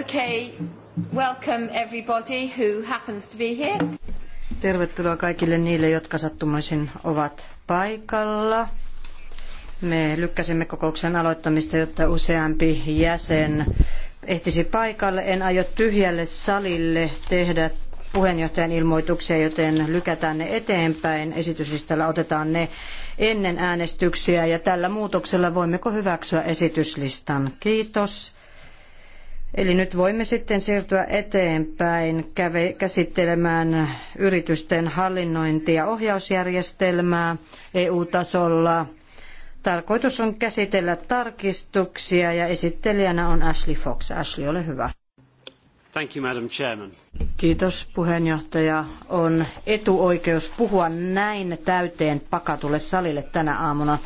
Okay, welcome everybody who happens to be here. Tervetuloa kaikille niille, jotka sattumoisin ovat paikalla. Me lykkäsimme kokouksen aloittamista, jotta useampi jäsen ehtisi paikalle. En aio tyhjälle salille tehdä puheenjohtajan ilmoituksia, joten lykätään ne eteenpäin. Esityslistalla otetaan ne ennen äänestyksiä ja tällä muutoksella voimmeko hyväksyä esityslistan. Kiitos. Eli nyt voimme sitten siirtyä eteenpäin käsittelemään yritysten hallinnointi- ja ohjausjärjestelmää EU-tasolla. Tarkoitus on käsitellä tarkistuksia ja esittelijänä on Ashley Fox. Ashley, ole hyvä. Thank you, Madam Chairman. Kiitos puheenjohtaja. On etuoikeus puhua näin täyteen pakatulle salille tänä aamuna.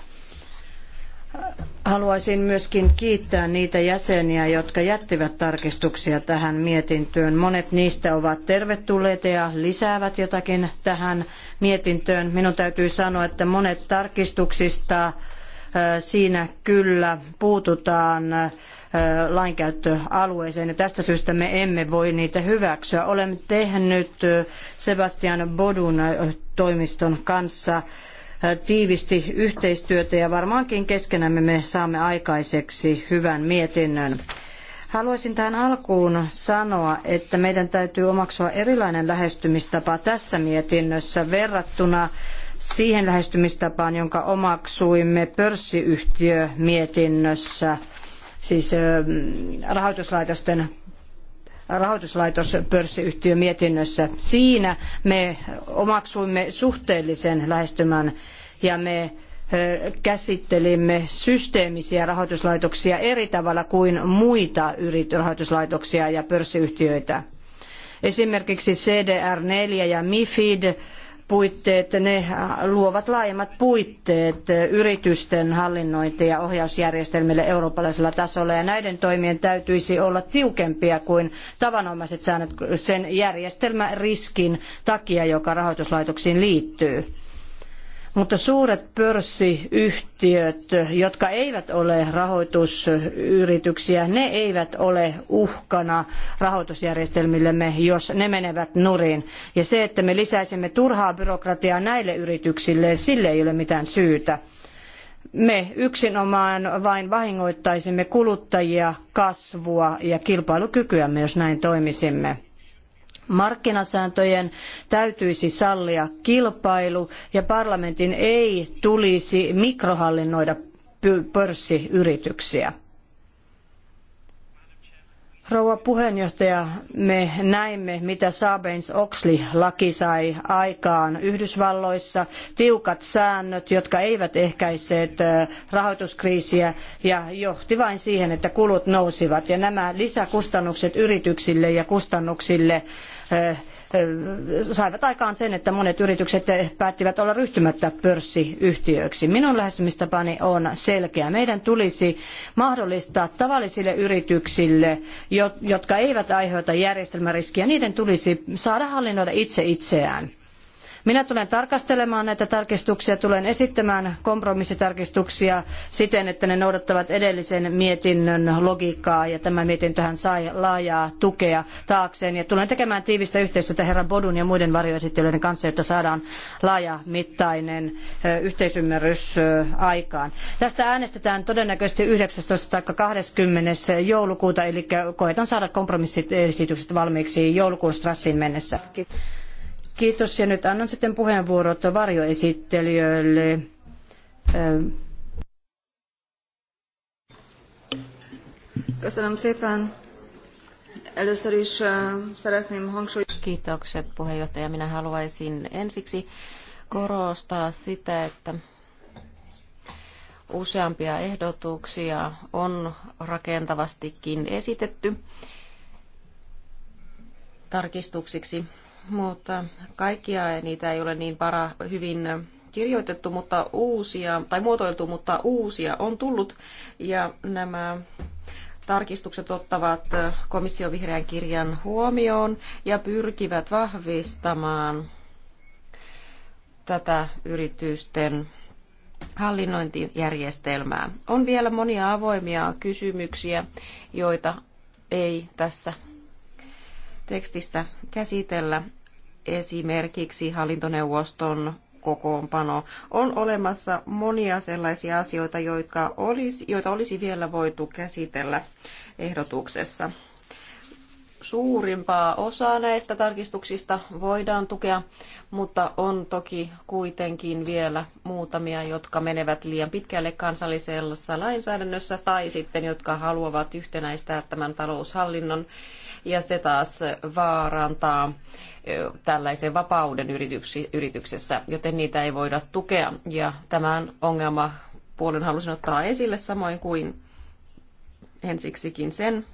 Haluaisin myöskin kiittää niitä jäseniä, jotka jättivät tarkistuksia tähän mietintöön. Monet niistä ovat tervetulleita ja lisäävät jotakin tähän mietintöön. Minun täytyy sanoa, että monet tarkistuksista siinä kyllä puututaan lainkäyttöalueeseen ja tästä syystä me emme voi niitä hyväksyä. Olemme tehnyt Sebastian Bodun toimiston kanssa tiivisti yhteistyötä ja varmaankin keskenämme me saamme aikaiseksi hyvän mietinnön. Haluaisin tähän alkuun sanoa, että meidän täytyy omaksua erilainen lähestymistapa tässä mietinnössä verrattuna siihen lähestymistapaan, jonka omaksuimme pörssiyhtiömietinnössä, siis rahoituslaitosten rahoituslaitos pörssiyhtiö mietinnössä. Siinä me omaksuimme suhteellisen lähestymän ja me käsittelimme systeemisiä rahoituslaitoksia eri tavalla kuin muita rahoituslaitoksia ja pörssiyhtiöitä. Esimerkiksi CDR4 ja MIFID puitteet, ne luovat laajemmat puitteet yritysten hallinnointi- ja ohjausjärjestelmille eurooppalaisella tasolla. Ja näiden toimien täytyisi olla tiukempia kuin tavanomaiset säännöt sen järjestelmäriskin takia, joka rahoituslaitoksiin liittyy. Mutta suuret pörssiyhtiöt, jotka eivät ole rahoitusyrityksiä, ne eivät ole uhkana rahoitusjärjestelmillemme, jos ne menevät nurin. Ja se, että me lisäisimme turhaa byrokratiaa näille yrityksille, sille ei ole mitään syytä. Me yksinomaan vain vahingoittaisimme kuluttajia, kasvua ja kilpailukykyämme, jos näin toimisimme. Markkinasääntöjen täytyisi sallia kilpailu ja parlamentin ei tulisi mikrohallinnoida pörssiyrityksiä. Rouva puheenjohtaja, me näimme, mitä Sabens-Oxley-laki sai aikaan Yhdysvalloissa. Tiukat säännöt, jotka eivät ehkäisseet rahoituskriisiä ja johti vain siihen, että kulut nousivat. Ja nämä lisäkustannukset yrityksille ja kustannuksille saivat aikaan sen, että monet yritykset päättivät olla ryhtymättä pörssiyhtiöiksi. Minun lähestymistapani on selkeä. Meidän tulisi mahdollistaa tavallisille yrityksille, jotka eivät aiheuta järjestelmäriskiä, niiden tulisi saada hallinnoida itse itseään. Minä tulen tarkastelemaan näitä tarkistuksia, tulen esittämään kompromissitarkistuksia siten, että ne noudattavat edellisen mietinnön logiikkaa ja tämä mietintöhän sai laajaa tukea taakseen. Ja tulen tekemään tiivistä yhteistyötä herra Bodun ja muiden varjoesittelyiden kanssa, jotta saadaan laajamittainen yhteisymmärrys aikaan. Tästä äänestetään todennäköisesti 19. tai 20. joulukuuta, eli koetan saada kompromissiesitykset valmiiksi joulukuun strassin mennessä. Kiitos ja nyt annan sitten puheenvuorot varjoesittelijöille. Köszönöm szépen. Először is szeretném hangsúlyozni. Kiitokset puheenjohtaja. Minä haluaisin ensiksi korostaa sitä, että useampia ehdotuksia on rakentavastikin esitetty tarkistuksiksi mutta kaikkia niitä ei ole niin para, hyvin kirjoitettu, mutta uusia, tai muotoiltu, mutta uusia on tullut, ja nämä tarkistukset ottavat komission vihreän kirjan huomioon ja pyrkivät vahvistamaan tätä yritysten hallinnointijärjestelmää. On vielä monia avoimia kysymyksiä, joita ei tässä tekstissä käsitellä. Esimerkiksi hallintoneuvoston kokoonpano. On olemassa monia sellaisia asioita, joita olisi, joita olisi vielä voitu käsitellä ehdotuksessa. Suurimpaa osaa näistä tarkistuksista voidaan tukea, mutta on toki kuitenkin vielä muutamia, jotka menevät liian pitkälle kansallisessa lainsäädännössä tai sitten jotka haluavat yhtenäistää tämän taloushallinnon ja se taas vaarantaa tällaisen vapauden yrityksessä, joten niitä ei voida tukea. Ja tämän ongelma puolen halusin ottaa esille samoin kuin ensiksikin sen,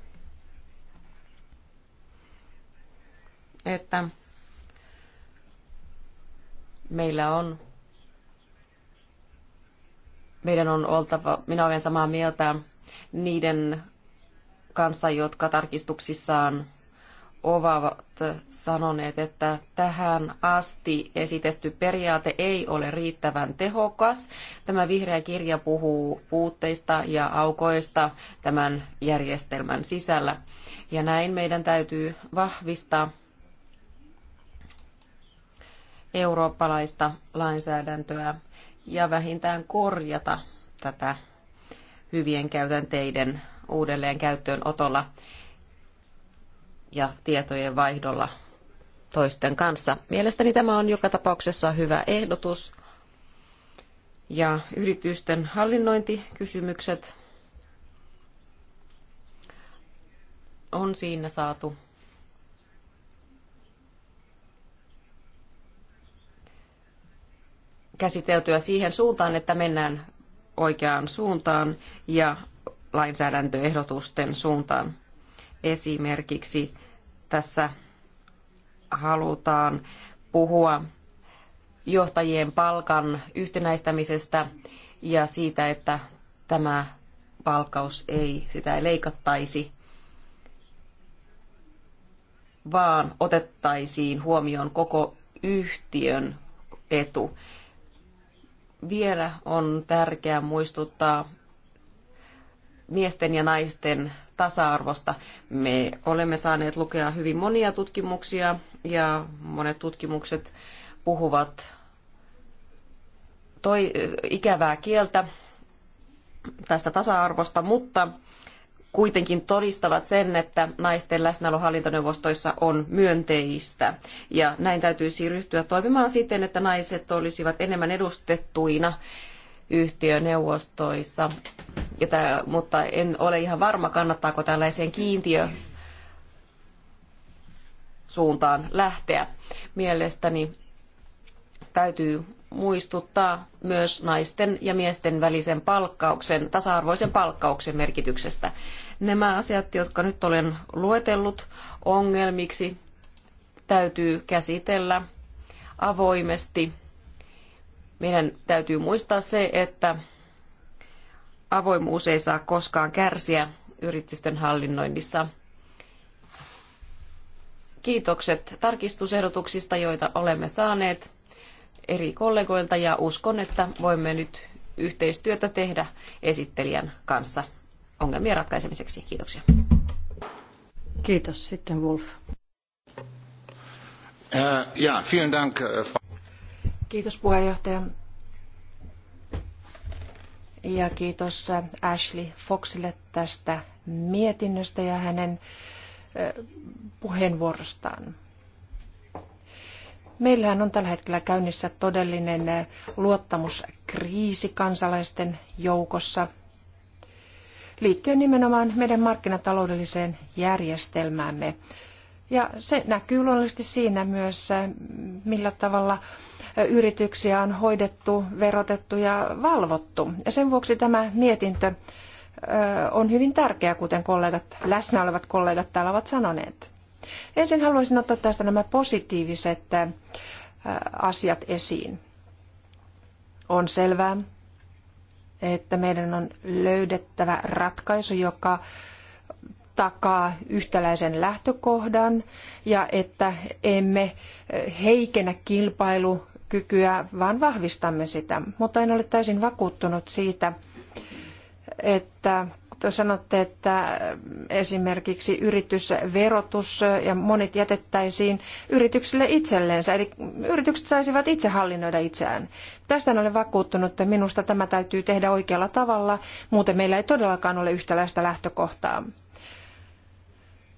että meillä on meidän on oltava, minä olen samaa mieltä niiden kanssa, jotka tarkistuksissaan ovat sanoneet, että tähän asti esitetty periaate ei ole riittävän tehokas. Tämä vihreä kirja puhuu puutteista ja aukoista tämän järjestelmän sisällä. Ja näin meidän täytyy vahvistaa eurooppalaista lainsäädäntöä ja vähintään korjata tätä hyvien käytänteiden uudelleen käyttöönotolla ja tietojen vaihdolla toisten kanssa. Mielestäni tämä on joka tapauksessa hyvä ehdotus. Ja yritysten hallinnointikysymykset on siinä saatu käsiteltyä siihen suuntaan, että mennään oikeaan suuntaan ja lainsäädäntöehdotusten suuntaan. Esimerkiksi tässä halutaan puhua johtajien palkan yhtenäistämisestä ja siitä, että tämä palkkaus ei, sitä ei leikattaisi, vaan otettaisiin huomioon koko yhtiön etu. Vielä on tärkeää muistuttaa miesten ja naisten tasa-arvosta. Me olemme saaneet lukea hyvin monia tutkimuksia ja monet tutkimukset puhuvat toi, ikävää kieltä tästä tasa-arvosta, mutta kuitenkin todistavat sen, että naisten läsnäolo hallintoneuvostoissa on myönteistä. Ja näin täytyisi ryhtyä toimimaan siten, että naiset olisivat enemmän edustettuina yhtiöneuvostoissa mutta en ole ihan varma, kannattaako tällaiseen kiintiö suuntaan lähteä. Mielestäni täytyy muistuttaa myös naisten ja miesten välisen palkkauksen, tasa-arvoisen palkkauksen merkityksestä. Nämä asiat, jotka nyt olen luetellut ongelmiksi, täytyy käsitellä avoimesti. Meidän täytyy muistaa se, että avoimuus ei saa koskaan kärsiä yritysten hallinnoinnissa. Kiitokset tarkistusehdotuksista, joita olemme saaneet eri kollegoilta ja uskon, että voimme nyt yhteistyötä tehdä esittelijän kanssa ongelmien ratkaisemiseksi. Kiitoksia. Kiitos. Sitten Wolf. Äh, ja, vielen Dank. Äh, Kiitos puheenjohtaja ja kiitos Ashley Foxille tästä mietinnöstä ja hänen puheenvuorostaan. Meillähän on tällä hetkellä käynnissä todellinen luottamuskriisi kansalaisten joukossa liittyen nimenomaan meidän markkinataloudelliseen järjestelmäämme ja se näkyy luonnollisesti siinä myös, äh, millä tavalla äh, yrityksiä on hoidettu, verotettu ja valvottu. Ja sen vuoksi tämä mietintö äh, on hyvin tärkeä, kuten kollegat, läsnä olevat kollegat täällä ovat sanoneet. Ensin haluaisin ottaa tästä nämä positiiviset asiat esiin. On selvää, että meidän on löydettävä ratkaisu, joka takaa yhtäläisen lähtökohdan ja että emme heikennä kilpailukykyä, vaan vahvistamme sitä. Mutta en ole täysin vakuuttunut siitä, että sanotte, että esimerkiksi yritysverotus ja monet jätettäisiin yrityksille itsellensä, eli yritykset saisivat itse hallinnoida itseään. Tästä en ole vakuuttunut, että minusta tämä täytyy tehdä oikealla tavalla, muuten meillä ei todellakaan ole yhtäläistä lähtökohtaa.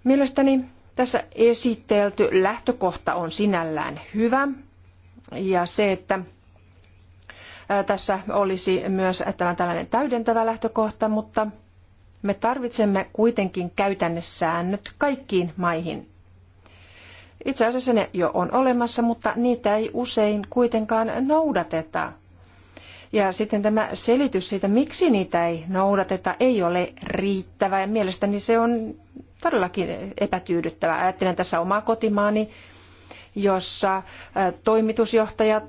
Mielestäni tässä esitelty lähtökohta on sinällään hyvä ja se, että tässä olisi myös tämä tällainen täydentävä lähtökohta, mutta me tarvitsemme kuitenkin käytännössäännöt kaikkiin maihin. Itse asiassa ne jo on olemassa, mutta niitä ei usein kuitenkaan noudateta. Ja sitten tämä selitys siitä, miksi niitä ei noudateta, ei ole riittävä ja mielestäni se on todellakin epätyydyttävää. Ajattelen tässä omaa kotimaani, jossa toimitusjohtajat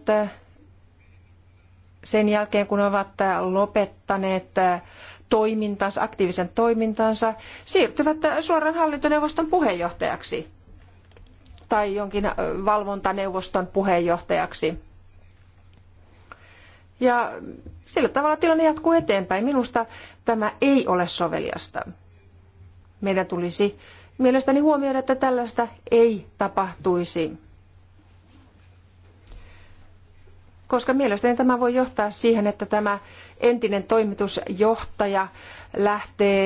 sen jälkeen, kun ovat lopettaneet toimintansa, aktiivisen toimintansa, siirtyvät suoraan hallintoneuvoston puheenjohtajaksi tai jonkin valvontaneuvoston puheenjohtajaksi. Ja sillä tavalla tilanne jatkuu eteenpäin. Minusta tämä ei ole soveliasta. Meidän tulisi mielestäni huomioida, että tällaista ei tapahtuisi. Koska mielestäni tämä voi johtaa siihen, että tämä entinen toimitusjohtaja lähtee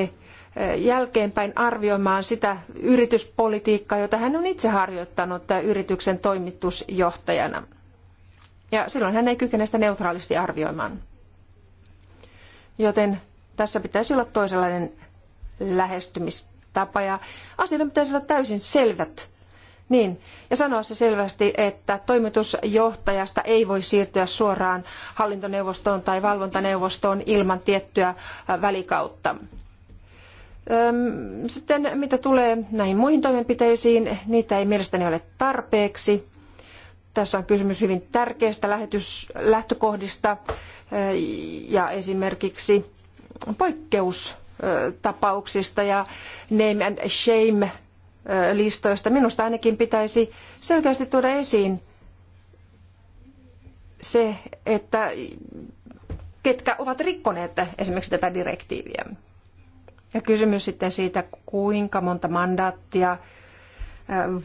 eh, jälkeenpäin arvioimaan sitä yrityspolitiikkaa, jota hän on itse harjoittanut tämän eh, yrityksen toimitusjohtajana. Ja silloin hän ei kykene sitä neutraalisti arvioimaan. Joten tässä pitäisi olla toisenlainen lähestymistapa ja asioiden pitäisi olla täysin selvät. Niin, ja sanoa se selvästi, että toimitusjohtajasta ei voi siirtyä suoraan hallintoneuvostoon tai valvontaneuvostoon ilman tiettyä välikautta. Sitten mitä tulee näihin muihin toimenpiteisiin, niitä ei mielestäni ole tarpeeksi. Tässä on kysymys hyvin tärkeistä lähetys, lähtökohdista ja esimerkiksi poikkeus tapauksista ja name and shame listoista. Minusta ainakin pitäisi selkeästi tuoda esiin se, että ketkä ovat rikkoneet esimerkiksi tätä direktiiviä. Ja kysymys sitten siitä, kuinka monta mandaattia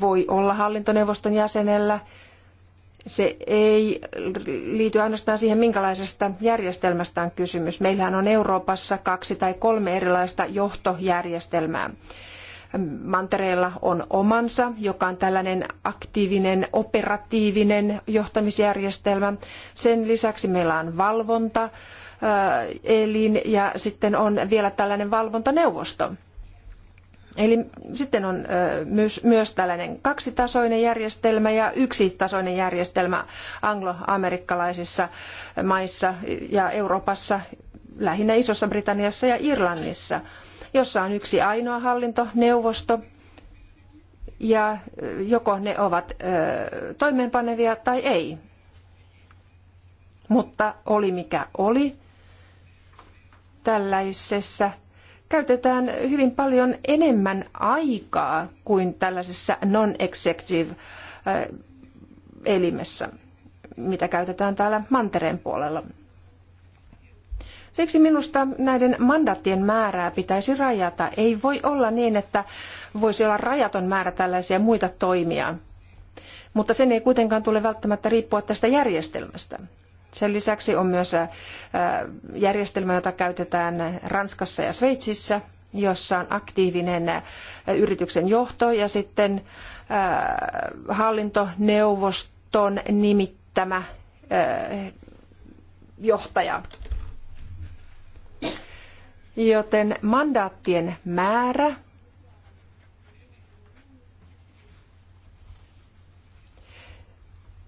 voi olla hallintoneuvoston jäsenellä se ei liity ainoastaan siihen, minkälaisesta järjestelmästä on kysymys. Meillähän on Euroopassa kaksi tai kolme erilaista johtojärjestelmää. Mantereella on omansa, joka on tällainen aktiivinen, operatiivinen johtamisjärjestelmä. Sen lisäksi meillä on valvonta, elin ja sitten on vielä tällainen valvontaneuvosto. Eli sitten on myös, myös tällainen kaksitasoinen järjestelmä ja yksitasoinen järjestelmä angloamerikkalaisissa maissa ja Euroopassa, lähinnä Isossa Britanniassa ja Irlannissa, jossa on yksi ainoa hallintoneuvosto ja joko ne ovat toimeenpanevia tai ei. Mutta oli mikä oli, tällaisessa käytetään hyvin paljon enemmän aikaa kuin tällaisessa non-executive äh, elimessä, mitä käytetään täällä mantereen puolella. Siksi minusta näiden mandaattien määrää pitäisi rajata. Ei voi olla niin, että voisi olla rajaton määrä tällaisia muita toimia, mutta sen ei kuitenkaan tule välttämättä riippua tästä järjestelmästä. Sen lisäksi on myös järjestelmä, jota käytetään Ranskassa ja Sveitsissä, jossa on aktiivinen yrityksen johto ja sitten hallintoneuvoston nimittämä johtaja. Joten mandaattien määrä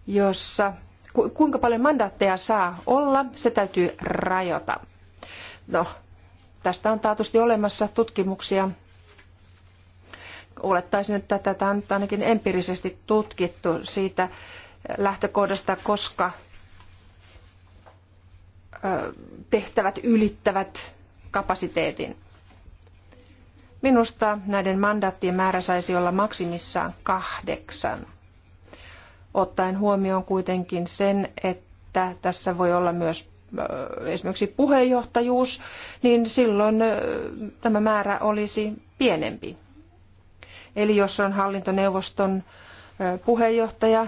jossa kuinka paljon mandaatteja saa olla, se täytyy rajata. No, tästä on taatusti olemassa tutkimuksia. Olettaisin, että tätä on ainakin empiirisesti tutkittu siitä lähtökohdasta, koska tehtävät ylittävät kapasiteetin. Minusta näiden mandaattien määrä saisi olla maksimissaan kahdeksan ottaen huomioon kuitenkin sen, että tässä voi olla myös esimerkiksi puheenjohtajuus, niin silloin tämä määrä olisi pienempi. Eli jos on hallintoneuvoston puheenjohtaja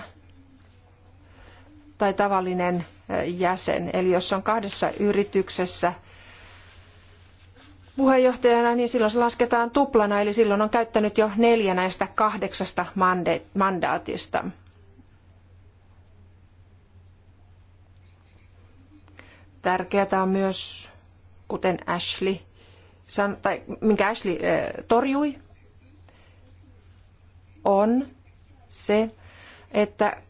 tai tavallinen jäsen, eli jos on kahdessa yrityksessä puheenjohtajana, niin silloin se lasketaan tuplana, eli silloin on käyttänyt jo neljä näistä kahdeksasta mandaatista. Tärkeää on myös, kuten Ashley, san, tai minkä Ashley äh, torjui, on se, että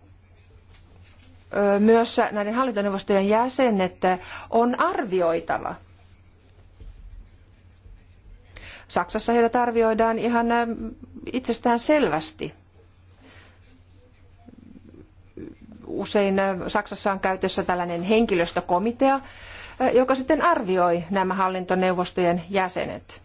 myös näiden hallintoneuvostojen jäsenet on arvioitava. Saksassa heidät arvioidaan ihan eh, itsestään selvästi. usein äh, Saksassa on käytössä tällainen henkilöstökomitea, äh, joka sitten arvioi nämä hallintoneuvostojen jäsenet.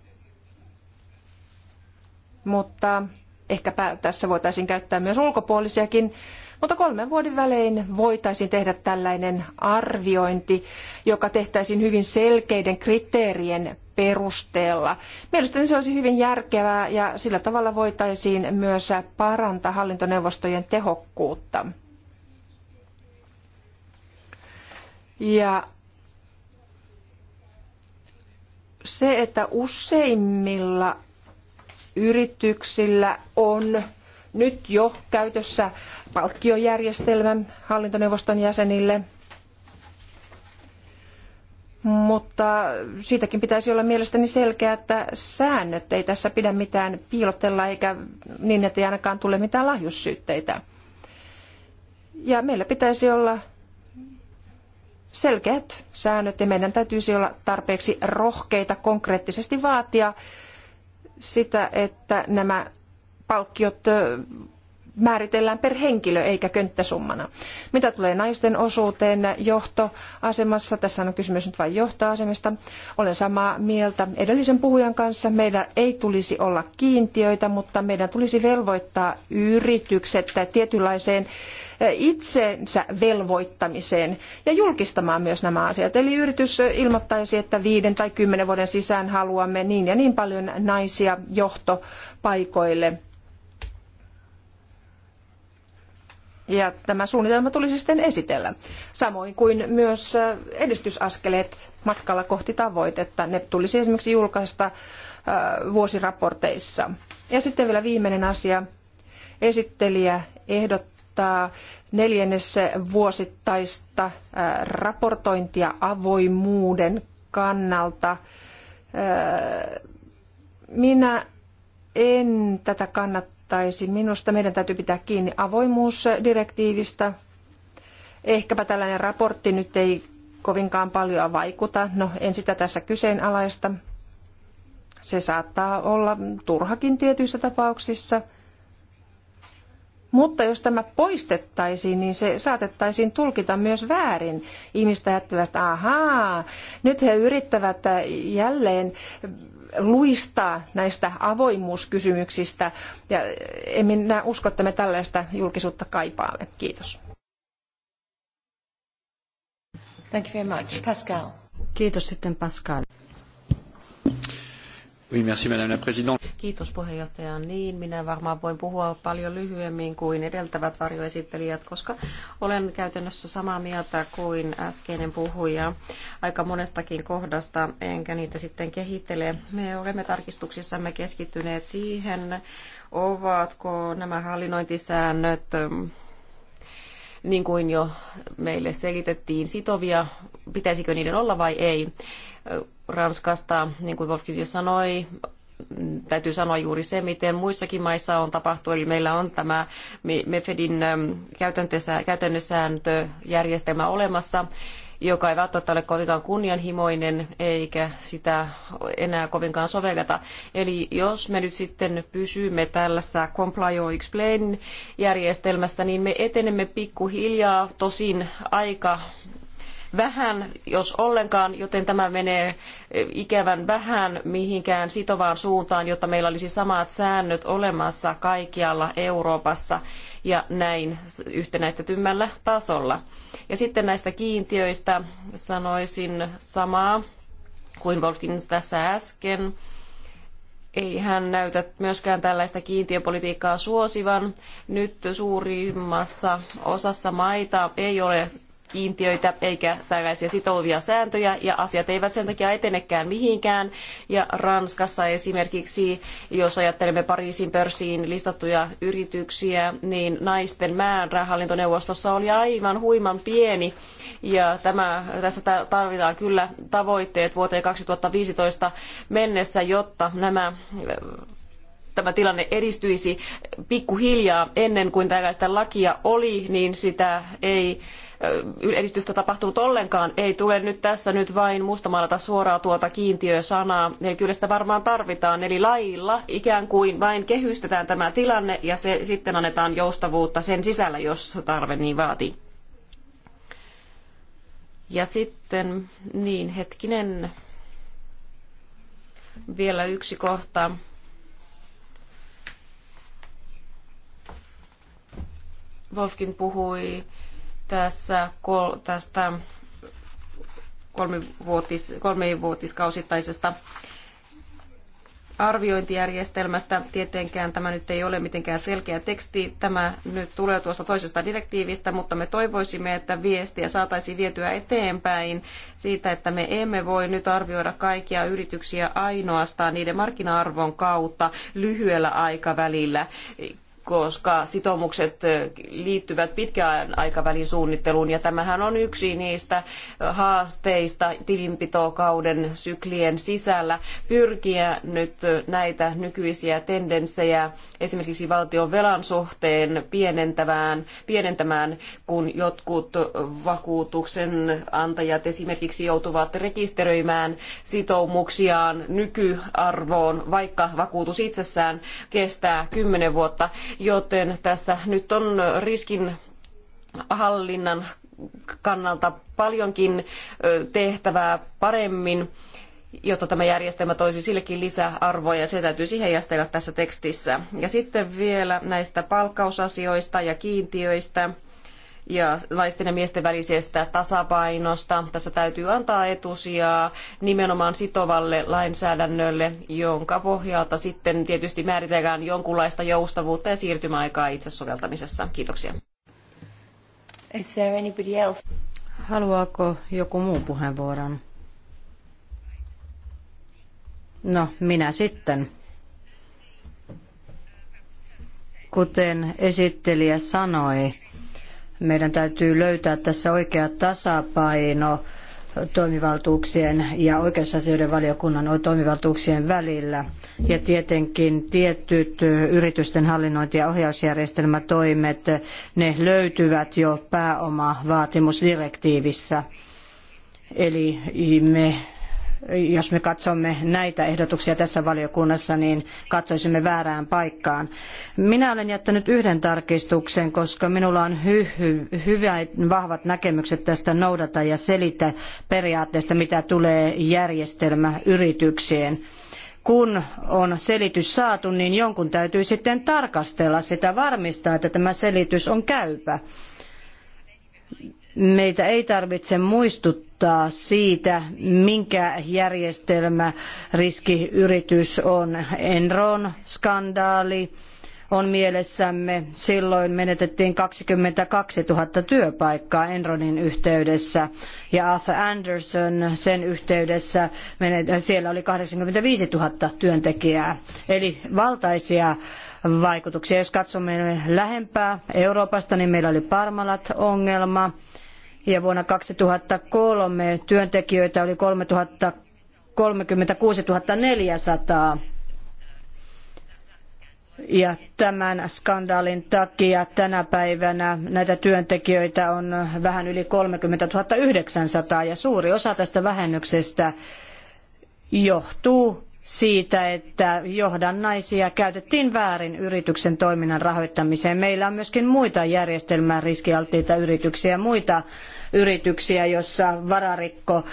Mutta ehkäpä tässä voitaisiin käyttää myös ulkopuolisiakin, mutta kolmen vuoden välein voitaisiin tehdä tällainen arviointi, joka tehtäisiin hyvin selkeiden kriteerien perusteella. Mielestäni se olisi hyvin järkevää ja sillä tavalla voitaisiin myös parantaa hallintoneuvostojen tehokkuutta. Ja se, että useimmilla yrityksillä on nyt jo käytössä palkkiojärjestelmä hallintoneuvoston jäsenille, mutta siitäkin pitäisi olla mielestäni selkeä, että säännöt ei tässä pidä mitään piilotella eikä niin, että ei ainakaan tule mitään lahjussyytteitä. Ja meillä pitäisi olla selkeät säännöt ja meidän täytyisi olla tarpeeksi rohkeita konkreettisesti vaatia sitä, että nämä palkkiot määritellään per henkilö eikä könttäsummana. Mitä tulee naisten osuuteen johtoasemassa, tässä on kysymys nyt vain johtoasemista, olen samaa mieltä edellisen puhujan kanssa. Meidän ei tulisi olla kiintiöitä, mutta meidän tulisi velvoittaa yritykset tietynlaiseen eh, itsensä velvoittamiseen ja julkistamaan myös nämä asiat. Eli yritys ilmoittaisi, että viiden tai kymmenen vuoden sisään haluamme niin ja niin paljon naisia johtopaikoille Ja tämä suunnitelma tulisi sitten esitellä. Samoin kuin myös äh, edistysaskeleet matkalla kohti tavoitetta. Ne tulisi esimerkiksi julkaista äh, vuosiraporteissa. Ja sitten vielä viimeinen asia. Esittelijä ehdottaa neljännessä vuosittaista äh, raportointia avoimuuden kannalta. Minä en tätä kannata kannattaisi. minusta, meidän täytyy pitää kiinni avoimuusdirektiivistä. Ehkäpä tällainen raportti nyt ei kovinkaan paljon vaikuta. No, en sitä tässä kyseenalaista. Se saattaa olla turhakin tietyissä tapauksissa. Mutta jos tämä poistettaisiin, niin se saatettaisiin tulkita myös väärin. Ihmistä ajattelevat, että ahaa, nyt he yrittävät jälleen luistaa näistä avoimuuskysymyksistä ja eh, en minä usko, että me tällaista julkisuutta kaipaamme. Kiitos. Thank you very much. Pascal. Kiitos sitten Pascal. Oui, Kiitos Niin, minä varmaan voin puhua paljon lyhyemmin kuin edeltävät varjoesittelijät, koska olen käytännössä samaa mieltä kuin äskeinen puhuja aika monestakin kohdasta, enkä niitä sitten kehittele. Me olemme tarkistuksissamme keskittyneet siihen, ovatko nämä hallinnointisäännöt mm, niin kuin jo meille selitettiin, sitovia, pitäisikö niiden olla vai ei. Ranskasta, niin kuin Wolfgang jo sanoi, täytyy sanoa juuri se, miten muissakin maissa on tapahtunut. Eli meillä on tämä MEFEDin ähm, käytännössääntöjärjestelmä olemassa, joka ei välttämättä ole kovinkaan kunnianhimoinen eikä sitä enää kovinkaan sovelleta. Eli jos me nyt sitten pysymme tällaisessa comply or explain järjestelmässä, niin me etenemme pikkuhiljaa, tosin aika vähän, jos ollenkaan, joten tämä menee e, ikävän vähän mihinkään sitovaan suuntaan, jotta meillä olisi samat säännöt olemassa kaikkialla Euroopassa ja näin yhtenäistetymmällä tasolla. Ja sitten näistä kiintiöistä sanoisin samaa kuin Wolfkins tässä äsken ei hän näytä myöskään tällaista kiintiöpolitiikkaa suosivan. Nyt suurimmassa osassa maita ei ole kiintiöitä eikä tällaisia sitovia sääntöjä ja asiat eivät sen takia etenekään mihinkään. Ja Ranskassa esimerkiksi, jos ajattelemme Pariisin pörssiin listattuja yrityksiä, niin naisten määrä hallintoneuvostossa oli aivan huiman pieni ja tämä, tässä tarvitaan kyllä tavoitteet vuoteen 2015 mennessä, jotta nämä tämä tilanne edistyisi pikkuhiljaa ennen kuin tällaista lakia oli, niin sitä ei edistystä tapahtunut ollenkaan. Ei tule nyt tässä nyt vain mustamaalata suoraan tuota kiintiösanaa. Eli kyllä sitä varmaan tarvitaan. Eli lailla ikään kuin vain kehystetään tämä tilanne ja se, sitten annetaan joustavuutta sen sisällä, jos tarve niin vaatii. Ja sitten, niin hetkinen, vielä yksi kohta. Wolfkin puhui tässä kol, tästä kolmivuotis, kolmivuotiskausittaisesta arviointijärjestelmästä. Tietenkään tämä nyt ei ole mitenkään selkeä teksti. Tämä nyt tulee tuosta toisesta direktiivistä, mutta me toivoisimme, että viestiä saataisiin vietyä eteenpäin siitä, että me emme voi nyt arvioida kaikkia yrityksiä ainoastaan niiden markkina-arvon kautta lyhyellä aikavälillä koska sitoumukset liittyvät pitkään aikavälin suunnitteluun ja tämähän on yksi niistä haasteista tilinpitokauden syklien sisällä pyrkiä nyt näitä nykyisiä tendenssejä esimerkiksi valtion velan suhteen pienentämään, pienentämään kun jotkut vakuutuksen antajat esimerkiksi joutuvat rekisteröimään sitoumuksiaan nykyarvoon, vaikka vakuutus itsessään kestää kymmenen vuotta joten tässä nyt on riskin hallinnan kannalta paljonkin tehtävää paremmin jotta tämä järjestelmä toisi sillekin lisäarvoa ja se siihen heijastella tässä tekstissä. Ja sitten vielä näistä palkkausasioista ja kiintiöistä ja naisten ja miesten välisestä tasapainosta. Tässä täytyy antaa etusijaa nimenomaan sitovalle lainsäädännölle, jonka pohjalta sitten tietysti määritellään jonkunlaista joustavuutta ja siirtymäaikaa itse soveltamisessa. Kiitoksia. Is there anybody else? Haluaako joku muu puheenvuoron? No, minä sitten. Kuten esittelijä sanoi, meidän täytyy löytää tässä oikea tasapaino toimivaltuuksien ja oikeusasioiden valiokunnan toimivaltuuksien välillä. Ja tietenkin tietyt yritysten hallinnointi- ja ohjausjärjestelmätoimet, ne löytyvät jo pääomavaatimusdirektiivissä. Eli me jos me katsomme näitä ehdotuksia tässä valiokunnassa, niin katsoisimme väärään paikkaan. Minä olen jättänyt yhden tarkistuksen, koska minulla on hy- hy- hyvät, vahvat näkemykset tästä noudata ja selitä periaatteesta, mitä tulee järjestelmä yritykseen kun on selitys saatu, niin jonkun täytyy sitten tarkastella sitä, varmistaa, että tämä selitys on käypä. Meitä ei tarvitse muistuttaa siitä, minkä järjestelmä riskiyritys on. Enron skandaali on mielessämme. Silloin menetettiin 22 000 työpaikkaa Enronin yhteydessä ja Arthur Anderson sen yhteydessä, siellä oli 85 000 työntekijää. Eli valtaisia vaikutuksia. Jos katsomme lähempää Euroopasta, niin meillä oli Parmalat-ongelma ja vuonna 2003 työntekijöitä oli 3000 36 400. Ja tämän skandaalin takia tänä päivänä näitä työntekijöitä on vähän yli 30 900 ja suuri osa tästä vähennyksestä johtuu siitä, että johdannaisia käytettiin väärin yrityksen toiminnan rahoittamiseen. Meillä on myöskin muita järjestelmään riskialttiita yrityksiä, muita yrityksiä, joissa vararikko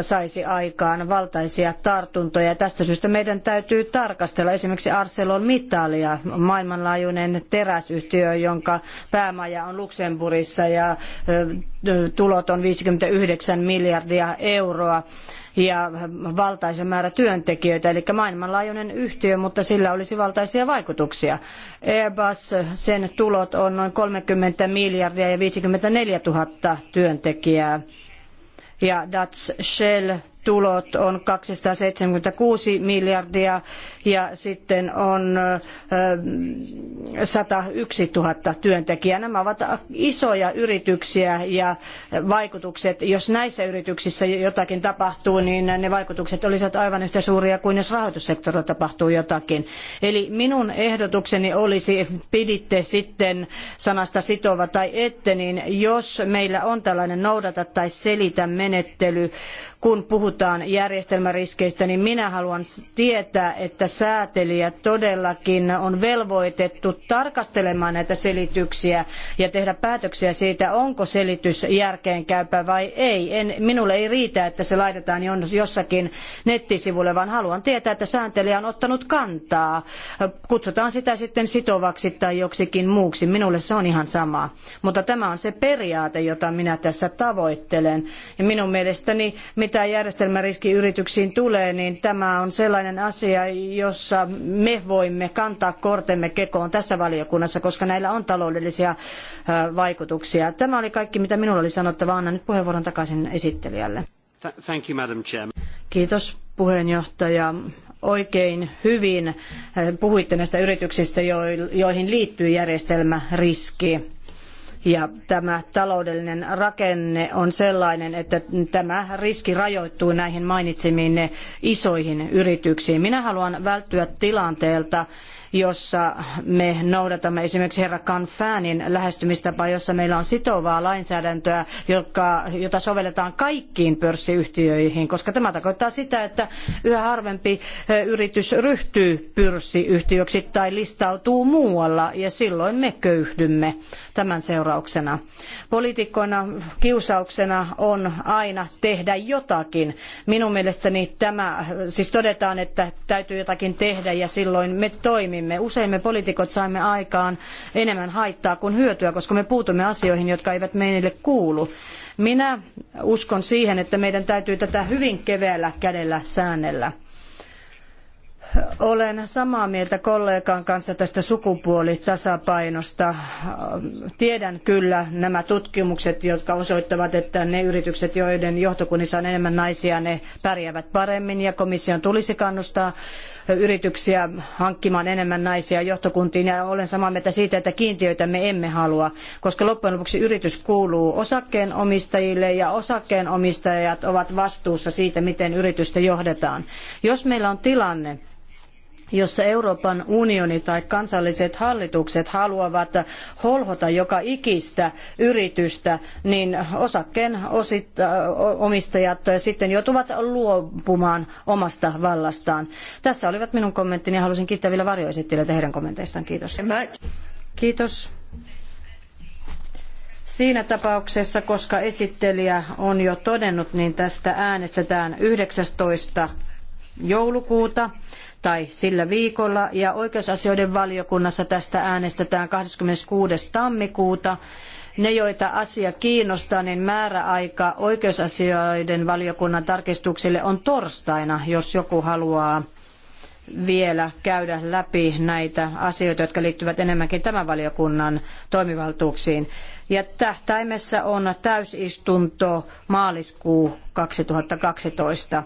saisi aikaan valtaisia tartuntoja. Tästä syystä meidän täytyy tarkastella esimerkiksi ArcelorMittalia, maailmanlaajuinen teräsyhtiö, jonka päämaja on Luxemburgissa ja tulot on 59 miljardia euroa ja valtaisa määrä työntekijöitä, eli maailmanlaajuinen yhtiö, mutta sillä olisi valtaisia vaikutuksia. Airbus, sen tulot on noin 30 miljardia ja 54 000 työntekijää. Ja Dutch Shell, tulot on 276 miljardia ja sitten on 101 000 työntekijää. Nämä ovat isoja yrityksiä ja vaikutukset, jos näissä yrityksissä jotakin tapahtuu, niin ne vaikutukset olisivat aivan yhtä suuria kuin jos rahoitussektorilla tapahtuu jotakin. Eli minun ehdotukseni olisi, piditte sitten sanasta sitova tai ette, niin jos meillä on tällainen noudata tai selitä menettely, kun puhutaan järjestelmäriskeistä, niin minä haluan tietää, että säätelijä todellakin on velvoitettu tarkastelemaan näitä selityksiä ja tehdä päätöksiä siitä, onko selitys järkeenkäypä vai ei. En, minulle ei riitä, että se laitetaan jossakin nettisivulle, vaan haluan tietää, että sääntelijä on ottanut kantaa. Kutsutaan sitä sitten sitovaksi tai joksikin muuksi. Minulle se on ihan sama. Mutta tämä on se periaate, jota minä tässä tavoittelen. Ja minun mielestäni, mitä järjestelmäriskiyrityksiin tulee, niin tämä on sellainen asia, jossa me voimme kantaa kortemme kekoon tässä valiokunnassa, koska näillä on taloudellisia vaikutuksia. Tämä oli kaikki, mitä minulla oli sanottava. Annan nyt puheenvuoron takaisin esittelijälle. Thank you, Madam Chairman. Kiitos puheenjohtaja oikein hyvin. Puhuitte näistä yrityksistä, joihin liittyy järjestelmäriski ja tämä taloudellinen rakenne on sellainen, että tämä riski rajoittuu näihin mainitsemiin isoihin yrityksiin. Minä haluan välttyä tilanteelta, jossa me noudatamme esimerkiksi herra Kanfäänin lähestymistapaa, jossa meillä on sitovaa lainsäädäntöä, joka, jota sovelletaan kaikkiin pörssiyhtiöihin, koska tämä tarkoittaa sitä, että yhä harvempi yritys ryhtyy pörssiyhtiöksi tai listautuu muualla ja silloin me köyhdymme tämän seurauksena. Poliitikkoina kiusauksena on aina tehdä jotakin. Minun mielestäni tämä, siis todetaan, että täytyy jotakin tehdä ja silloin me toimimme toimimme. Usein me poliitikot saimme aikaan enemmän haittaa kuin hyötyä, koska me puutumme asioihin, jotka eivät meille kuulu. Minä uskon siihen, että meidän täytyy tätä hyvin keveällä kädellä säännellä. Olen samaa mieltä kollegan kanssa tästä sukupuolitasapainosta. Tiedän kyllä nämä tutkimukset, jotka osoittavat, että ne yritykset, joiden johtokunnissa on enemmän naisia, ne pärjäävät paremmin ja komission tulisi kannustaa yrityksiä hankkimaan enemmän naisia johtokuntiin ja olen samaa mieltä siitä, että kiintiöitä me emme halua, koska loppujen lopuksi yritys kuuluu osakkeenomistajille ja osakkeenomistajat ovat vastuussa siitä, miten yritystä johdetaan. Jos meillä on tilanne, jossa Euroopan unioni tai kansalliset hallitukset haluavat holhota joka ikistä yritystä, niin osakkeen osit, omistajat sitten joutuvat luopumaan omasta vallastaan. Tässä olivat minun kommenttini ja halusin kiittää vielä varjoesittelijöitä heidän kommenteistaan. Kiitos. Kiitos. Siinä tapauksessa, koska esittelijä on jo todennut, niin tästä äänestetään 19. joulukuuta tai sillä viikolla. Ja oikeusasioiden valiokunnassa tästä äänestetään 26. tammikuuta. Ne, joita asia kiinnostaa, niin määräaika oikeusasioiden valiokunnan tarkistuksille on torstaina, jos joku haluaa vielä käydä läpi näitä asioita, jotka liittyvät enemmänkin tämän valiokunnan toimivaltuuksiin. Ja tähtäimessä on täysistunto maaliskuu 2012.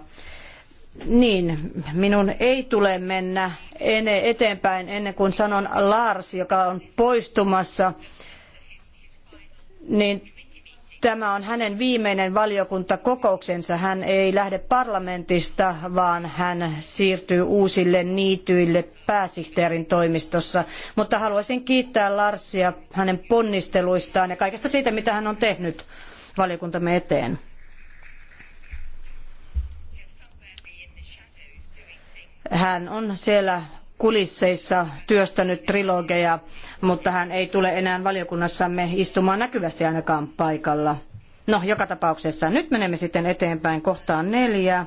Niin, minun ei tule mennä eteenpäin ennen kuin sanon Lars, joka on poistumassa, niin tämä on hänen viimeinen valiokuntakokouksensa. Hän ei lähde parlamentista, vaan hän siirtyy uusille niityille pääsihteerin toimistossa. Mutta haluaisin kiittää Larsia hänen ponnisteluistaan ja kaikesta siitä, mitä hän on tehnyt valiokuntamme eteen. Hän on siellä kulisseissa työstänyt trilogeja, mutta hän ei tule enää valiokunnassamme istumaan näkyvästi ainakaan paikalla. No, joka tapauksessa. Nyt menemme sitten eteenpäin kohtaan neljä.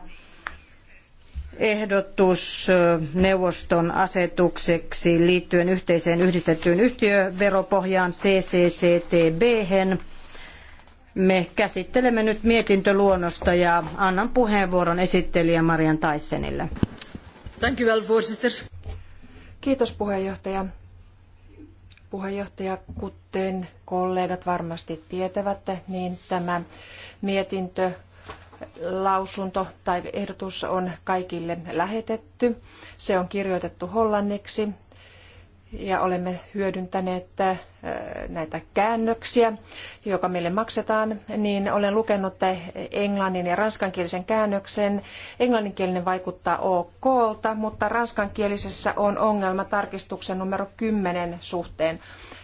Ehdotus neuvoston asetukseksi liittyen yhteiseen yhdistettyyn yhtiöveropohjaan CCCTB. -hen. Me käsittelemme nyt mietintöluonnosta ja annan puheenvuoron esittelijä Marian Taissenille. Thank you well, voorzitter. Kiitos puheenjohtaja. Puheenjohtaja, kuten kollegat varmasti tietävät, niin tämä mietintö lausunto tai ehdotus on kaikille lähetetty. Se on kirjoitettu hollanniksi ja olemme hyödyntäneet näitä käännöksiä, joka meille maksetaan, niin olen lukenut englannin ja ranskankielisen käännöksen. Englanninkielinen vaikuttaa okolta, mutta ranskankielisessä on ongelma tarkistuksen numero 10 suhteen.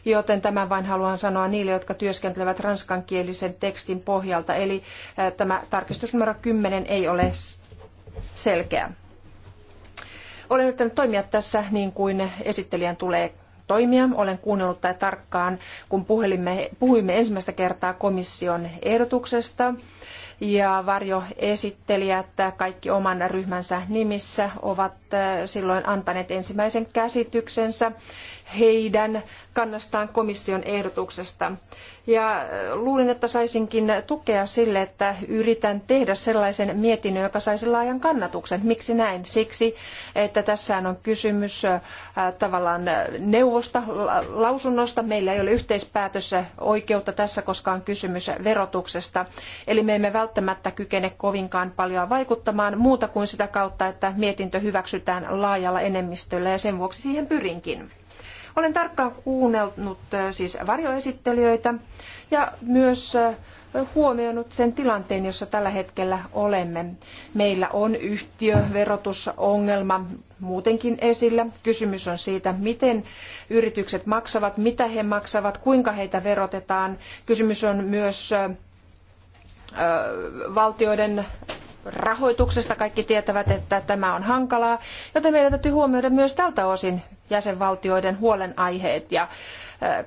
Joten tämän vain haluan sanoa niille, jotka työskentelevät ranskankielisen tekstin pohjalta. Eli tämä tarkistus numero 10 ei ole selkeä olen yrittänyt toimia tässä niin kuin esittelijän tulee toimia. Olen kuunnellut tai tarkkaan, kun puhelimme, puhuimme ensimmäistä kertaa komission ehdotuksesta ja varjoesittelijät kaikki oman ryhmänsä nimissä ovat eh, silloin antaneet ensimmäisen käsityksensä heidän kannastaan komission ehdotuksesta. Ja luulin, että saisinkin tukea sille, että yritän tehdä sellaisen mietinnön, joka saisi laajan kannatuksen. Miksi näin? Siksi, että tässä on kysymys tavallaan neuvosta, lausunnosta. Meillä ei ole yhteispäätössä oikeutta tässä, koska on kysymys verotuksesta. Eli me emme välttämättä kykene kovinkaan paljon vaikuttamaan muuta kuin sitä kautta, että mietintö hyväksytään laajalla enemmistöllä ja sen vuoksi siihen pyrinkin. Olen tarkkaan kuunnellut äh, siis varjoesittelijöitä ja myös äh, huomioinut sen tilanteen, jossa tällä hetkellä olemme. Meillä on yhtiöverotusongelma muutenkin esillä. Kysymys on siitä, miten yritykset maksavat, mitä he maksavat, kuinka heitä verotetaan. Kysymys on myös äh, valtioiden rahoituksesta. Kaikki tietävät, että tämä on hankalaa, joten meidän täytyy huomioida myös tältä osin jäsenvaltioiden huolenaiheet. Ja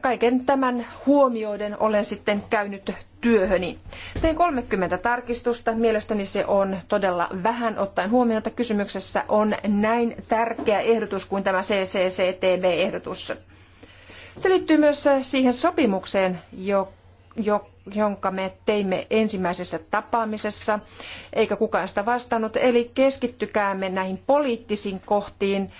kaiken tämän huomioiden olen sitten käynyt työhöni. Tein 30 tarkistusta. Mielestäni se on todella vähän ottaen huomioon, että kysymyksessä on näin tärkeä ehdotus kuin tämä CCCTB-ehdotus. Se liittyy myös siihen sopimukseen, joka jonka me teimme ensimmäisessä tapaamisessa, eikä kukaan sitä vastannut. Eli keskittykäämme näihin poliittisiin kohtiin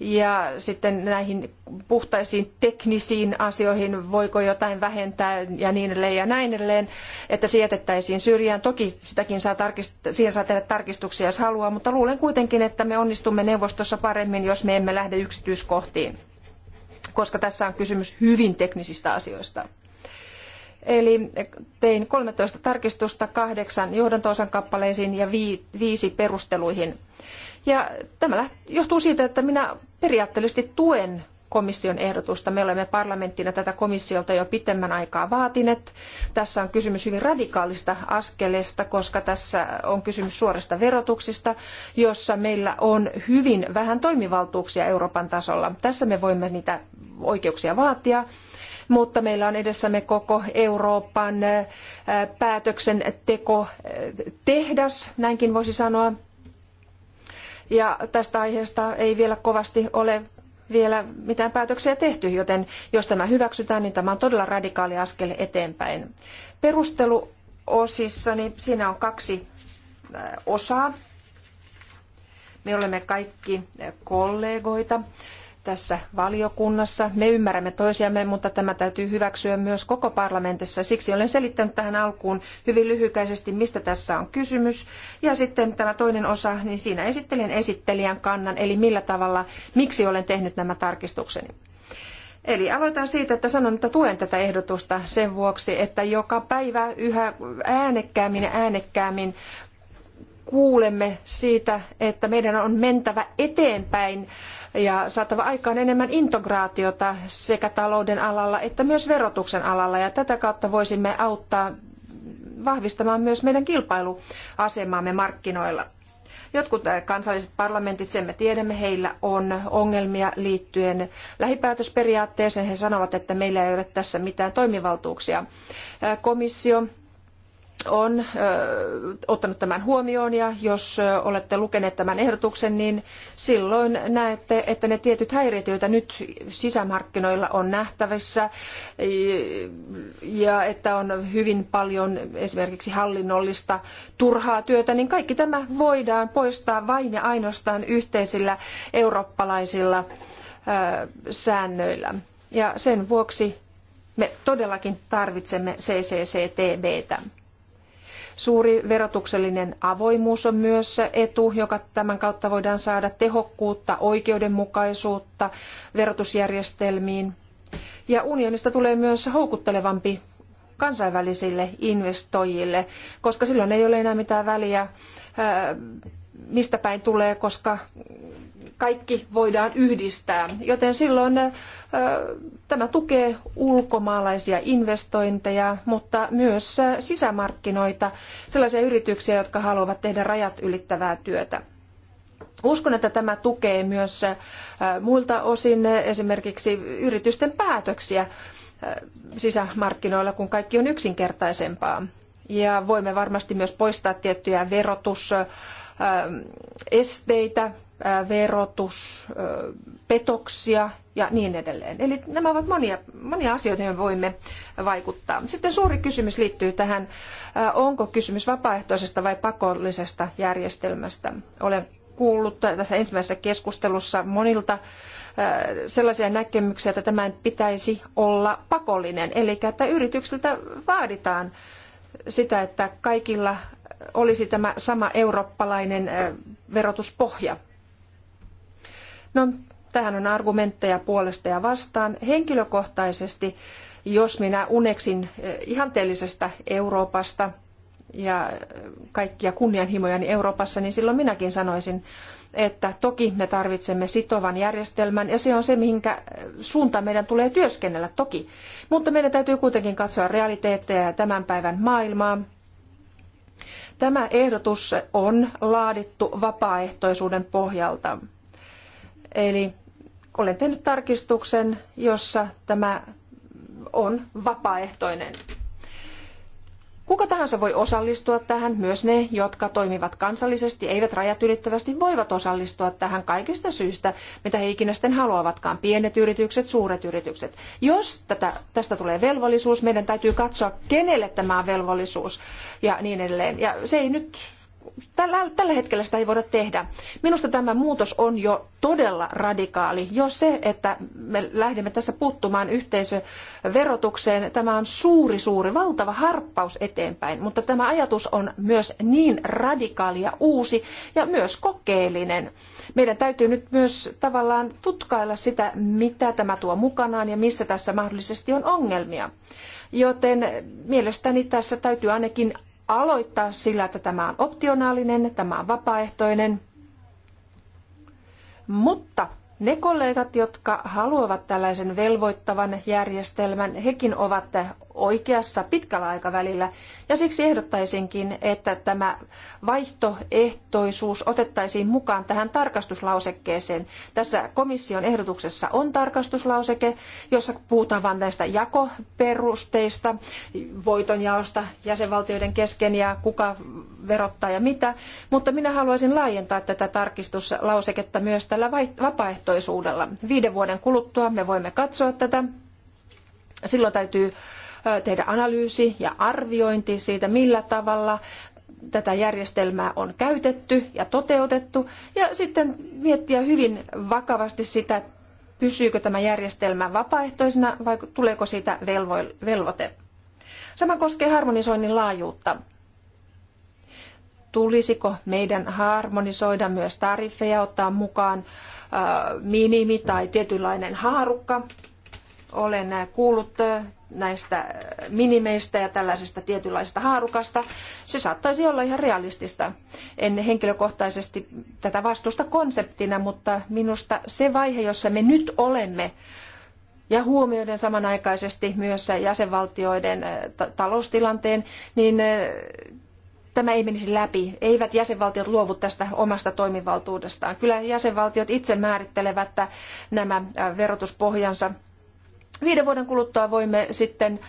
ja sitten näihin puhtaisiin teknisiin asioihin, voiko jotain vähentää ja niin edelleen ja näin edelleen, että se jätettäisiin syrjään. Toki sitäkin saa tarkist- siihen saa tehdä tarkistuksia, jos haluaa, mutta luulen kuitenkin, että me onnistumme neuvostossa paremmin, jos me emme lähde yksityiskohtiin koska tässä on kysymys hyvin teknisistä asioista. Eli tein 13 tarkistusta, kahdeksan johdantoosan kappaleisiin ja viisi perusteluihin. Ja tämä johtuu siitä, että minä periaatteellisesti tuen komission ehdotusta. Me olemme parlamenttina tätä komissiolta jo pitemmän aikaa vaatineet. Tässä on kysymys hyvin radikaalista askeleesta, koska tässä on kysymys suorasta verotuksista, jossa meillä on hyvin vähän toimivaltuuksia Euroopan tasolla. Tässä me voimme niitä oikeuksia vaatia mutta meillä on edessämme koko Euroopan päätöksenteko tehdas, näinkin voisi sanoa. Ja tästä aiheesta ei vielä kovasti ole vielä mitään päätöksiä tehty, joten jos tämä hyväksytään, niin tämä on todella radikaali askel eteenpäin. Perusteluosissa, niin siinä on kaksi osaa. Me olemme kaikki kollegoita tässä valiokunnassa. Me ymmärrämme toisiamme, mutta tämä täytyy hyväksyä myös koko parlamentissa. Siksi olen selittänyt tähän alkuun hyvin lyhykäisesti, mistä tässä on kysymys. Ja sitten tämä toinen osa, niin siinä esittelen esittelijän kannan, eli millä tavalla, miksi olen tehnyt nämä tarkistukseni. Eli aloitan siitä, että sanon, että tuen tätä ehdotusta sen vuoksi, että joka päivä yhä äänekkäämmin ja äänekkäämmin kuulemme siitä, että meidän on mentävä eteenpäin ja saatava aikaan enemmän integraatiota sekä talouden alalla että myös verotuksen alalla. Ja tätä kautta voisimme auttaa vahvistamaan myös meidän kilpailuasemaamme markkinoilla. Jotkut eh, kansalliset parlamentit, sen me tiedämme, heillä on ongelmia liittyen lähipäätösperiaatteeseen. He sanovat, että meillä ei ole tässä mitään toimivaltuuksia. Eh, komissio on ottanut tämän huomioon ja jos olette lukeneet tämän ehdotuksen, niin silloin näette, että ne tietyt häiriöt, joita nyt sisämarkkinoilla on nähtävissä ja että on hyvin paljon esimerkiksi hallinnollista turhaa työtä, niin kaikki tämä voidaan poistaa vain ja ainoastaan yhteisillä eurooppalaisilla säännöillä. Ja sen vuoksi me todellakin tarvitsemme CCCTBtä. Suuri verotuksellinen avoimuus on myös etu, joka tämän kautta voidaan saada tehokkuutta, oikeudenmukaisuutta verotusjärjestelmiin. Ja unionista tulee myös houkuttelevampi kansainvälisille investoijille, koska silloin ei ole enää mitään väliä mistä päin tulee, koska kaikki voidaan yhdistää. Joten silloin tämä tukee ulkomaalaisia investointeja, mutta myös sisämarkkinoita, sellaisia yrityksiä, jotka haluavat tehdä rajat ylittävää työtä. Uskon, että tämä tukee myös muilta osin esimerkiksi yritysten päätöksiä sisämarkkinoilla, kun kaikki on yksinkertaisempaa. Ja voimme varmasti myös poistaa tiettyjä verotusesteitä verotus, petoksia ja niin edelleen. Eli nämä ovat monia, monia asioita, joihin voimme vaikuttaa. Sitten suuri kysymys liittyy tähän, onko kysymys vapaaehtoisesta vai pakollisesta järjestelmästä. Olen kuullut tässä ensimmäisessä keskustelussa monilta sellaisia näkemyksiä, että tämän pitäisi olla pakollinen. Eli että yrityksiltä vaaditaan sitä, että kaikilla olisi tämä sama eurooppalainen verotuspohja. No, tähän on argumentteja puolesta ja vastaan. Henkilökohtaisesti, jos minä uneksin eh, ihanteellisesta Euroopasta ja kaikkia kunnianhimojani niin Euroopassa, niin silloin minäkin sanoisin, että toki me tarvitsemme sitovan järjestelmän ja se on se, mihinkä eh, suunta meidän tulee työskennellä toki. Mutta meidän täytyy kuitenkin katsoa realiteetteja ja tämän päivän maailmaa. Tämä ehdotus on laadittu vapaaehtoisuuden pohjalta. Eli olen tehnyt tarkistuksen, jossa tämä on vapaaehtoinen. Kuka tahansa voi osallistua tähän, myös ne, jotka toimivat kansallisesti, eivät rajat ylittävästi, voivat osallistua tähän kaikista syistä, mitä he ikinä sitten haluavatkaan, pienet yritykset, suuret yritykset. Jos tätä, tästä tulee velvollisuus, meidän täytyy katsoa, kenelle tämä on velvollisuus ja niin edelleen. Ja se ei nyt tällä, tällä hetkellä sitä ei voida tehdä. Minusta tämä muutos on jo todella radikaali. Jo se, että me lähdemme tässä puuttumaan yhteisöverotukseen, tämä on suuri, suuri, valtava harppaus eteenpäin. Mutta tämä ajatus on myös niin radikaali ja uusi ja myös kokeellinen. Meidän täytyy nyt myös tavallaan tutkailla sitä, mitä tämä tuo mukanaan ja missä tässä mahdollisesti on ongelmia. Joten mielestäni tässä täytyy ainakin aloittaa sillä, että tämä on optionaalinen, tämä on vapaaehtoinen, mutta ne kollegat, jotka haluavat tällaisen velvoittavan järjestelmän, hekin ovat oikeassa pitkällä aikavälillä. Ja siksi ehdottaisinkin, että tämä vaihtoehtoisuus otettaisiin mukaan tähän tarkastuslausekkeeseen. Tässä komission ehdotuksessa on tarkastuslauseke, jossa puhutaan vain näistä jakoperusteista, voitonjaosta jäsenvaltioiden kesken ja kuka verottaa ja mitä. Mutta minä haluaisin laajentaa tätä tarkistuslauseketta myös tällä vapaaehtoisuudella vaihtoehtoisuudella. Viiden vuoden kuluttua me voimme katsoa tätä. Silloin täytyy tehdä analyysi ja arviointi siitä, millä tavalla tätä järjestelmää on käytetty ja toteutettu, ja sitten miettiä hyvin vakavasti sitä, pysyykö tämä järjestelmä vapaaehtoisena vai tuleeko siitä velvoite. Sama koskee harmonisoinnin laajuutta tulisiko meidän harmonisoida myös tariffeja, ottaa mukaan minimi tai tietynlainen haarukka. Olen kuullut näistä minimeistä ja tällaisesta tietynlaisesta haarukasta. Se saattaisi olla ihan realistista. En henkilökohtaisesti tätä vastusta konseptina, mutta minusta se vaihe, jossa me nyt olemme, ja huomioiden samanaikaisesti myös jäsenvaltioiden taloustilanteen, niin tämä ei menisi läpi. Eivät jäsenvaltiot luovu tästä omasta toimivaltuudestaan. Kyllä jäsenvaltiot itse määrittelevät nämä verotuspohjansa. Viiden vuoden kuluttua voimme sitten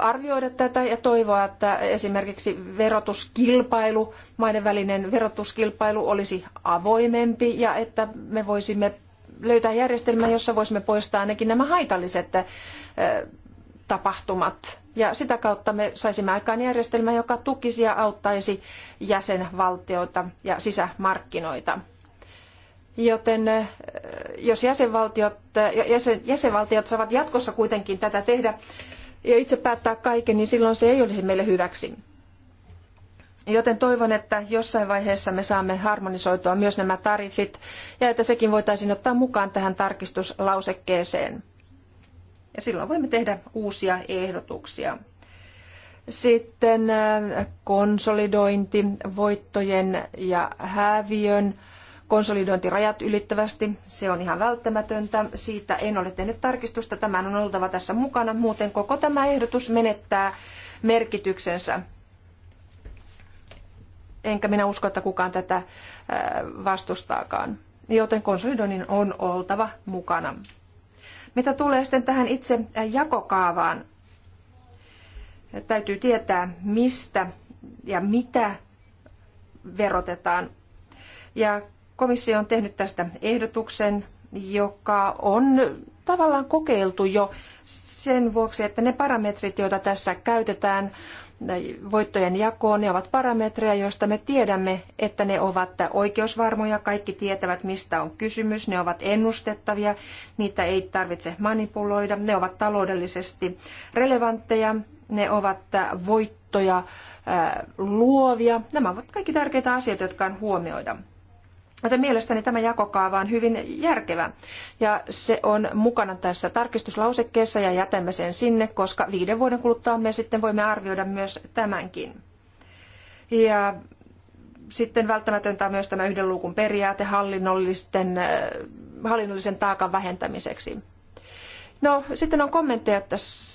arvioida tätä ja toivoa, että esimerkiksi verotuskilpailu, maiden välinen verotuskilpailu olisi avoimempi ja että me voisimme löytää järjestelmän, jossa voisimme poistaa ainakin nämä haitalliset tapahtumat. Ja sitä kautta me saisimme aikaan järjestelmän, joka tukisi ja auttaisi jäsenvaltioita ja sisämarkkinoita. Joten eh, jos jäsenvaltiot, eh, jäsen, jäsenvaltiot saavat jatkossa kuitenkin tätä tehdä ja itse päättää kaiken, niin silloin se ei olisi meille hyväksi. Joten toivon, että jossain vaiheessa me saamme harmonisoitua myös nämä tarifit ja että sekin voitaisiin ottaa mukaan tähän tarkistuslausekkeeseen. Ja silloin voimme tehdä uusia ehdotuksia. Sitten äh, konsolidointi, voittojen ja häviön konsolidointi rajat ylittävästi. Se on ihan välttämätöntä. Siitä en ole tehnyt tarkistusta. Tämän on oltava tässä mukana. Muuten koko tämä ehdotus menettää merkityksensä. Enkä minä usko, että kukaan tätä äh, vastustaakaan. Joten konsolidoinnin on oltava mukana. Mitä tulee sitten tähän itse jakokaavaan, täytyy tietää, mistä ja mitä verotetaan. Ja komissio on tehnyt tästä ehdotuksen, joka on tavallaan kokeiltu jo sen vuoksi, että ne parametrit, joita tässä käytetään, voittojen jakoon, ne ovat parametreja, joista me tiedämme, että ne ovat oikeusvarmoja, kaikki tietävät mistä on kysymys, ne ovat ennustettavia, niitä ei tarvitse manipuloida, ne ovat taloudellisesti relevantteja, ne ovat voittoja luovia. Nämä ovat kaikki tärkeitä asioita, jotka on huomioida. Joten mielestäni tämä jakokaava on hyvin järkevä ja se on mukana tässä tarkistuslausekkeessa ja jätämme sen sinne, koska viiden vuoden kuluttua me sitten voimme arvioida myös tämänkin. Ja sitten välttämätöntä on myös tämä yhden luukun periaate hallinnollisten, äh, hallinnollisen taakan vähentämiseksi. No sitten on kommentteja,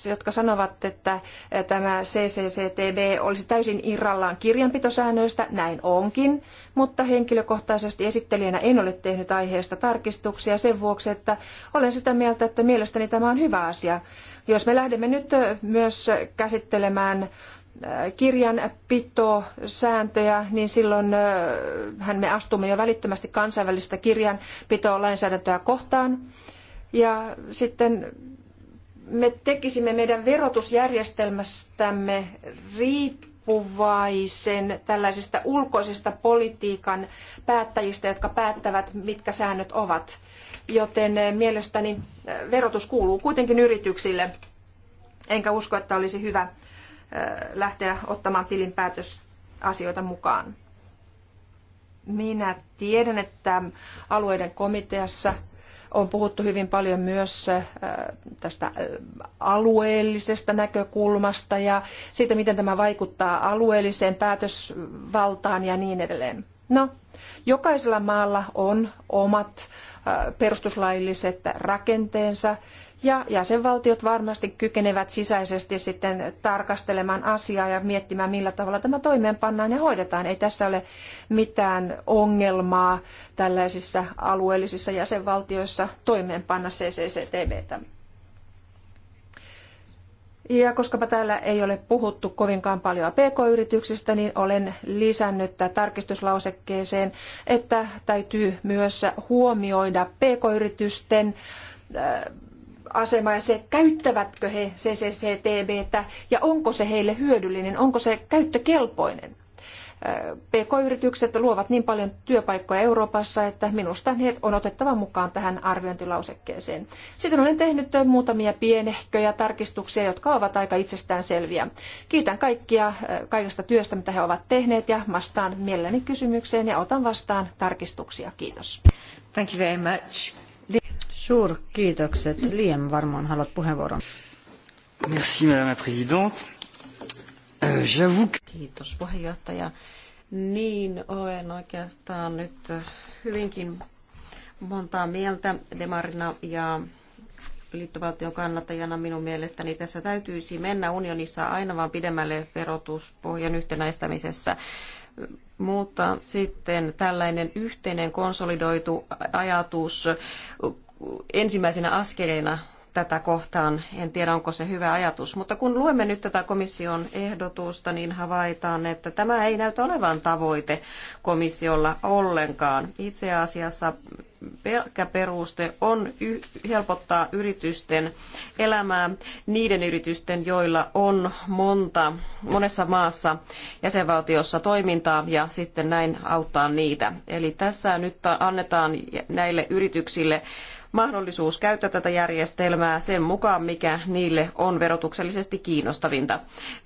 jotka sanovat, että eh, tämä CCCTB olisi täysin irrallaan kirjanpitosäännöistä. Näin onkin, mutta henkilökohtaisesti esittelijänä en ole tehnyt aiheesta tarkistuksia sen vuoksi, että olen sitä mieltä, että mielestäni tämä on hyvä asia. Jos me lähdemme nyt eh, myös käsittelemään eh, kirjanpitosääntöjä, niin silloin hän me astumme jo välittömästi kansainvälistä kirjanpitolainsäädäntöä kohtaan. Ja sitten me tekisimme meidän verotusjärjestelmästämme riippuvaisen tällaisista ulkoisista politiikan päättäjistä, jotka päättävät, mitkä säännöt ovat. Joten eh, mielestäni eh, verotus kuuluu kuitenkin yrityksille, enkä usko, että olisi hyvä eh, lähteä ottamaan tilinpäätösasioita mukaan. Minä tiedän, että alueiden komiteassa on puhuttu hyvin paljon myös tästä alueellisesta näkökulmasta ja siitä, miten tämä vaikuttaa alueelliseen päätösvaltaan ja niin edelleen. No, jokaisella maalla on omat perustuslailliset rakenteensa ja jäsenvaltiot varmasti kykenevät sisäisesti sitten tarkastelemaan asiaa ja miettimään, millä tavalla tämä toimeenpannaan ja hoidetaan. Ei tässä ole mitään ongelmaa tällaisissa alueellisissa jäsenvaltioissa toimeenpanna CCCTVtä. Ja koskapa täällä ei ole puhuttu kovinkaan paljon pk-yrityksistä, niin olen lisännyt tämän tarkistuslausekkeeseen, että täytyy myös huomioida pk-yritysten äh, asema ja se, käyttävätkö he tä ja onko se heille hyödyllinen, onko se käyttökelpoinen. PK-yritykset luovat niin paljon työpaikkoja Euroopassa, että minusta ne on otettava mukaan tähän arviointilausekkeeseen. Sitten olen tehnyt muutamia pienehköjä tarkistuksia, jotka ovat aika itsestäänselviä. Kiitän kaikkia kaikesta työstä, mitä he ovat tehneet ja vastaan mielelläni kysymykseen ja otan vastaan tarkistuksia. Kiitos. Thank you very much. Suur Suurkiitokset. liem varmaan haluat puheenvuoron. Merci, madame la présidente. Euh, j'avoue Kiitos puheenjohtaja. Niin, olen oikeastaan nyt hyvinkin montaa mieltä demarina ja liittovaltion kannattajana minun mielestäni tässä täytyisi mennä unionissa aina vaan pidemmälle verotuspohjan yhtenäistämisessä. Mutta sitten tällainen yhteinen konsolidoitu ajatus ensimmäisenä askeleena tätä kohtaan. En tiedä, onko se hyvä ajatus, mutta kun luemme nyt tätä komission ehdotusta, niin havaitaan, että tämä ei näytä olevan tavoite komissiolla ollenkaan. Itse asiassa pelkkä peruste on helpottaa yritysten elämää niiden yritysten, joilla on monta, monessa maassa jäsenvaltiossa toimintaa ja sitten näin auttaa niitä. Eli tässä nyt annetaan näille yrityksille mahdollisuus käyttää tätä järjestelmää sen mukaan, mikä niille on verotuksellisesti kiinnostavinta.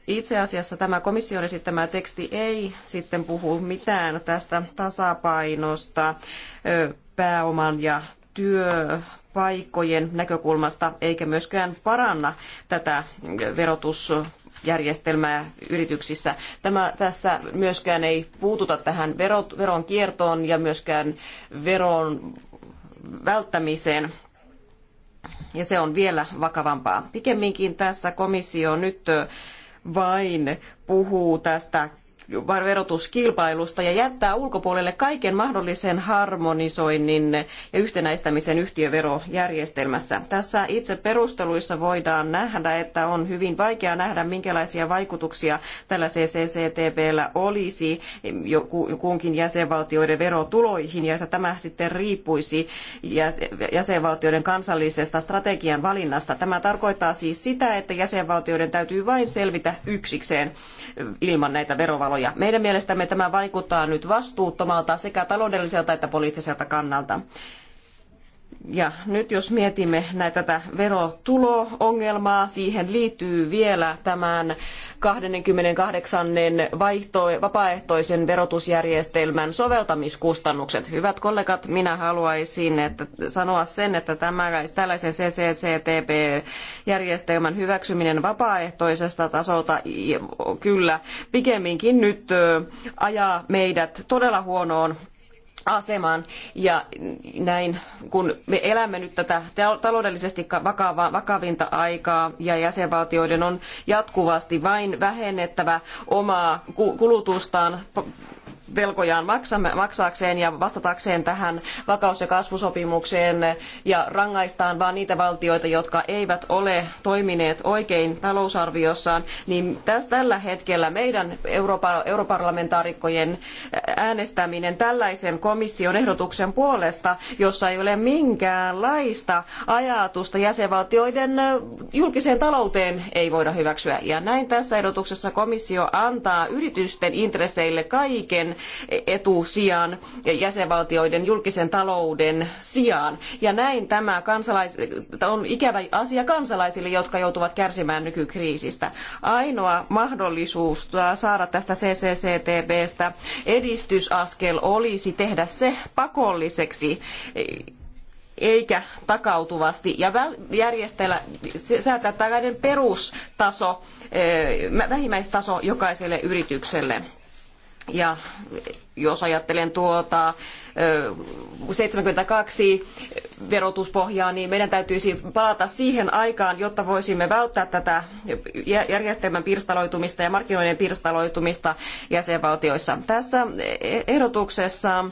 Itse asiassa tämä komission esittämä teksti ei sitten puhu mitään tästä tasapainosta pääoman ja työ, paikkojen näkökulmasta eikä myöskään paranna tätä verotusjärjestelmää yrityksissä. Tämä tässä myöskään ei puututa tähän verot, veron kiertoon ja myöskään veron välttämiseen. Ja se on vielä vakavampaa. Pikemminkin tässä komissio nyt vain puhuu tästä verotuskilpailusta ja jättää ulkopuolelle kaiken mahdollisen harmonisoinnin ja yhtenäistämisen yhtiöverojärjestelmässä. Tässä itse perusteluissa voidaan nähdä, että on hyvin vaikea nähdä, minkälaisia vaikutuksia tällä CCCTBllä olisi kunkin jäsenvaltioiden verotuloihin ja että tämä sitten riippuisi jäsenvaltioiden kansallisesta strategian valinnasta. Tämä tarkoittaa siis sitä, että jäsenvaltioiden täytyy vain selvitä yksikseen ilman näitä verovaloja varoja. Meidän mielestämme tämä vaikuttaa nyt vastuuttomalta sekä taloudelliselta että poliittiselta kannalta. Ja nyt jos mietimme näitä tätä verotulo-ongelmaa, siihen liittyy vielä tämän 28. vaihto, vapaaehtoisen verotusjärjestelmän soveltamiskustannukset. Hyvät kollegat, minä haluaisin että, sanoa sen, että tämä, tällaisen CCCTP-järjestelmän hyväksyminen vapaaehtoisesta tasolta kyllä pikemminkin nyt ajaa meidät todella huonoon asemaan. Ja näin, kun me elämme nyt tätä taloudellisesti vakavaa, vakavinta aikaa ja jäsenvaltioiden on jatkuvasti vain vähennettävä omaa kulutustaan velkojaan maksaakseen ja vastatakseen tähän vakaus- ja kasvusopimukseen ja rangaistaan vain niitä valtioita, jotka eivät ole toimineet oikein talousarviossaan, niin tässä tällä hetkellä meidän Euroopan, europarlamentaarikkojen äänestäminen tällaisen komission ehdotuksen puolesta, jossa ei ole minkäänlaista ajatusta jäsenvaltioiden julkiseen talouteen ei voida hyväksyä. Ja näin tässä ehdotuksessa komissio antaa yritysten intresseille kaiken etusijan jäsenvaltioiden julkisen talouden sijaan. Ja näin tämä kansalais, on ikävä asia kansalaisille, jotka joutuvat kärsimään nykykriisistä. Ainoa mahdollisuus saada tästä CCCTBstä edistysaskel olisi tehdä se pakolliseksi eikä takautuvasti ja järjestellä, säätää tällainen perustaso, eh, vähimmäistaso jokaiselle yritykselle ja jos ajattelen tuota 72 verotuspohjaa, niin meidän täytyisi palata siihen aikaan, jotta voisimme välttää tätä järjestelmän pirstaloitumista ja markkinoiden pirstaloitumista jäsenvaltioissa. Tässä ehdotuksessa,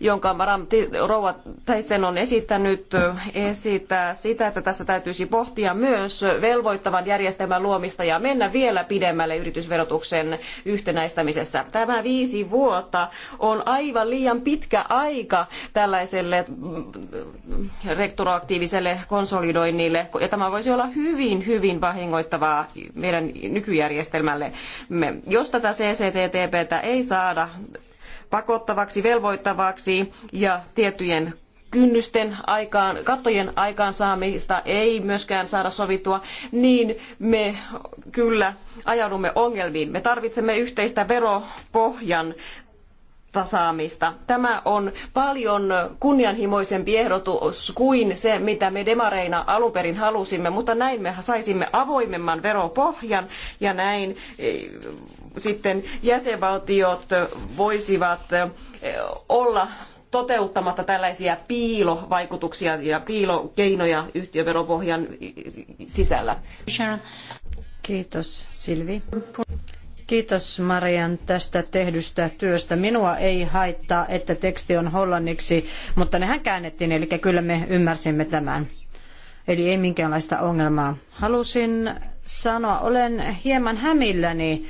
jonka Maram Rouva Tyson on esittänyt, esittää sitä, että tässä täytyisi pohtia myös velvoittavan järjestelmän luomista ja mennä vielä pidemmälle yritysverotuksen yhtenäistämisessä. Tämä viisi vuotta on aivan liian pitkä aika tällaiselle mm, rektoraaktiiviselle konsolidoinnille, ja tämä voisi olla hyvin, hyvin vahingoittavaa meidän nykyjärjestelmälle. Jos tätä CCTTPtä ei saada pakottavaksi, velvoittavaksi ja tiettyjen kynnysten aikaan, kattojen aikaansaamista ei myöskään saada sovittua, niin me kyllä ajaudumme ongelmiin. Me tarvitsemme yhteistä veropohjan tasaamista. Tämä on paljon kunnianhimoisempi ehdotus kuin se, mitä me demareina alun perin halusimme, mutta näin me saisimme avoimemman veropohjan ja näin e, sitten jäsenvaltiot voisivat e, olla toteuttamatta tällaisia piilovaikutuksia ja piilokeinoja yhtiöveropohjan sisällä. Kiitos Silvi. Kiitos Marian tästä tehdystä työstä. Minua ei haittaa, että teksti on hollanniksi, mutta nehän käännettiin, eli kyllä me ymmärsimme tämän. Eli ei minkäänlaista ongelmaa. Halusin sanoa, olen hieman hämilläni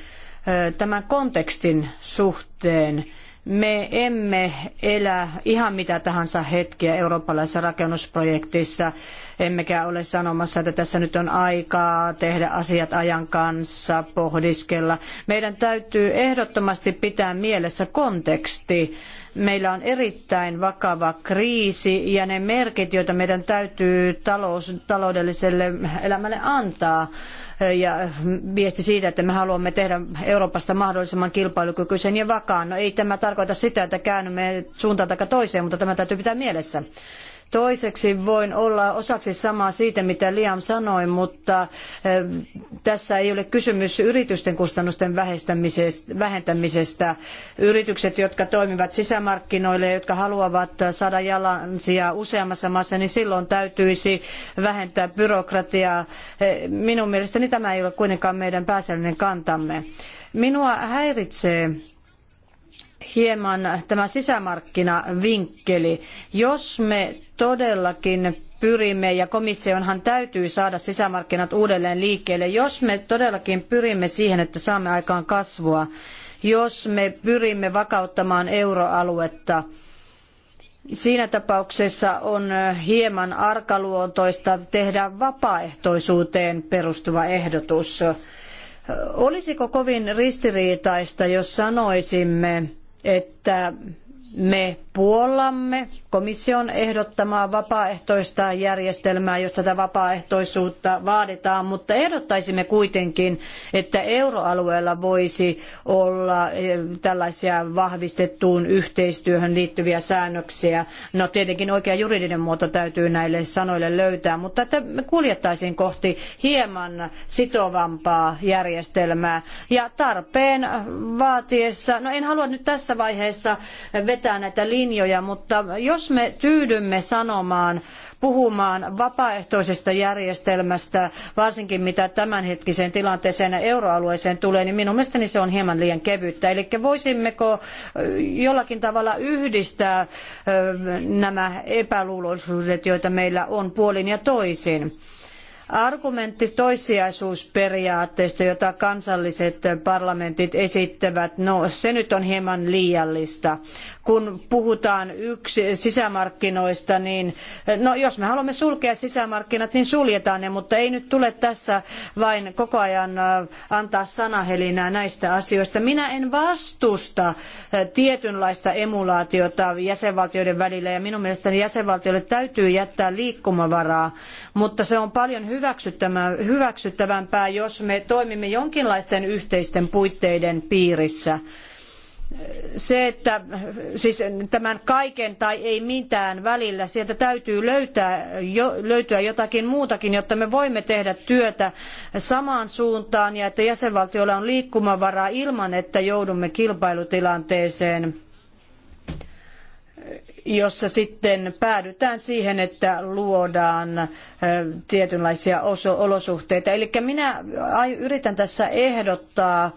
tämän kontekstin suhteen me emme elä ihan mitä tahansa hetkiä eurooppalaisessa rakennusprojektissa, emmekä ole sanomassa, että tässä nyt on aikaa tehdä asiat ajan kanssa, pohdiskella. Meidän täytyy ehdottomasti pitää mielessä konteksti Meillä on erittäin vakava kriisi ja ne merkit, joita meidän täytyy talous, taloudelliselle elämälle antaa, ja viesti siitä, että me haluamme tehdä Euroopasta mahdollisimman kilpailukykyisen ja vakaan. No ei tämä tarkoita sitä, että käännymme suuntaan taikka toiseen, mutta tämä täytyy pitää mielessä. Toiseksi voin olla osaksi samaa siitä, mitä Liam sanoi, mutta eh, tässä ei ole kysymys yritysten kustannusten vähentämisestä. Yritykset, jotka toimivat sisämarkkinoille ja jotka haluavat saada jalansia useammassa maassa, niin silloin täytyisi vähentää byrokratiaa. Eh, minun mielestäni tämä ei ole kuitenkaan meidän pääsäännöllinen kantamme. Minua häiritsee hieman tämä sisämarkkinavinkkeli. Jos me todellakin pyrimme, ja komissionhan täytyy saada sisämarkkinat uudelleen liikkeelle, jos me todellakin pyrimme siihen, että saamme aikaan kasvua, jos me pyrimme vakauttamaan euroaluetta, Siinä tapauksessa on hieman arkaluontoista tehdä vapaaehtoisuuteen perustuva ehdotus. Olisiko kovin ristiriitaista, jos sanoisimme, että me puollamme komission ehdottamaa vapaaehtoista järjestelmää, jos tätä vapaaehtoisuutta vaaditaan, mutta ehdottaisimme kuitenkin, että euroalueella voisi olla eh, tällaisia vahvistettuun yhteistyöhön liittyviä säännöksiä. No tietenkin oikea juridinen muoto täytyy näille sanoille löytää, mutta että me kuljettaisiin kohti hieman sitovampaa järjestelmää ja tarpeen vaatiessa, no en halua nyt tässä vaiheessa vetää näitä linjoja, mutta jos jos me tyydymme sanomaan, puhumaan vapaaehtoisesta järjestelmästä, varsinkin mitä tämänhetkiseen tilanteeseen ja euroalueeseen tulee, niin minun mielestäni se on hieman liian kevyttä. Eli voisimmeko jollakin tavalla yhdistää nämä epäluuloisuudet, joita meillä on puolin ja toisin? argumentti toissijaisuusperiaatteesta, jota kansalliset parlamentit esittävät, no se nyt on hieman liiallista kun puhutaan yksi sisämarkkinoista, niin no, jos me haluamme sulkea sisämarkkinat, niin suljetaan ne, mutta ei nyt tule tässä vain koko ajan antaa sanahelinää näistä asioista. Minä en vastusta tietynlaista emulaatiota jäsenvaltioiden välillä ja minun mielestäni jäsenvaltioille täytyy jättää liikkumavaraa, mutta se on paljon hyväksyttävämpää, jos me toimimme jonkinlaisten yhteisten puitteiden piirissä se, että siis tämän kaiken tai ei mitään välillä, sieltä täytyy löytää, jo, löytyä jotakin muutakin, jotta me voimme tehdä työtä samaan suuntaan ja että jäsenvaltioilla on liikkumavaraa ilman, että joudumme kilpailutilanteeseen jossa sitten päädytään siihen, että luodaan tietynlaisia olosuhteita. Eli minä yritän tässä ehdottaa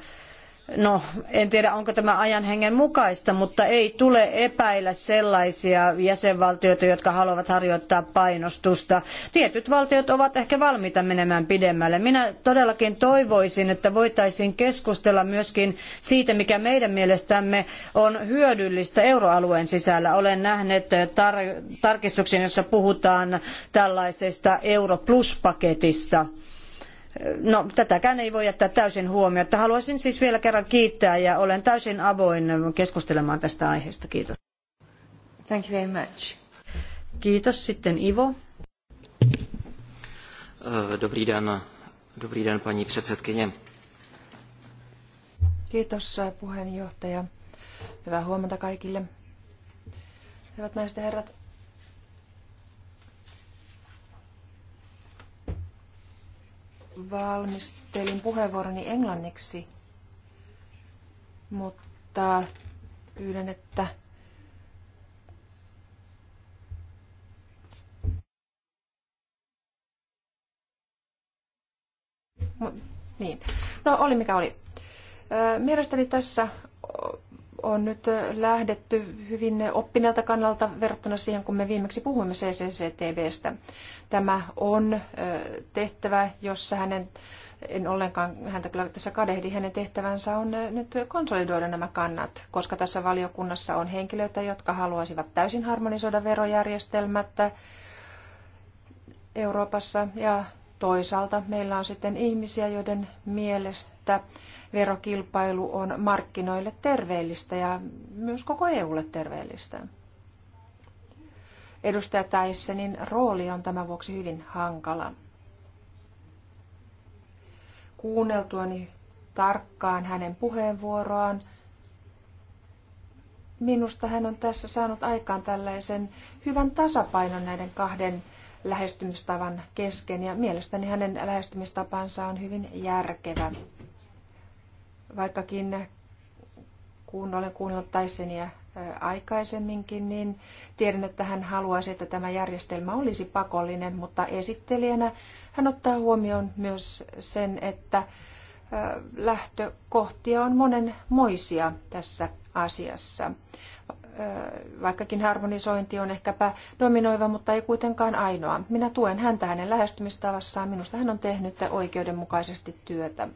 No, en tiedä onko tämä ajan hengen mukaista, mutta ei tule epäillä sellaisia jäsenvaltioita, jotka haluavat harjoittaa painostusta. Tietyt valtiot ovat ehkä valmiita menemään pidemmälle. Minä todellakin toivoisin, että voitaisiin keskustella myöskin siitä, mikä meidän mielestämme on hyödyllistä euroalueen sisällä. Olen nähnyt tar- tarkistuksen, jossa puhutaan tällaisesta Euro Plus-paketista – No, tätäkään ei voi jättää täysin huomiota. Haluaisin siis vielä kerran kiittää ja olen täysin avoin keskustelemaan tästä aiheesta. Kiitos. Thank you very much. Kiitos. Sitten Ivo. Eh, dobrý den, dobrý den paní předsedkyně. Kiitos eh, puheenjohtaja. Hyvää huomenta kaikille. Hyvät naiset ja herrat, valmistelin puheenvuoroni englanniksi, mutta pyydän, että niin. No oli mikä oli. Mielestäni tässä on nyt lähdetty hyvin oppineelta kannalta verrattuna siihen, kun me viimeksi puhuimme CCCTVstä. Tämä on tehtävä, jossa hänen, en ollenkaan häntä kyllä tässä kadehdi, hänen tehtävänsä on nyt konsolidoida nämä kannat, koska tässä valiokunnassa on henkilöitä, jotka haluaisivat täysin harmonisoida verojärjestelmät Euroopassa ja toisaalta meillä on sitten ihmisiä, joiden mielestä verokilpailu on markkinoille terveellistä ja myös koko EUlle terveellistä. Edustaja Täissenin rooli on tämän vuoksi hyvin hankala. Kuunneltuani tarkkaan hänen puheenvuoroaan, minusta hän on tässä saanut aikaan tällaisen hyvän tasapainon näiden kahden lähestymistavan kesken ja mielestäni hänen lähestymistapansa on hyvin järkevä. Vaikkakin kun olen kuunnellut Tysonia aikaisemminkin, niin tiedän, että hän haluaisi, että tämä järjestelmä olisi pakollinen, mutta esittelijänä hän ottaa huomioon myös sen, että lähtökohtia on monenmoisia tässä asiassa. Vaikkakin harmonisointi on ehkäpä dominoiva, mutta ei kuitenkaan ainoa. Minä tuen häntä hänen lähestymistavassaan. Minusta hän on tehnyt oikeudenmukaisesti työtä.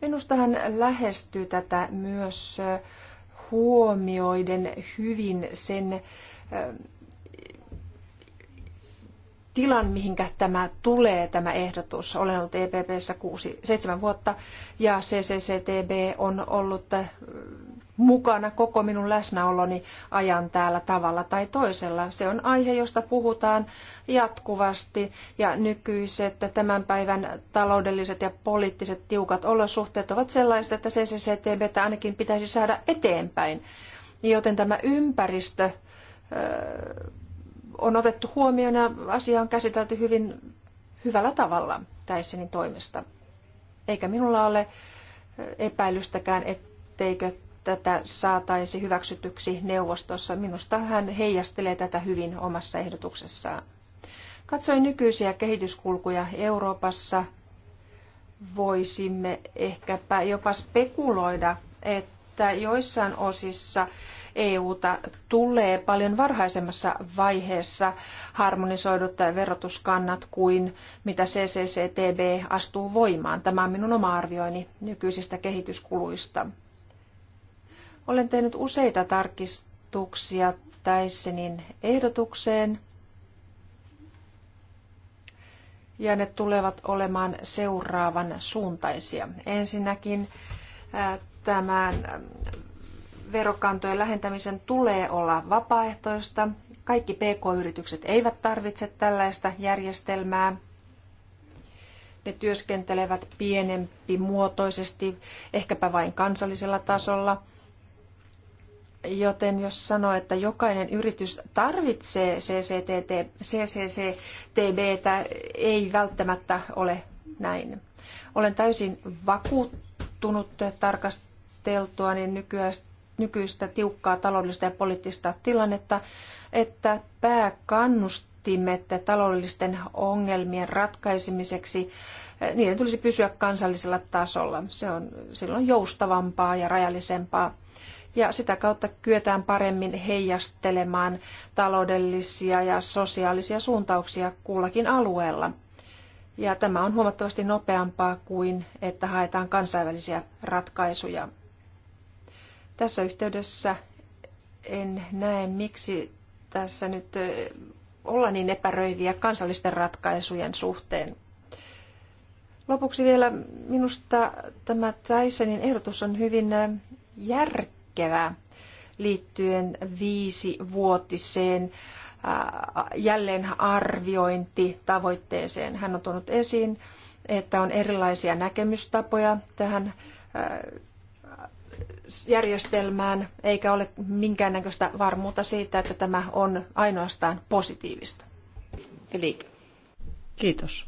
Minusta hän lähestyy tätä myös huomioiden hyvin sen tilan, mihinkä tämä tulee, tämä ehdotus. Olen ollut EPPssä kuusi, seitsemän vuotta ja CCCTB on ollut mukana koko minun läsnäoloni ajan täällä tavalla tai toisella. Se on aihe, josta puhutaan jatkuvasti ja nykyiset tämän päivän taloudelliset ja poliittiset tiukat olosuhteet ovat sellaiset, että CCCTB ainakin pitäisi saada eteenpäin. Joten tämä ympäristö on otettu huomioon ja asia on käsitelty hyvin hyvällä tavalla Täissenin toimesta. Eikä minulla ole epäilystäkään, etteikö tätä saataisi hyväksytyksi neuvostossa. Minusta hän heijastelee tätä hyvin omassa ehdotuksessaan. Katsoin nykyisiä kehityskulkuja Euroopassa. Voisimme ehkäpä jopa spekuloida, että joissain osissa EUta tulee paljon varhaisemmassa vaiheessa harmonisoidut verotuskannat kuin mitä CCCTB astuu voimaan. Tämä on minun oma arvioini nykyisistä kehityskuluista. Olen tehnyt useita tarkistuksia Täissenin ehdotukseen, ja ne tulevat olemaan seuraavan suuntaisia. Ensinnäkin tämän verokantojen lähentämisen tulee olla vapaaehtoista. Kaikki PK-yritykset eivät tarvitse tällaista järjestelmää. Ne työskentelevät pienempi muotoisesti, ehkäpä vain kansallisella tasolla – Joten jos sanoo, että jokainen yritys tarvitsee CCTT, CCCTBtä, ei välttämättä ole näin. Olen täysin vakuuttunut tarkasteltua niin nykyistä tiukkaa taloudellista ja poliittista tilannetta, että pääkannustimet taloudellisten ongelmien ratkaisemiseksi, eh, niiden tulisi pysyä kansallisella tasolla. Se on silloin joustavampaa ja rajallisempaa ja sitä kautta kyetään paremmin heijastelemaan taloudellisia ja sosiaalisia suuntauksia kullakin alueella. Ja tämä on huomattavasti nopeampaa kuin, että haetaan kansainvälisiä ratkaisuja. Tässä yhteydessä en näe, miksi tässä nyt olla niin epäröiviä kansallisten ratkaisujen suhteen. Lopuksi vielä minusta tämä Tysonin ehdotus on hyvin järkevä järkevää liittyen viisivuotiseen jälleenarviointitavoitteeseen. Hän on tuonut esiin, että on erilaisia näkemystapoja tähän järjestelmään, eikä ole minkäännäköistä varmuutta siitä, että tämä on ainoastaan positiivista. Kiitos.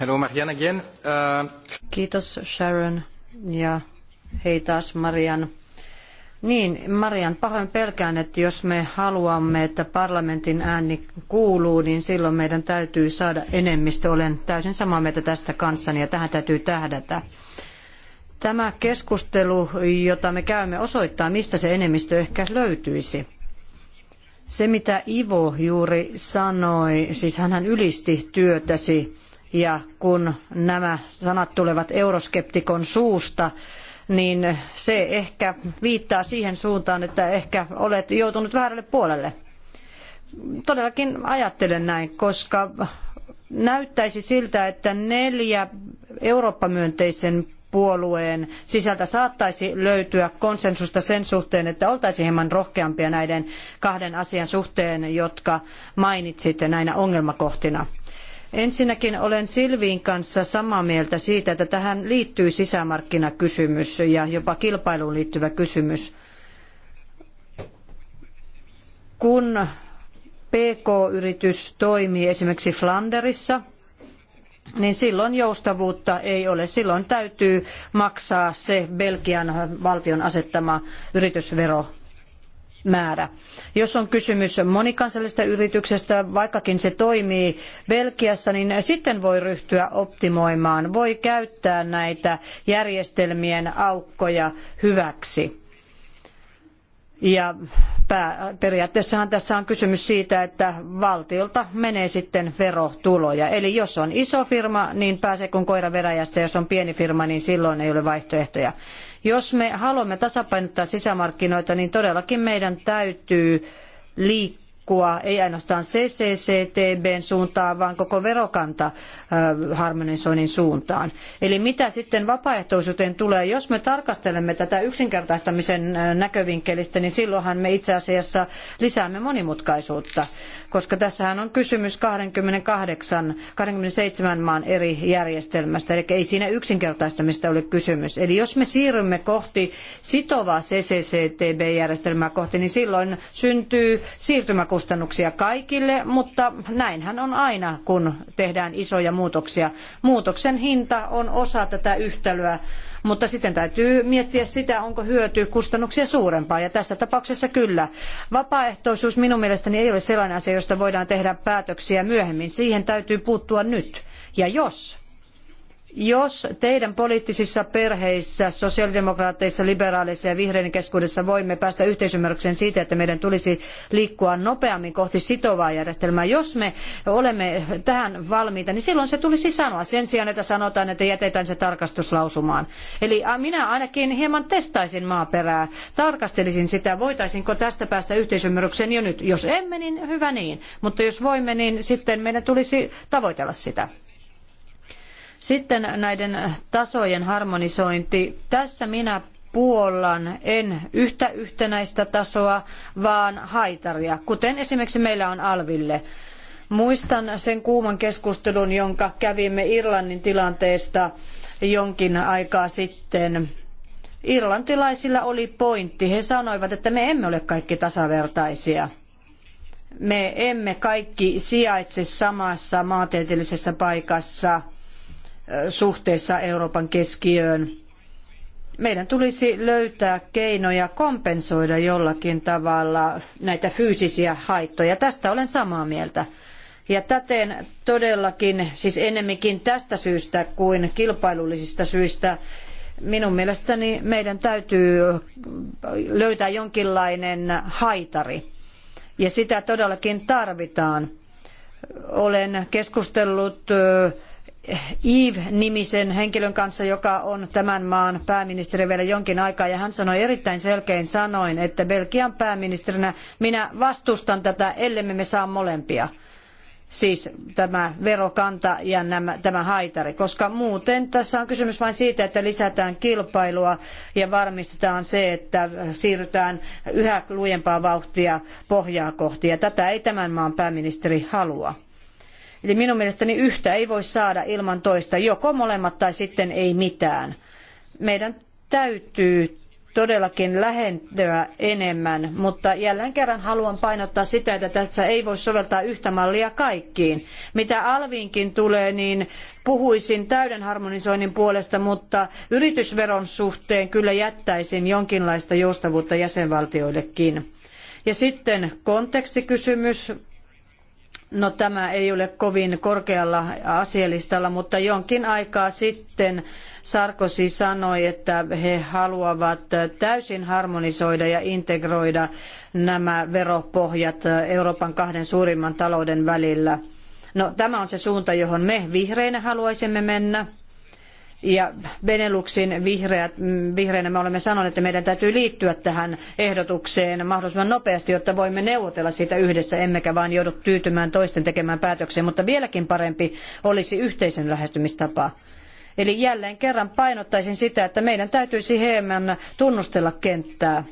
Hello Marianne again. Uh... Kiitos Sharon ja Hei taas Marian. Niin, Marian, pahoin pelkään, että jos me haluamme, että parlamentin ääni kuuluu, niin silloin meidän täytyy saada enemmistö. Olen täysin samaa mieltä tästä kanssani ja tähän täytyy tähdätä. Tämä keskustelu, jota me käymme, osoittaa, mistä se enemmistö ehkä löytyisi. Se, mitä Ivo juuri sanoi, siis hän ylisti työtäsi, ja kun nämä sanat tulevat euroskeptikon suusta, niin se ehkä viittaa siihen suuntaan, että ehkä olet joutunut väärälle puolelle. Todellakin ajattelen näin, koska näyttäisi siltä, että neljä Eurooppa-myönteisen puolueen sisältä saattaisi löytyä konsensusta sen suhteen, että oltaisiin hieman rohkeampia näiden kahden asian suhteen, jotka mainitsitte näinä ongelmakohtina. Ensinnäkin olen Silviin kanssa samaa mieltä siitä, että tähän liittyy sisämarkkinakysymys ja jopa kilpailuun liittyvä kysymys. Kun PK-yritys toimii esimerkiksi Flanderissa, niin silloin joustavuutta ei ole. Silloin täytyy maksaa se Belgian valtion asettama yritysvero määrä. Jos on kysymys monikansallisesta yrityksestä, vaikkakin se toimii Belgiassa, niin sitten voi ryhtyä optimoimaan, voi käyttää näitä järjestelmien aukkoja hyväksi. Ja periaatteessahan tässä on kysymys siitä, että valtiolta menee sitten verotuloja. Eli jos on iso firma, niin pääsee kuin koira veräjästä, jos on pieni firma, niin silloin ei ole vaihtoehtoja. Jos me haluamme tasapainottaa sisämarkkinoita, niin todellakin meidän täytyy liikkua liikkua ei ainoastaan CCCTBn suuntaan, vaan koko verokanta harmonisoinnin suuntaan. Eli mitä sitten vapaaehtoisuuteen tulee, jos me tarkastelemme tätä yksinkertaistamisen näkövinkkelistä, niin silloinhan me itse asiassa lisäämme monimutkaisuutta, koska tässähän on kysymys 28, 27 maan eri järjestelmästä, eli ei siinä yksinkertaistamista ole kysymys. Eli jos me siirrymme kohti sitovaa CCCTB-järjestelmää kohti, niin silloin syntyy siirtymäkustannuksia kustannuksia kaikille, mutta näinhän on aina, kun tehdään isoja muutoksia. Muutoksen hinta on osa tätä yhtälöä, mutta sitten täytyy miettiä sitä, onko hyöty kustannuksia suurempaa, ja tässä tapauksessa kyllä. Vapaaehtoisuus minun mielestäni ei ole sellainen asia, josta voidaan tehdä päätöksiä myöhemmin. Siihen täytyy puuttua nyt. Ja jos jos teidän poliittisissa perheissä, sosiaalidemokraateissa, liberaaleissa ja vihreiden keskuudessa voimme päästä yhteisymmärrykseen siitä, että meidän tulisi liikkua nopeammin kohti sitovaa järjestelmää, jos me olemme tähän valmiita, niin silloin se tulisi sanoa sen sijaan, että sanotaan, että jätetään se tarkastuslausumaan. Eli minä ainakin hieman testaisin maaperää, tarkastelisin sitä, voitaisinko tästä päästä yhteisymmärrykseen jo nyt. Jos emme, niin hyvä niin, mutta jos voimme, niin sitten meidän tulisi tavoitella sitä. Sitten näiden tasojen harmonisointi. Tässä minä puollan en yhtä yhtenäistä tasoa, vaan haitaria, kuten esimerkiksi meillä on Alville. Muistan sen kuuman keskustelun, jonka kävimme Irlannin tilanteesta jonkin aikaa sitten. Irlantilaisilla oli pointti. He sanoivat, että me emme ole kaikki tasavertaisia. Me emme kaikki sijaitse samassa maantieteellisessä paikassa – suhteessa Euroopan keskiöön. Meidän tulisi löytää keinoja kompensoida jollakin tavalla näitä fyysisiä haittoja. Tästä olen samaa mieltä. Ja täten todellakin, siis ennemminkin tästä syystä kuin kilpailullisista syistä, minun mielestäni meidän täytyy löytää jonkinlainen haitari. Ja sitä todellakin tarvitaan. Olen keskustellut Eve-nimisen henkilön kanssa, joka on tämän maan pääministeri vielä jonkin aikaa, ja hän sanoi erittäin selkein sanoin, että Belgian pääministerinä minä vastustan tätä, ellemme me saa molempia siis tämä verokanta ja nämä, tämä haitari, koska muuten tässä on kysymys vain siitä, että lisätään kilpailua ja varmistetaan se, että siirrytään yhä lujempaa vauhtia pohjaa kohti, ja tätä ei tämän maan pääministeri halua. Eli minun mielestäni yhtä ei voi saada ilman toista, joko molemmat tai sitten ei mitään. Meidän täytyy todellakin lähentyä enemmän, mutta jälleen kerran haluan painottaa sitä, että tässä ei voi soveltaa yhtä mallia kaikkiin. Mitä Alviinkin tulee, niin puhuisin täyden harmonisoinnin puolesta, mutta yritysveron suhteen kyllä jättäisin jonkinlaista joustavuutta jäsenvaltioillekin. Ja sitten kontekstikysymys. No tämä ei ole kovin korkealla asialistalla, mutta jonkin aikaa sitten Sarkozy sanoi, että he haluavat täysin harmonisoida ja integroida nämä veropohjat Euroopan kahden suurimman talouden välillä. No tämä on se suunta, johon me vihreinä haluaisimme mennä. Ja Beneluxin vihreät, mm, vihreänä me olemme sanoneet, että meidän täytyy liittyä tähän ehdotukseen mahdollisimman nopeasti, jotta voimme neuvotella siitä yhdessä, emmekä vain joudu tyytymään toisten tekemään päätökseen. Mutta vieläkin parempi olisi yhteisen lähestymistapa. Eli jälleen kerran painottaisin sitä, että meidän täytyisi hieman tunnustella kenttää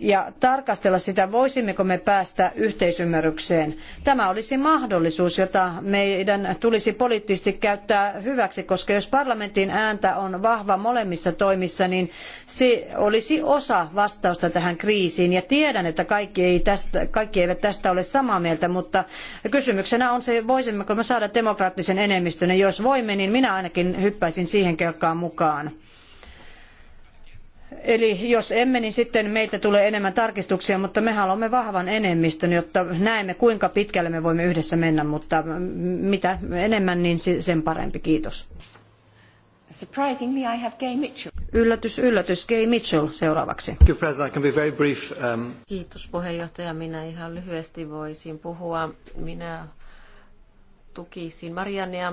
ja tarkastella sitä, voisimmeko me päästä yhteisymmärrykseen. Tämä olisi mahdollisuus, jota meidän tulisi poliittisesti käyttää hyväksi, koska jos parlamentin ääntä on vahva molemmissa toimissa, niin se olisi osa vastausta tähän kriisiin. Ja tiedän, että kaikki, ei tästä, kaikki eivät tästä ole samaa mieltä, mutta kysymyksenä on se, voisimmeko me saada demokraattisen enemmistön. Ja jos voimme, niin minä ainakin hyppäisin siihen kelkkaan mukaan. Eli jos emme, niin sitten meitä tulee enemmän tarkistuksia, mutta me haluamme vahvan enemmistön, jotta näemme kuinka pitkälle me voimme yhdessä mennä, mutta mitä enemmän, niin sen parempi. Kiitos. Surprisingly, I have Gay Mitchell. Yllätys, yllätys. Gay Mitchell seuraavaksi. Um, Kiitos puheenjohtaja. Minä ihan lyhyesti voisin puhua. Minä tukisin Mariania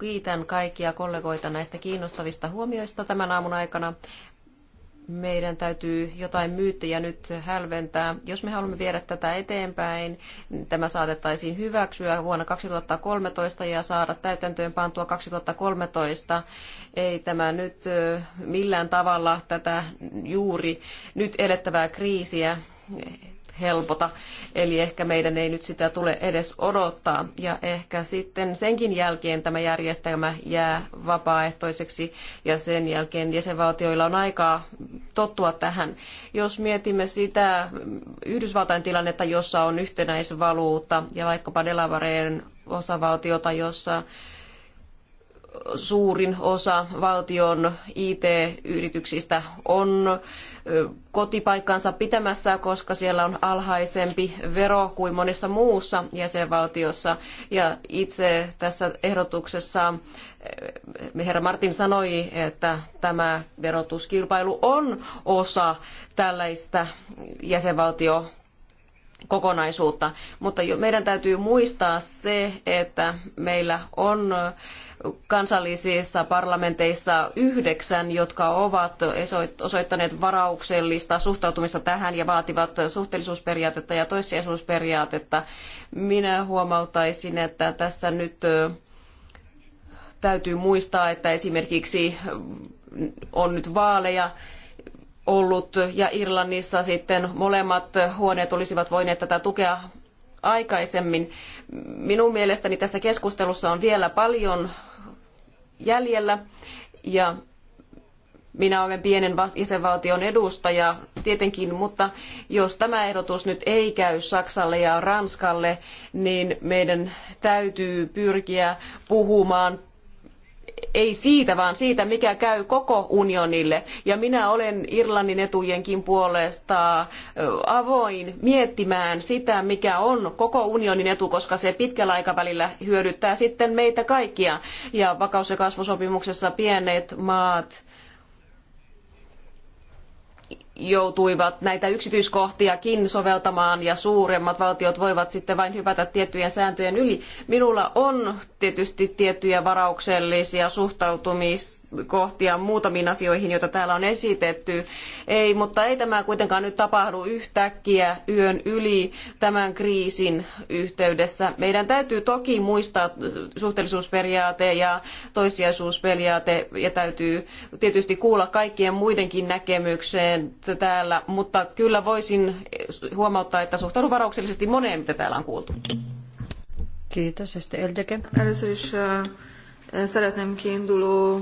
kiitän kaikkia kollegoita näistä kiinnostavista huomioista tämän aamun aikana meidän täytyy jotain myyttejä nyt hälventää. Jos me haluamme viedä tätä eteenpäin, tämä saatettaisiin hyväksyä vuonna 2013 ja saada täytäntöön pantua 2013. Ei tämä nyt millään tavalla tätä juuri nyt elettävää kriisiä helpota. Eli ehkä meidän ei nyt sitä tule edes odottaa. Ja ehkä sitten senkin jälkeen tämä järjestelmä jää vapaaehtoiseksi ja sen jälkeen jäsenvaltioilla on aikaa tottua tähän. Jos mietimme sitä Yhdysvaltain tilannetta, jossa on yhtenäisvaluutta ja vaikkapa Delavareen osavaltiota, jossa suurin osa valtion IT-yrityksistä on kotipaikkansa pitämässä, koska siellä on alhaisempi vero kuin monessa muussa jäsenvaltiossa. Ja itse tässä ehdotuksessa herra Martin sanoi, että tämä verotuskilpailu on osa tällaista jäsenvaltio kokonaisuutta. Mutta meidän täytyy muistaa se, että meillä on kansallisissa parlamenteissa yhdeksän, jotka ovat osoittaneet varauksellista suhtautumista tähän ja vaativat suhteellisuusperiaatetta ja toissijaisuusperiaatetta. Minä huomauttaisin, että tässä nyt täytyy muistaa, että esimerkiksi on nyt vaaleja ollut ja Irlannissa sitten molemmat huoneet olisivat voineet tätä tukea aikaisemmin. Minun mielestäni tässä keskustelussa on vielä paljon jäljellä ja minä olen pienen jäsenvaltion edustaja tietenkin, mutta jos tämä ehdotus nyt ei käy Saksalle ja Ranskalle, niin meidän täytyy pyrkiä puhumaan ei siitä, vaan siitä, mikä käy koko unionille. Ja minä olen Irlannin etujenkin puolesta avoin miettimään sitä, mikä on koko unionin etu, koska se pitkällä aikavälillä hyödyttää sitten meitä kaikkia. Ja vakaus- ja kasvusopimuksessa pienet maat joutuivat näitä yksityiskohtiakin soveltamaan ja suuremmat valtiot voivat sitten vain hypätä tiettyjen sääntöjen yli. Minulla on tietysti tiettyjä varauksellisia suhtautumis, yksityiskohtia muutamiin asioihin, joita täällä on esitetty. Ei, mutta ei tämä kuitenkaan nyt tapahdu yhtäkkiä yön yli tämän kriisin yhteydessä. Meidän täytyy toki muistaa suhteellisuusperiaate ja toissijaisuusperiaate ja täytyy tietysti kuulla kaikkien muidenkin näkemykseen täällä, mutta kyllä voisin huomauttaa, että suhtaudun varauksellisesti moneen, mitä täällä on kuultu. Kiitos. Ja sitten Eldeke. Szeretném kiinduló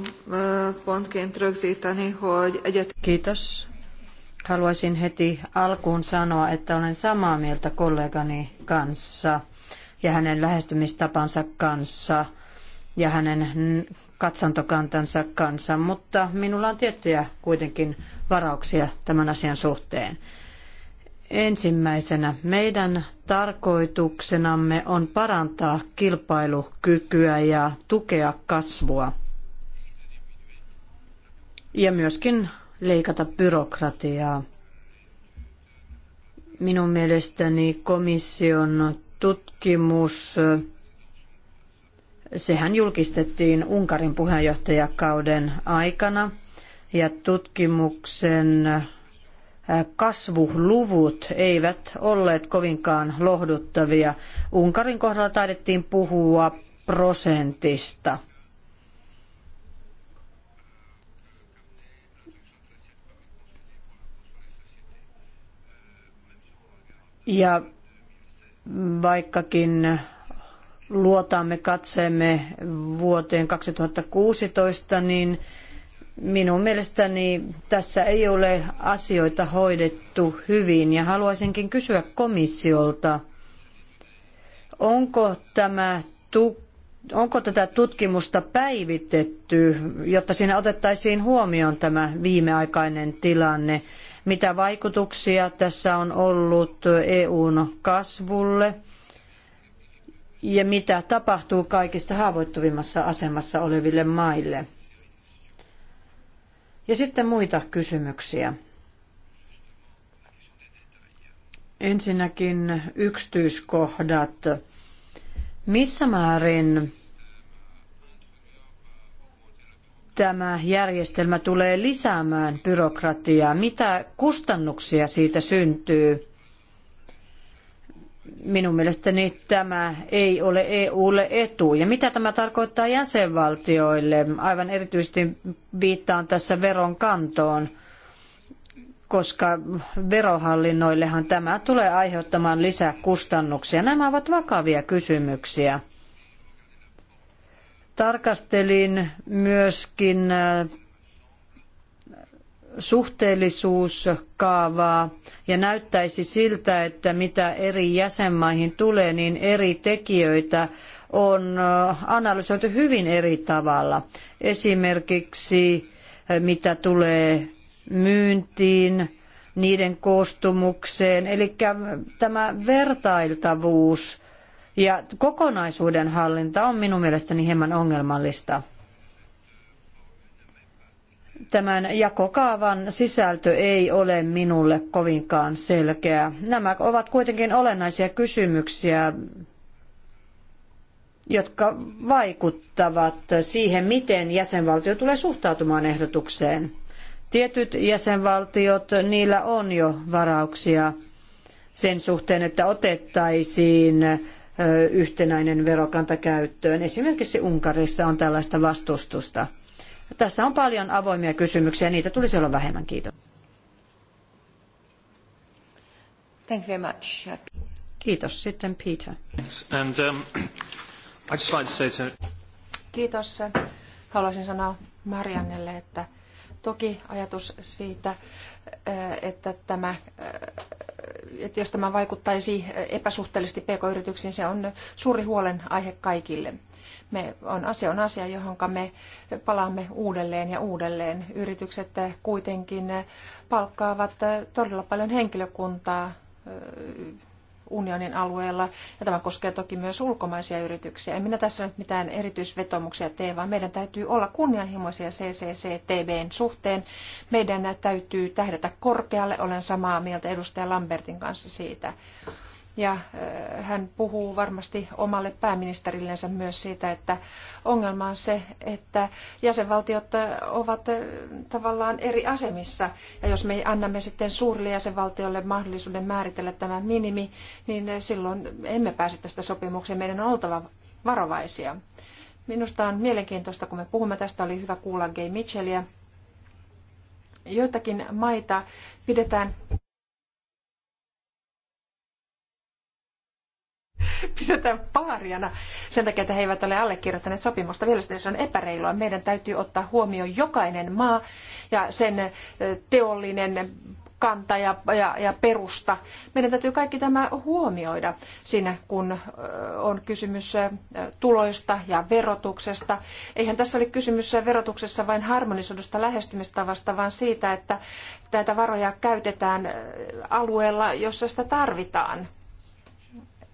pontként rögzíteni, hogy egyet... Kiitos. Haluaisin heti alkuun sanoa, että olen samaa mieltä kollegani kanssa ja hänen lähestymistapansa kanssa ja hänen katsantokantansa kanssa, mutta minulla on tiettyjä kuitenkin varauksia tämän asian suhteen. Ensimmäisenä meidän tarkoituksenamme on parantaa kilpailukykyä ja tukea kasvua ja myöskin leikata byrokratiaa. Minun mielestäni komission tutkimus, sehän julkistettiin Unkarin puheenjohtajakauden aikana ja tutkimuksen kasvuluvut eivät olleet kovinkaan lohduttavia. Unkarin kohdalla taidettiin puhua prosentista. Ja vaikkakin luotaamme katseemme vuoteen 2016, niin Minun mielestäni tässä ei ole asioita hoidettu hyvin ja haluaisinkin kysyä komissiolta, onko, tämä, onko tätä tutkimusta päivitetty, jotta siinä otettaisiin huomioon tämä viimeaikainen tilanne? Mitä vaikutuksia tässä on ollut EUn kasvulle? Ja mitä tapahtuu kaikista haavoittuvimmassa asemassa oleville maille? Ja sitten muita kysymyksiä. Ensinnäkin yksityiskohdat. Missä määrin tämä järjestelmä tulee lisäämään byrokratiaa? Mitä kustannuksia siitä syntyy? minun mielestäni tämä ei ole EUlle etu. Ja mitä tämä tarkoittaa jäsenvaltioille? Aivan erityisesti viittaan tässä veron kantoon, koska verohallinnoillehan tämä tulee aiheuttamaan lisää kustannuksia. Nämä ovat vakavia kysymyksiä. Tarkastelin myöskin äh, suhteellisuuskaavaa ja näyttäisi siltä, että mitä eri jäsenmaihin tulee, niin eri tekijöitä on analysoitu hyvin eri tavalla. Esimerkiksi mitä tulee myyntiin, niiden koostumukseen, eli tämä vertailtavuus ja kokonaisuuden hallinta on minun mielestäni hieman ongelmallista tämän jakokaavan sisältö ei ole minulle kovinkaan selkeä. Nämä ovat kuitenkin olennaisia kysymyksiä, jotka vaikuttavat siihen, miten jäsenvaltio tulee suhtautumaan ehdotukseen. Tietyt jäsenvaltiot, niillä on jo varauksia sen suhteen, että otettaisiin yhtenäinen verokanta käyttöön. Esimerkiksi Unkarissa on tällaista vastustusta. Tässä on paljon avoimia kysymyksiä, niitä tulisi olla vähemmän. Kiitos. Thank you very much. Uh, Kiitos. Sitten Peter. And, um, I just like to say to... Kiitos. Haluaisin sanoa Mariannelle, että toki ajatus siitä, uh, että tämä uh, että jos tämä vaikuttaisi epäsuhteellisesti pk-yrityksiin, se on suuri huolenaihe kaikille. Me on, asia on asia, johon me palaamme uudelleen ja uudelleen. Yritykset kuitenkin palkkaavat todella paljon henkilökuntaa unionin alueella, ja tämä koskee toki myös ulkomaisia yrityksiä. En minä tässä nyt mitään erityisvetomuksia tee, vaan meidän täytyy olla kunnianhimoisia CCCTBn suhteen. Meidän täytyy tähdätä korkealle, olen samaa mieltä edustaja Lambertin kanssa siitä. Ja eh, hän puhuu varmasti omalle pääministerillensä myös siitä, että ongelma on se, että jäsenvaltiot eh, ovat eh, tavallaan eri asemissa. Ja jos me annamme sitten suurille jäsenvaltioille mahdollisuuden määritellä tämä minimi, niin silloin emme pääse tästä sopimukseen. Meidän on oltava varovaisia. Minusta on mielenkiintoista, kun me puhumme tästä, oli hyvä kuulla Gay Mitchellia. Joitakin maita pidetään pidetään paariana sen takia, että he eivät ole allekirjoittaneet sopimusta. Mielestäni se on epäreilua. Meidän täytyy ottaa huomioon jokainen maa ja sen teollinen kanta ja, ja, ja perusta. Meidän täytyy kaikki tämä huomioida siinä, kun on kysymys tuloista ja verotuksesta. Eihän tässä ole kysymys verotuksessa vain harmonisoidusta lähestymistavasta, vaan siitä, että näitä varoja käytetään alueella, jossa sitä tarvitaan.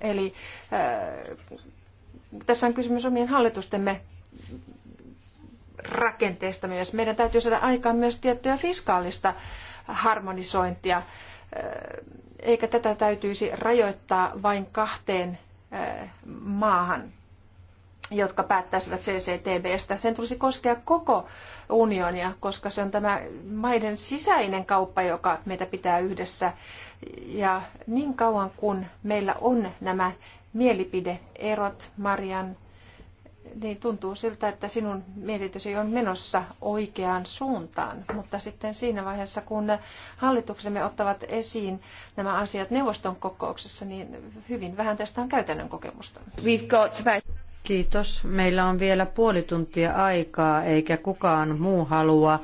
Eli äh, tässä on kysymys omien hallitustemme rakenteesta myös. Meidän täytyy saada aikaan myös tiettyä fiskaalista harmonisointia, äh, eikä tätä täytyisi rajoittaa vain kahteen äh, maahan jotka päättäisivät CCTBstä. Sen tulisi koskea koko unionia, koska se on tämä maiden sisäinen kauppa, joka meitä pitää yhdessä. Ja niin kauan kun meillä on nämä mielipideerot, Marian, niin tuntuu siltä, että sinun mietitysi on menossa oikeaan suuntaan. Mutta sitten siinä vaiheessa, kun hallituksemme ottavat esiin nämä asiat neuvoston kokouksessa, niin hyvin vähän tästä on käytännön kokemusta. We've got Kiitos. Meillä on vielä puoli tuntia aikaa, eikä kukaan muu halua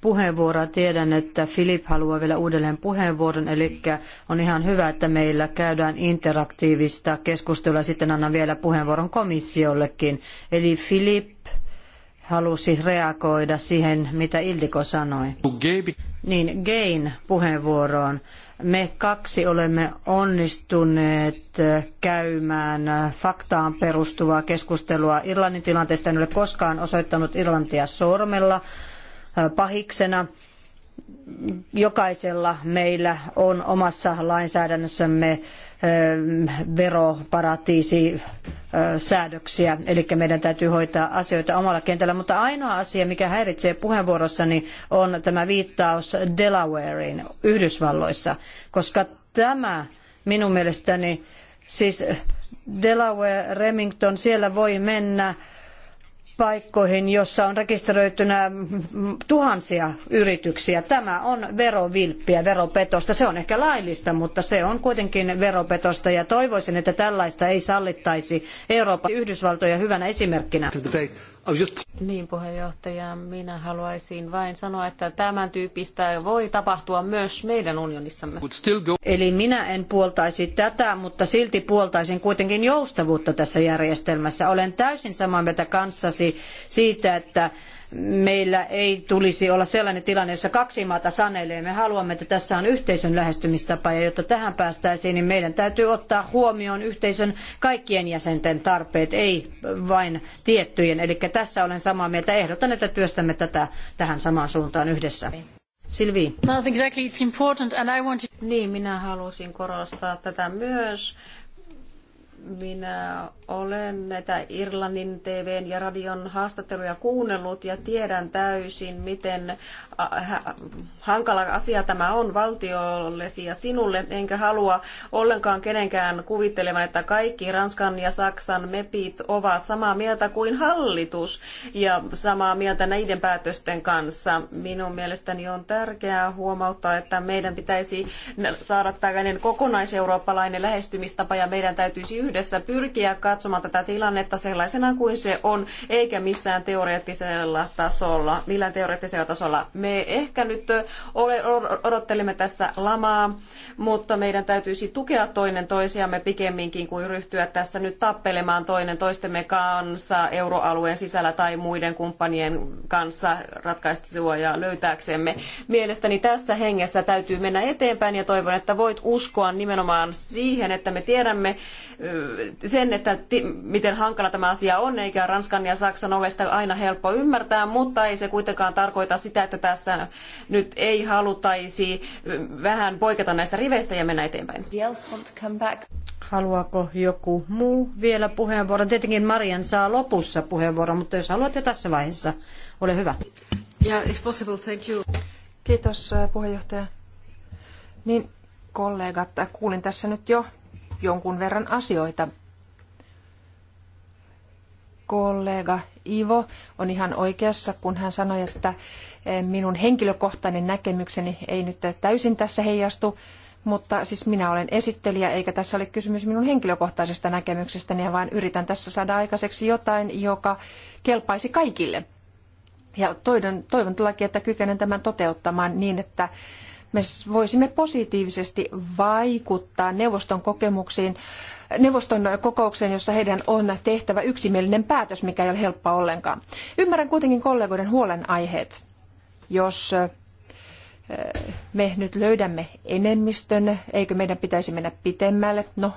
puheenvuoroa. Tiedän, että Filip haluaa vielä uudelleen puheenvuoron, eli on ihan hyvä, että meillä käydään interaktiivista keskustelua. Sitten annan vielä puheenvuoron komissiollekin. Eli Filip, halusi reagoida siihen, mitä Ildiko sanoi. Niin, Gain puheenvuoroon. Me kaksi olemme onnistuneet käymään faktaan perustuvaa keskustelua Irlannin tilanteesta. En ole koskaan osoittanut Irlantia sormella pahiksena jokaisella meillä on omassa lainsäädännössämme veroparatiisi säädöksiä, eli meidän täytyy hoitaa asioita omalla kentällä. Mutta ainoa asia, mikä häiritsee puheenvuorossani, on tämä viittaus Delawarein Yhdysvalloissa, koska tämä minun mielestäni, siis Delaware, Remington, siellä voi mennä paikkoihin, jossa on rekisteröitynä tuhansia yrityksiä. Tämä on verovilppiä, veropetosta. Se on ehkä laillista, mutta se on kuitenkin veropetosta ja toivoisin, että tällaista ei sallittaisi Euroopan Yhdysvaltoja hyvänä esimerkkinä. Niin puheenjohtaja, minä haluaisin vain sanoa, että tämän tyyppistä voi tapahtua myös meidän unionissamme. Eli minä en puoltaisi tätä, mutta silti puoltaisin kuitenkin joustavuutta tässä järjestelmässä. Olen täysin samaa mieltä kanssasi siitä, että meillä ei tulisi olla sellainen tilanne, jossa kaksi maata sanelee. Me haluamme, että tässä on yhteisön lähestymistapa ja jotta tähän päästäisiin, niin meidän täytyy ottaa huomioon yhteisön kaikkien jäsenten tarpeet, ei vain tiettyjen. Eli tässä olen samaa mieltä. Ehdotan, että työstämme tätä tähän samaan suuntaan yhdessä. Silvi. No, exactly. It's important and I wanted... Niin, minä halusin korostaa tätä myös. Minä olen näitä Irlannin TVn ja radion haastatteluja kuunnellut ja tiedän täysin, miten hankala asia tämä on valtiollesi ja sinulle. Enkä halua ollenkaan kenenkään kuvittelemaan, että kaikki Ranskan ja Saksan mepit ovat samaa mieltä kuin hallitus ja samaa mieltä näiden päätösten kanssa. Minun mielestäni on tärkeää huomauttaa, että meidän pitäisi saada tällainen kokonaiseurooppalainen lähestymistapa ja meidän täytyisi yhdessä yhdessä pyrkiä katsomaan tätä tilannetta sellaisena kuin se on, eikä missään teoreettisella tasolla, millään teoreettisella tasolla. Me ehkä nyt odottelemme tässä lamaa, mutta meidän täytyisi tukea toinen toisiamme pikemminkin kuin ryhtyä tässä nyt tappelemaan toinen toistemme kanssa euroalueen sisällä tai muiden kumppanien kanssa ratkaistua ja löytääksemme. Mielestäni tässä hengessä täytyy mennä eteenpäin ja toivon, että voit uskoa nimenomaan siihen, että me tiedämme sen, että miten hankala tämä asia on, eikä Ranskan ja Saksan ole sitä aina helppo ymmärtää, mutta ei se kuitenkaan tarkoita sitä, että tässä nyt ei halutaisi vähän poiketa näistä riveistä ja mennä eteenpäin. Haluaako joku muu vielä puheenvuoron? Tietenkin Marian saa lopussa puheenvuoron, mutta jos haluat jo tässä vaiheessa, ole hyvä. Yeah, if possible, thank you. Kiitos äh, puheenjohtaja. Niin kollegat, kuulin tässä nyt jo jonkun verran asioita. Kollega Ivo on ihan oikeassa, kun hän sanoi, että eh, minun henkilökohtainen näkemykseni ei nyt täysin tässä heijastu, mutta siis minä olen esittelijä, eikä tässä ole kysymys minun henkilökohtaisesta näkemyksestäni, vaan yritän tässä saada aikaiseksi jotain, joka kelpaisi kaikille. Ja toivon, toivon tullakin, että kykenen tämän toteuttamaan niin, että me voisimme positiivisesti vaikuttaa neuvoston kokemuksiin, neuvoston kokoukseen, jossa heidän on tehtävä yksimielinen päätös, mikä ei ole helppoa ollenkaan. Ymmärrän kuitenkin kollegoiden huolenaiheet. Jos me nyt löydämme enemmistön, eikö meidän pitäisi mennä pitemmälle? No,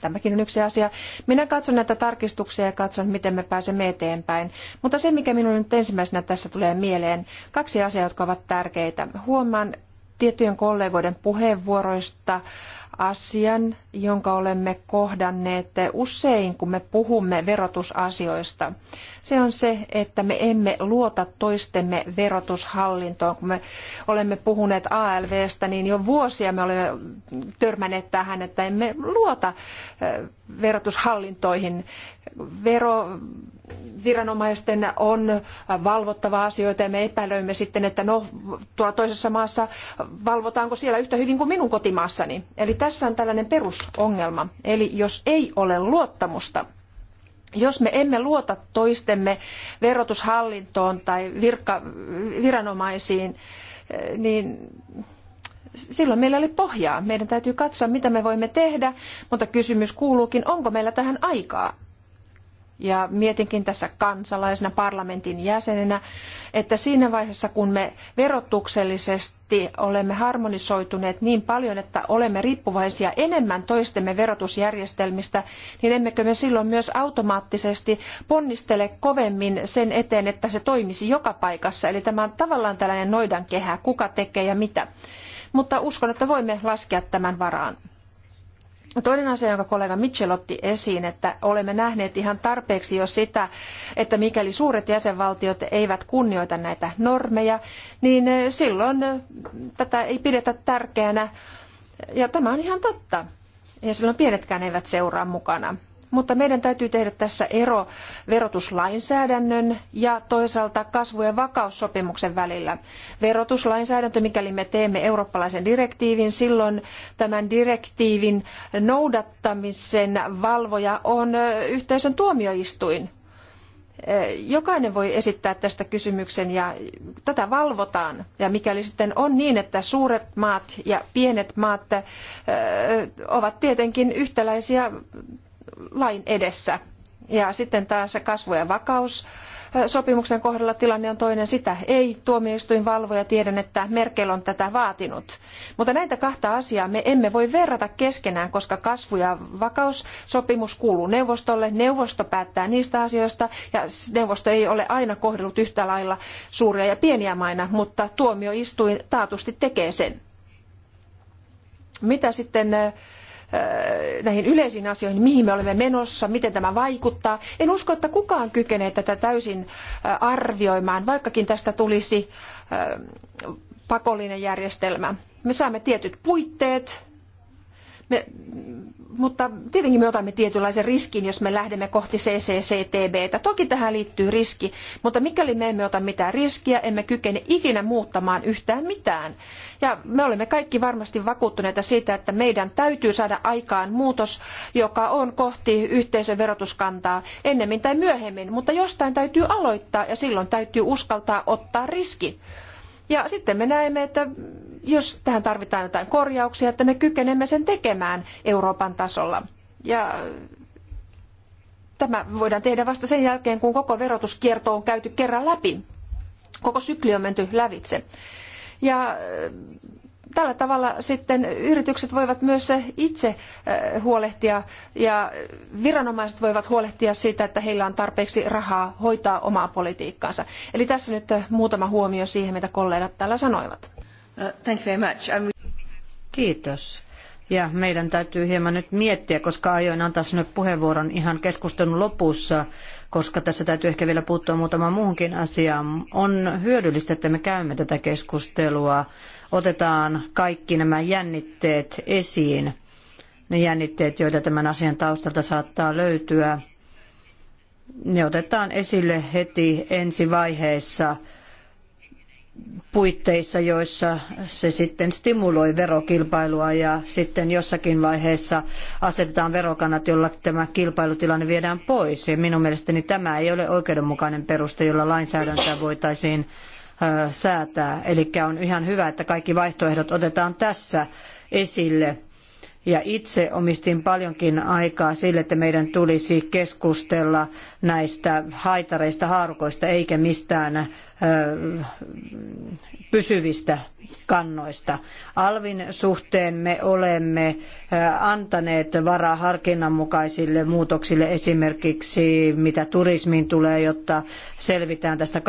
tämäkin on yksi asia. Minä katson näitä tarkistuksia ja katson, miten me pääsemme eteenpäin. Mutta se, mikä minulle nyt ensimmäisenä tässä tulee mieleen, kaksi asiaa, jotka ovat tärkeitä. Huomaan tiettyjen kollegoiden puheenvuoroista asian, jonka olemme kohdanneet usein, kun me puhumme verotusasioista. Se on se, että me emme luota toistemme verotushallintoon. Kun me olemme puhuneet ALVstä, niin jo vuosia me olemme törmänneet tähän, että emme luota verotushallintoihin. Vero viranomaisten on valvottava asioita ja me epäilöimme sitten, että no tuolla toisessa maassa valvotaanko siellä yhtä hyvin kuin minun kotimaassani. Eli tässä on tällainen perusongelma. Eli jos ei ole luottamusta, jos me emme luota toistemme verotushallintoon tai viranomaisiin, niin silloin meillä oli pohjaa. Meidän täytyy katsoa, mitä me voimme tehdä, mutta kysymys kuuluukin, onko meillä tähän aikaa. Ja mietinkin tässä kansalaisena, parlamentin jäsenenä, että siinä vaiheessa kun me verotuksellisesti olemme harmonisoituneet niin paljon, että olemme riippuvaisia enemmän toistemme verotusjärjestelmistä, niin emmekö me silloin myös automaattisesti ponnistele kovemmin sen eteen, että se toimisi joka paikassa. Eli tämä on tavallaan tällainen noidankehä, kuka tekee ja mitä. Mutta uskon, että voimme laskea tämän varaan. Toinen asia, jonka kollega Mitchell otti esiin, että olemme nähneet ihan tarpeeksi jo sitä, että mikäli suuret jäsenvaltiot eivät kunnioita näitä normeja, niin eh, silloin eh, tätä ei pidetä tärkeänä. Ja tämä on ihan totta. Ja silloin pienetkään eivät seuraa mukana. Mutta meidän täytyy tehdä tässä ero verotuslainsäädännön ja toisaalta kasvu- ja vakaussopimuksen välillä. Verotuslainsäädäntö, mikäli me teemme eurooppalaisen direktiivin, silloin tämän direktiivin noudattamisen valvoja on yhteisön tuomioistuin. Jokainen voi esittää tästä kysymyksen ja tätä valvotaan. Ja mikäli sitten on niin, että suuret maat ja pienet maat ovat tietenkin yhtäläisiä lain edessä. Ja sitten taas kasvu- ja vakaus. Sopimuksen kohdalla tilanne on toinen, sitä ei tuomioistuin valvo ja tiedän, että Merkel on tätä vaatinut. Mutta näitä kahta asiaa me emme voi verrata keskenään, koska kasvu- ja vakaussopimus kuuluu neuvostolle, neuvosto päättää niistä asioista ja neuvosto ei ole aina kohdellut yhtä lailla suuria ja pieniä maina, mutta tuomioistuin taatusti tekee sen. Mitä sitten näihin yleisiin asioihin, mihin me olemme menossa, miten tämä vaikuttaa. En usko, että kukaan kykenee tätä täysin arvioimaan, vaikkakin tästä tulisi pakollinen järjestelmä. Me saamme tietyt puitteet, me, mutta tietenkin me otamme tietynlaisen riskin, jos me lähdemme kohti CCCTBtä. Toki tähän liittyy riski, mutta mikäli me emme ota mitään riskiä, emme kykene ikinä muuttamaan yhtään mitään. Ja me olemme kaikki varmasti vakuuttuneita siitä, että meidän täytyy saada aikaan muutos, joka on kohti yhteisön verotuskantaa ennemmin tai myöhemmin, mutta jostain täytyy aloittaa ja silloin täytyy uskaltaa ottaa riski. Ja sitten me näemme, että jos tähän tarvitaan jotain korjauksia, että me kykenemme sen tekemään Euroopan tasolla. Ja tämä voidaan tehdä vasta sen jälkeen, kun koko verotuskierto on käyty kerran läpi. Koko sykli on menty lävitse. Ja tällä tavalla sitten yritykset voivat myös itse äh, huolehtia ja viranomaiset voivat huolehtia siitä, että heillä on tarpeeksi rahaa hoitaa omaa politiikkaansa. Eli tässä nyt muutama huomio siihen, mitä kollegat täällä sanoivat. Uh, thank you very much. Kiitos. Ja meidän täytyy hieman nyt miettiä, koska ajoin antaa sinulle puheenvuoron ihan keskustelun lopussa, koska tässä täytyy ehkä vielä puuttua muutamaan muuhunkin asiaan. On hyödyllistä, että me käymme tätä keskustelua. Otetaan kaikki nämä jännitteet esiin, ne jännitteet, joita tämän asian taustalta saattaa löytyä. Ne otetaan esille heti ensi vaiheessa puitteissa, joissa se sitten stimuloi verokilpailua ja sitten jossakin vaiheessa asetetaan verokannat, jolla tämä kilpailutilanne viedään pois. Ja minun mielestäni tämä ei ole oikeudenmukainen peruste, jolla lainsäädäntöä voitaisiin säätää. Eli on ihan hyvä, että kaikki vaihtoehdot otetaan tässä esille. Ja itse omistin paljonkin aikaa sille, että meidän tulisi keskustella näistä haitareista, haarukoista, eikä mistään pysyvistä kannoista. Alvin suhteen me olemme antaneet varaa harkinnanmukaisille muutoksille esimerkiksi mitä turismiin tulee, jotta selvitään tästä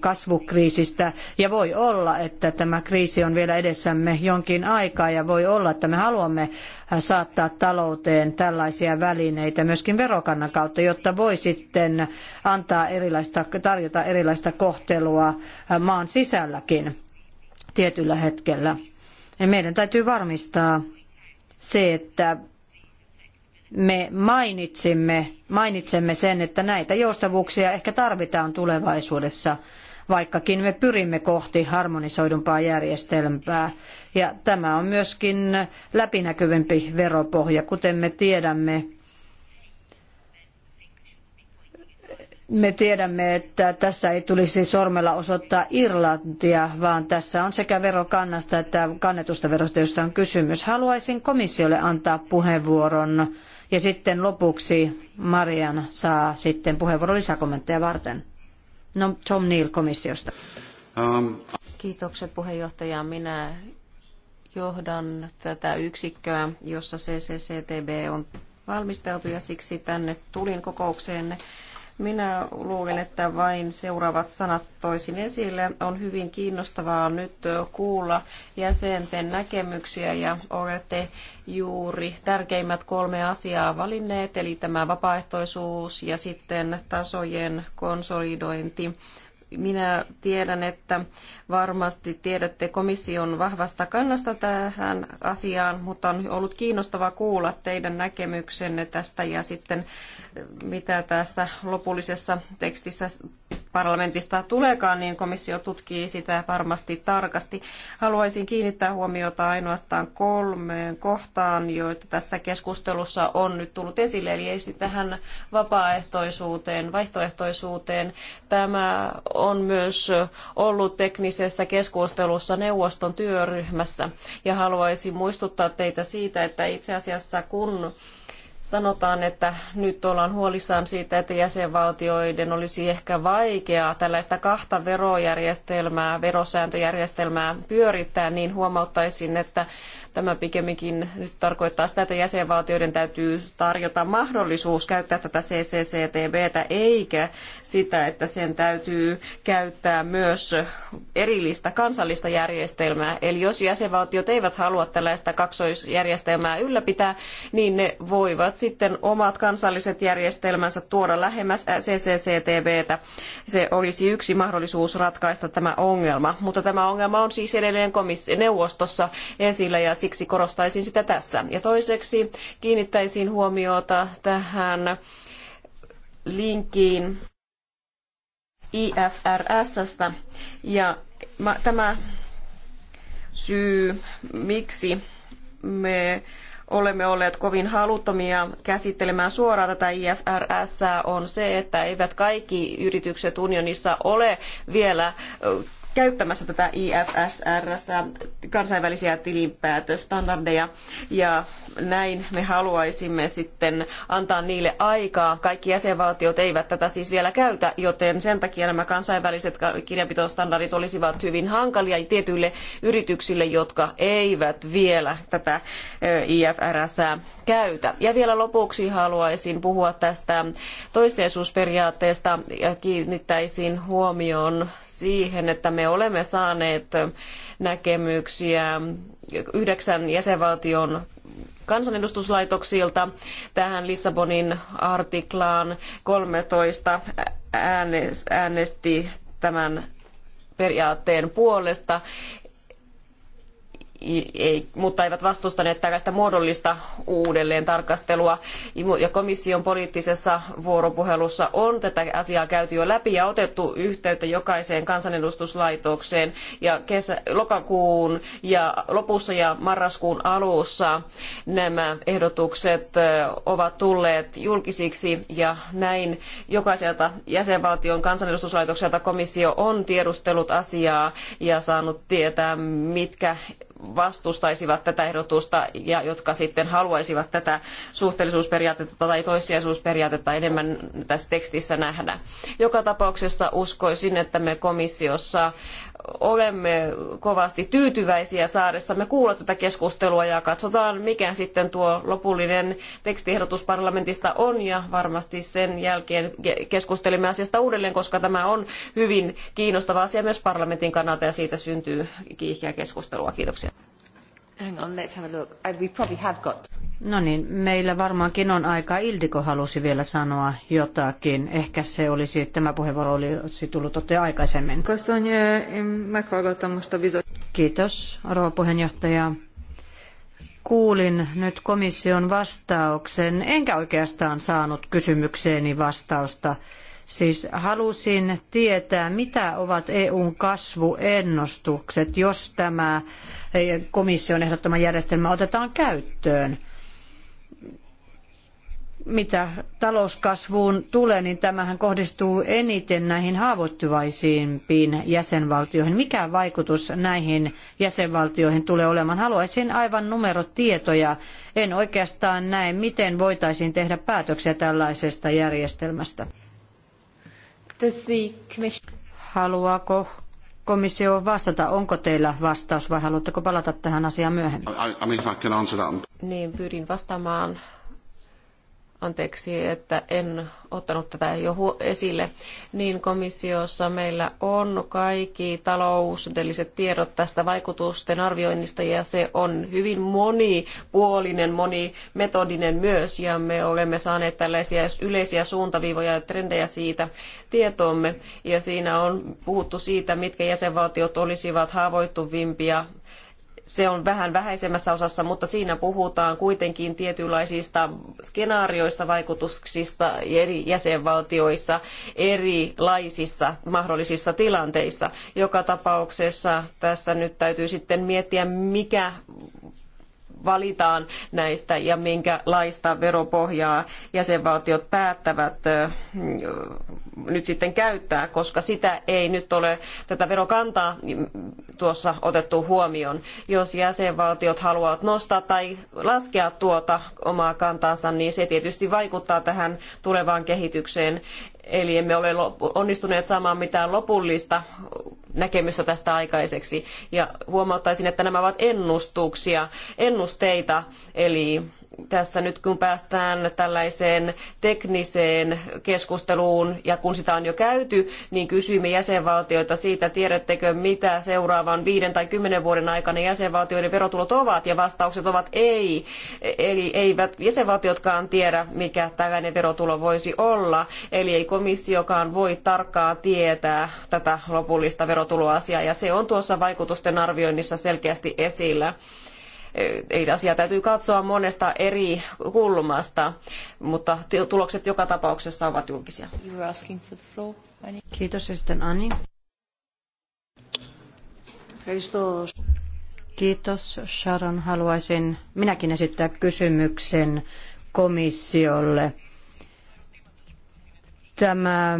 kasvukriisistä. Ja voi olla, että tämä kriisi on vielä edessämme jonkin aikaa ja voi olla, että me haluamme saattaa talouteen tällaisia välineitä myöskin verokannan kautta, jotta voi sitten antaa erilaista, tarjota erilaista kohtelua maan sisälläkin tietyllä hetkellä. Ja meidän täytyy varmistaa se, että me mainitsimme, mainitsemme sen, että näitä joustavuuksia ehkä tarvitaan tulevaisuudessa – vaikkakin me pyrimme kohti harmonisoidumpaa järjestelmää. Ja tämä on myöskin läpinäkyvämpi veropohja, kuten me tiedämme. Me tiedämme, että tässä ei tulisi sormella osoittaa Irlantia, vaan tässä on sekä verokannasta että kannetusta verosta, josta on kysymys. Haluaisin komissiolle antaa puheenvuoron ja sitten lopuksi Marian saa sitten puheenvuoron lisäkommentteja varten. No, Tom Neil komissiosta. Um. Kiitokset puheenjohtaja. Minä johdan tätä yksikköä, jossa CCCTB on valmisteltu ja siksi tänne tulin kokoukseenne minä luulen, että vain seuraavat sanat toisin esille. On hyvin kiinnostavaa nyt kuulla jäsenten näkemyksiä ja olette juuri tärkeimmät kolme asiaa valinneet, eli tämä vapaaehtoisuus ja sitten tasojen konsolidointi minä tiedän, että Varmasti tiedätte komission vahvasta kannasta tähän asiaan, mutta on ollut kiinnostava kuulla teidän näkemyksenne tästä ja sitten mitä tässä lopullisessa tekstissä parlamentista tuleekaan, niin komissio tutkii sitä varmasti tarkasti. Haluaisin kiinnittää huomiota ainoastaan kolmeen kohtaan, joita tässä keskustelussa on nyt tullut esille, eli tähän vapaaehtoisuuteen, vaihtoehtoisuuteen. Tämä on myös ollut teknisesti eilisessä keskustelussa neuvoston työryhmässä. Ja haluaisin muistuttaa teitä siitä, että itse asiassa kun sanotaan, että nyt ollaan huolissaan siitä, että jäsenvaltioiden olisi ehkä vaikeaa tällaista kahta verojärjestelmää, verosääntöjärjestelmää pyörittää, niin huomauttaisin, että Tämä pikemminkin nyt tarkoittaa sitä, että jäsenvaltioiden täytyy tarjota mahdollisuus käyttää tätä tä, eikä sitä, että sen täytyy käyttää myös erillistä kansallista järjestelmää. Eli jos jäsenvaltiot eivät halua tällaista kaksoisjärjestelmää ylläpitää, niin ne voivat sitten omat kansalliset järjestelmänsä tuoda lähemmäs tä. Se olisi yksi mahdollisuus ratkaista tämä ongelma. Mutta tämä ongelma on siis edelleen neuvostossa esillä ja siksi korostaisin sitä tässä. Ja toiseksi kiinnittäisin huomiota tähän linkkiin IFRSstä ja tämä syy, miksi me olemme olleet kovin haluttomia käsittelemään suoraan tätä IFRS on se, että eivät kaikki yritykset unionissa ole vielä käyttämässä tätä IFSR, kansainvälisiä tilinpäätöstandardeja, ja näin me haluaisimme sitten antaa niille aikaa. Kaikki jäsenvaltiot eivät tätä siis vielä käytä, joten sen takia nämä kansainväliset kirjanpitostandardit olisivat hyvin hankalia tietyille yrityksille, jotka eivät vielä tätä IFRS käytä. Ja vielä lopuksi haluaisin puhua tästä toiseisuusperiaatteesta ja kiinnittäisin huomioon siihen, että me olemme saaneet näkemyksiä yhdeksän jäsenvaltion kansanedustuslaitoksilta tähän Lissabonin artiklaan 13 äänesti tämän periaatteen puolesta ei, mutta eivät vastustaneet tällaista muodollista uudelleen tarkastelua. Ja komission poliittisessa vuoropuhelussa on tätä asiaa käyty jo läpi ja otettu yhteyttä jokaiseen kansanedustuslaitokseen. Ja kesä, lokakuun ja lopussa ja marraskuun alussa nämä ehdotukset ovat tulleet julkisiksi ja näin jokaiselta jäsenvaltion kansanedustuslaitokselta komissio on tiedustellut asiaa ja saanut tietää, mitkä vastustaisivat tätä ehdotusta ja jotka sitten haluaisivat tätä suhteellisuusperiaatetta tai toissijaisuusperiaatetta enemmän tässä tekstissä nähdä. Joka tapauksessa uskoisin, että me komissiossa olemme kovasti tyytyväisiä saadessamme kuulla tätä keskustelua ja katsotaan, mikä sitten tuo lopullinen tekstiehdotus parlamentista on ja varmasti sen jälkeen keskustelemme asiasta uudelleen, koska tämä on hyvin kiinnostava asia myös parlamentin kannalta ja siitä syntyy kiihkeää keskustelua. Kiitoksia. Hang on, let's have a look. Uh, we probably have got... No niin, meillä varmaankin on aika. Ildiko halusi vielä sanoa jotakin. Ehkä se olisi, tämä puheenvuoro olisi tullut ottaa aikaisemmin. Kiitos, rouva puheenjohtaja. Kuulin nyt komission vastauksen, enkä oikeastaan saanut kysymykseeni vastausta. Siis halusin tietää, mitä ovat EUn kasvuennustukset, jos tämä eh, komission ehdottama järjestelmä otetaan käyttöön mitä talouskasvuun tulee, niin tämähän kohdistuu eniten näihin haavoittuvaisimpiin jäsenvaltioihin. Mikä vaikutus näihin jäsenvaltioihin tulee olemaan? Haluaisin aivan numerotietoja. En oikeastaan näe, miten voitaisiin tehdä päätöksiä tällaisesta järjestelmästä. Haluaako komissio vastata? Onko teillä vastaus vai haluatteko palata tähän asiaan myöhemmin? I, I mean, niin, pyrin vastaamaan anteeksi, että en ottanut tätä jo esille, niin komissiossa meillä on kaikki taloudelliset tiedot tästä vaikutusten arvioinnista ja se on hyvin monipuolinen, monimetodinen myös ja me olemme saaneet tällaisia yleisiä suuntaviivoja ja trendejä siitä tietoomme ja siinä on puhuttu siitä, mitkä jäsenvaltiot olisivat haavoittuvimpia se on vähän vähäisemmässä osassa, mutta siinä puhutaan kuitenkin tietynlaisista skenaarioista, vaikutuksista eri jäsenvaltioissa, erilaisissa mahdollisissa tilanteissa. Joka tapauksessa tässä nyt täytyy sitten miettiä, mikä valitaan näistä ja minkälaista veropohjaa jäsenvaltiot päättävät nyt sitten käyttää, koska sitä ei nyt ole tätä verokantaa tuossa otettu huomioon. Jos jäsenvaltiot haluavat nostaa tai laskea tuota omaa kantaansa, niin se tietysti vaikuttaa tähän tulevaan kehitykseen. Eli emme ole onnistuneet saamaan mitään lopullista näkemystä tästä aikaiseksi. Ja huomauttaisin, että nämä ovat ennustuksia, ennusteita, eli tässä nyt kun päästään tällaiseen tekniseen keskusteluun ja kun sitä on jo käyty, niin kysyimme jäsenvaltioita siitä, tiedättekö mitä seuraavan viiden tai kymmenen vuoden aikana jäsenvaltioiden verotulot ovat ja vastaukset ovat ei. Eli eivät jäsenvaltiotkaan tiedä, mikä tällainen verotulo voisi olla. Eli ei komissiokaan voi tarkkaan tietää tätä lopullista verotuloa verotuloasia ja se on tuossa vaikutusten arvioinnissa selkeästi esillä asiaa täytyy katsoa monesta eri kulmasta, mutta tulokset joka tapauksessa ovat julkisia. Kiitos ja sitten Ani. Kiitos Sharon. Haluaisin minäkin esittää kysymyksen komissiolle. Tämä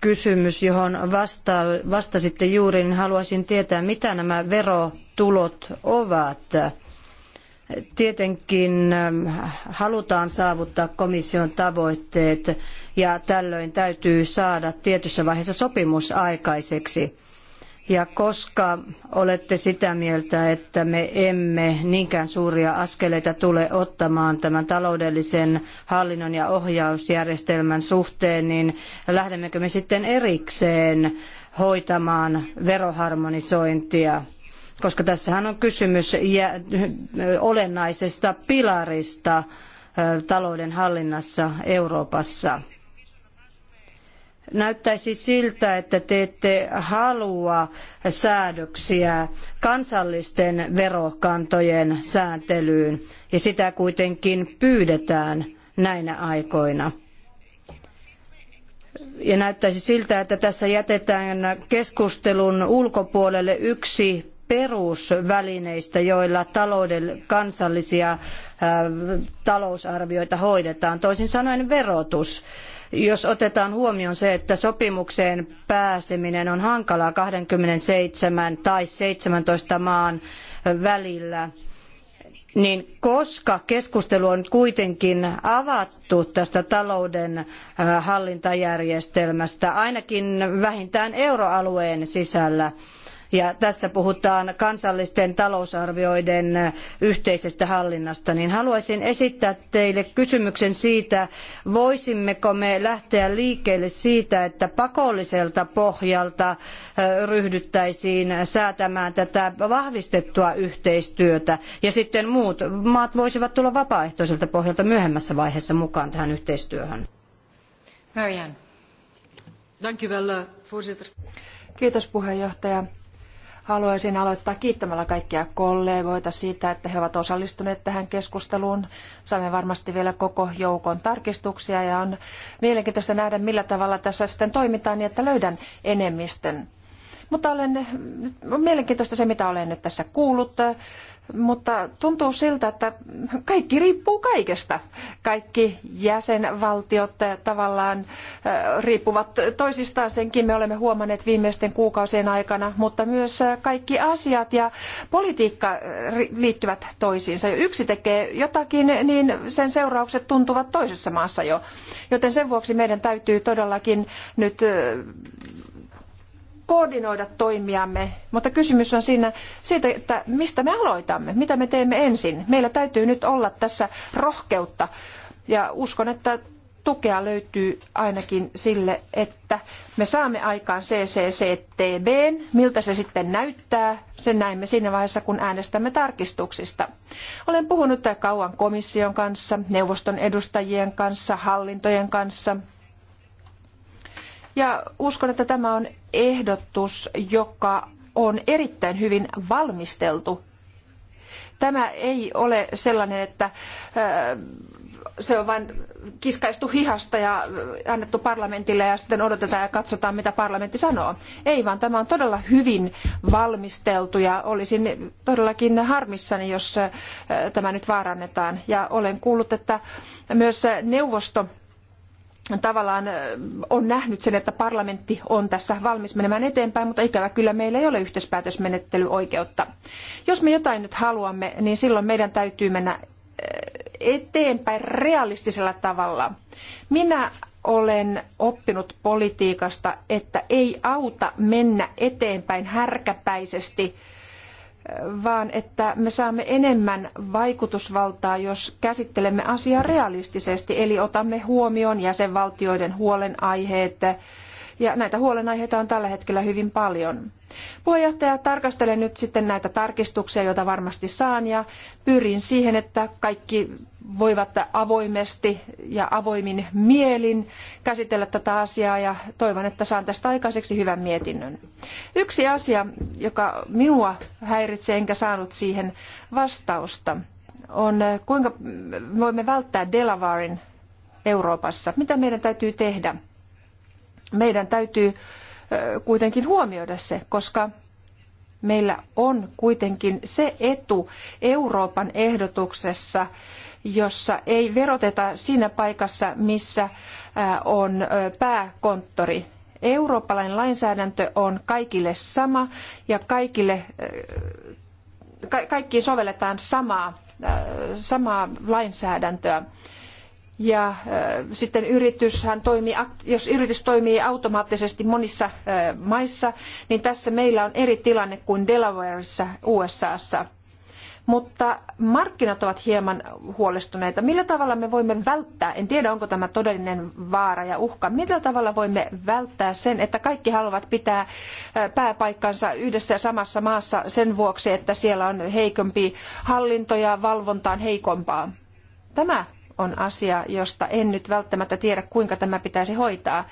kysymys, johon vasta, vastasitte juuri, niin haluaisin tietää, mitä nämä verotulot ovat. Tietenkin ähm, halutaan saavuttaa komission tavoitteet ja tällöin täytyy saada tietyssä vaiheessa sopimus aikaiseksi. Ja koska olette sitä mieltä, että me emme niinkään suuria askeleita tule ottamaan tämän taloudellisen hallinnon ja ohjausjärjestelmän suhteen, niin lähdemmekö me sitten erikseen hoitamaan veroharmonisointia? Koska tässähän on kysymys olennaisesta pilarista talouden hallinnassa Euroopassa näyttäisi siltä, että te ette halua säädöksiä kansallisten verokantojen sääntelyyn, ja sitä kuitenkin pyydetään näinä aikoina. Ja näyttäisi siltä, että tässä jätetään keskustelun ulkopuolelle yksi perusvälineistä, joilla talouden kansallisia talousarvioita hoidetaan, toisin sanoen verotus jos otetaan huomioon se, että sopimukseen pääseminen on hankalaa 27 tai 17 maan välillä, niin koska keskustelu on kuitenkin avattu tästä talouden äh, hallintajärjestelmästä, ainakin vähintään euroalueen sisällä, ja tässä puhutaan kansallisten talousarvioiden yhteisestä hallinnasta, niin haluaisin esittää teille kysymyksen siitä, voisimmeko me lähteä liikkeelle siitä, että pakolliselta pohjalta ryhdyttäisiin säätämään tätä vahvistettua yhteistyötä ja sitten muut maat voisivat tulla vapaaehtoiselta pohjalta myöhemmässä vaiheessa mukaan tähän yhteistyöhön. Marianne. Dank eh, voorzitter. Kiitos puheenjohtaja. Haluaisin aloittaa kiittämällä kaikkia kollegoita siitä, että he ovat osallistuneet tähän keskusteluun. Saimme varmasti vielä koko joukon tarkistuksia ja on mielenkiintoista nähdä, millä tavalla tässä sitten toimitaan niin, että löydän enemmistön. Mutta olen, on mielenkiintoista se, mitä olen nyt tässä kuullut mutta tuntuu siltä, että kaikki riippuu kaikesta. Kaikki jäsenvaltiot tavallaan riippuvat toisistaan, senkin me olemme huomanneet viimeisten kuukausien aikana, mutta myös kaikki asiat ja politiikka liittyvät toisiinsa. Yksi tekee jotakin, niin sen seuraukset tuntuvat toisessa maassa jo. Joten sen vuoksi meidän täytyy todellakin nyt koordinoida toimiamme, mutta kysymys on siinä siitä, että mistä me aloitamme, mitä me teemme ensin. Meillä täytyy nyt olla tässä rohkeutta ja uskon, että tukea löytyy ainakin sille, että me saamme aikaan CCCTB, n. miltä se sitten näyttää, sen näemme siinä vaiheessa, kun äänestämme tarkistuksista. Olen puhunut kauan komission kanssa, neuvoston edustajien kanssa, hallintojen kanssa, ja uskon, että tämä on ehdotus, joka on erittäin hyvin valmisteltu. Tämä ei ole sellainen, että äh, se on vain kiskaistu hihasta ja äh, annettu parlamentille ja sitten odotetaan ja katsotaan, mitä parlamentti sanoo. Ei, vaan tämä on todella hyvin valmisteltu ja olisin todellakin harmissani, jos äh, tämä nyt vaarannetaan. Ja olen kuullut, että myös neuvosto tavallaan on nähnyt sen, että parlamentti on tässä valmis menemään eteenpäin, mutta ikävä kyllä meillä ei ole yhteispäätösmenettelyoikeutta. Jos me jotain nyt haluamme, niin silloin meidän täytyy mennä eteenpäin realistisella tavalla. Minä olen oppinut politiikasta, että ei auta mennä eteenpäin härkäpäisesti – vaan että me saamme enemmän vaikutusvaltaa, jos käsittelemme asiaa realistisesti, eli otamme huomioon jäsenvaltioiden huolenaiheet, ja näitä huolenaiheita on tällä hetkellä hyvin paljon. Puheenjohtaja, tarkastelen nyt sitten näitä tarkistuksia, joita varmasti saan, ja pyrin siihen, että kaikki voivat avoimesti ja avoimin mielin käsitellä tätä asiaa, ja toivon, että saan tästä aikaiseksi hyvän mietinnön. Yksi asia, joka minua häiritsee, enkä saanut siihen vastausta, on kuinka voimme välttää Delawarin Euroopassa. Mitä meidän täytyy tehdä? meidän täytyy kuitenkin huomioida se, koska meillä on kuitenkin se etu Euroopan ehdotuksessa, jossa ei veroteta siinä paikassa, missä on pääkonttori. Eurooppalainen lainsäädäntö on kaikille sama ja kaikille, ka- kaikkiin sovelletaan samaa, samaa lainsäädäntöä. Ja äh, sitten yrityshän toimii, jos yritys toimii automaattisesti monissa äh, maissa, niin tässä meillä on eri tilanne kuin Delawareissa USAssa. Mutta markkinat ovat hieman huolestuneita. Millä tavalla me voimme välttää, en tiedä onko tämä todellinen vaara ja uhka, millä tavalla voimme välttää sen, että kaikki haluavat pitää äh, pääpaikkansa yhdessä ja samassa maassa sen vuoksi, että siellä on heikompi hallinto ja valvonta on heikompaa. Tämä on asia, josta en nyt välttämättä tiedä, kuinka tämä pitäisi hoitaa.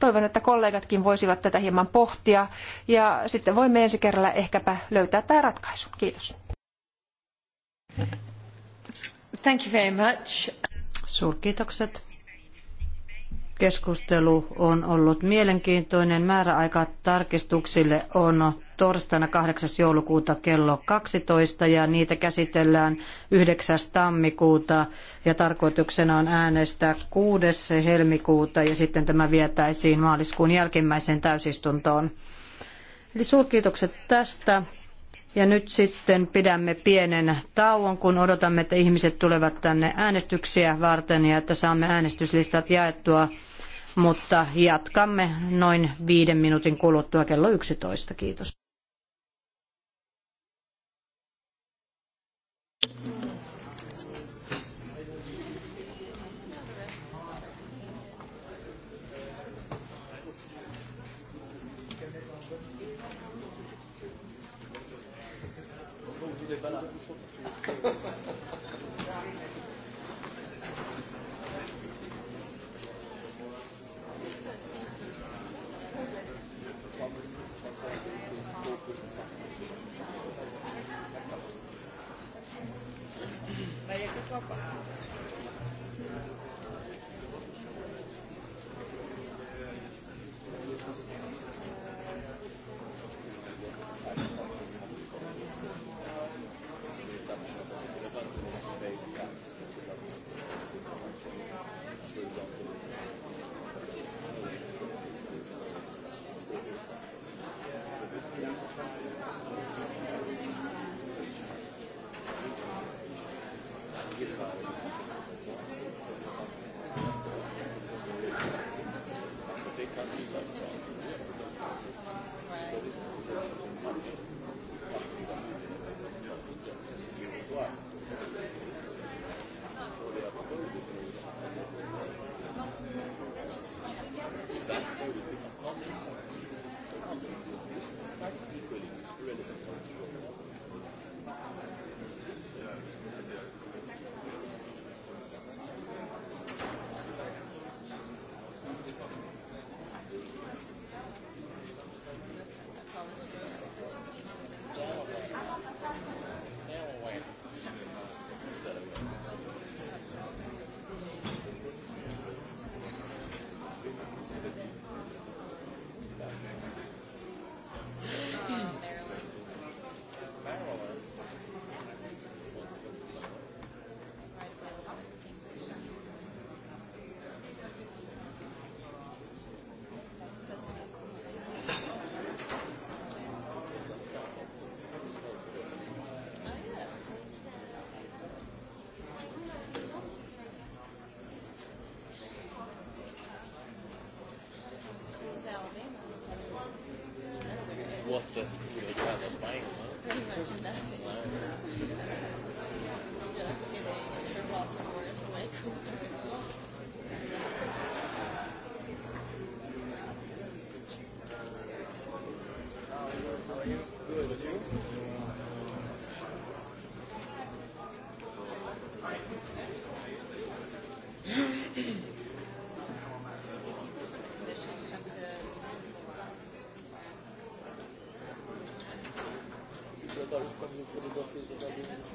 Toivon, että kollegatkin voisivat tätä hieman pohtia ja sitten voimme ensi kerralla ehkäpä löytää tämä ratkaisu. Kiitos. Thank you very much. Suurkiitokset. Keskustelu on ollut mielenkiintoinen. Määräaika tarkistuksille on torstaina 8. joulukuuta kello 12 ja niitä käsitellään 9. tammikuuta ja tarkoituksena on äänestää 6. helmikuuta ja sitten tämä vietäisiin maaliskuun jälkimmäiseen täysistuntoon. Eli suurkiitokset tästä. Ja nyt sitten pidämme pienen tauon, kun odotamme, että ihmiset tulevat tänne äänestyksiä varten ja että saamme äänestyslistat jaettua. Mutta jatkamme noin viiden minuutin kuluttua kello 11. Kiitos.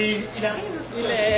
il, il arrive, il est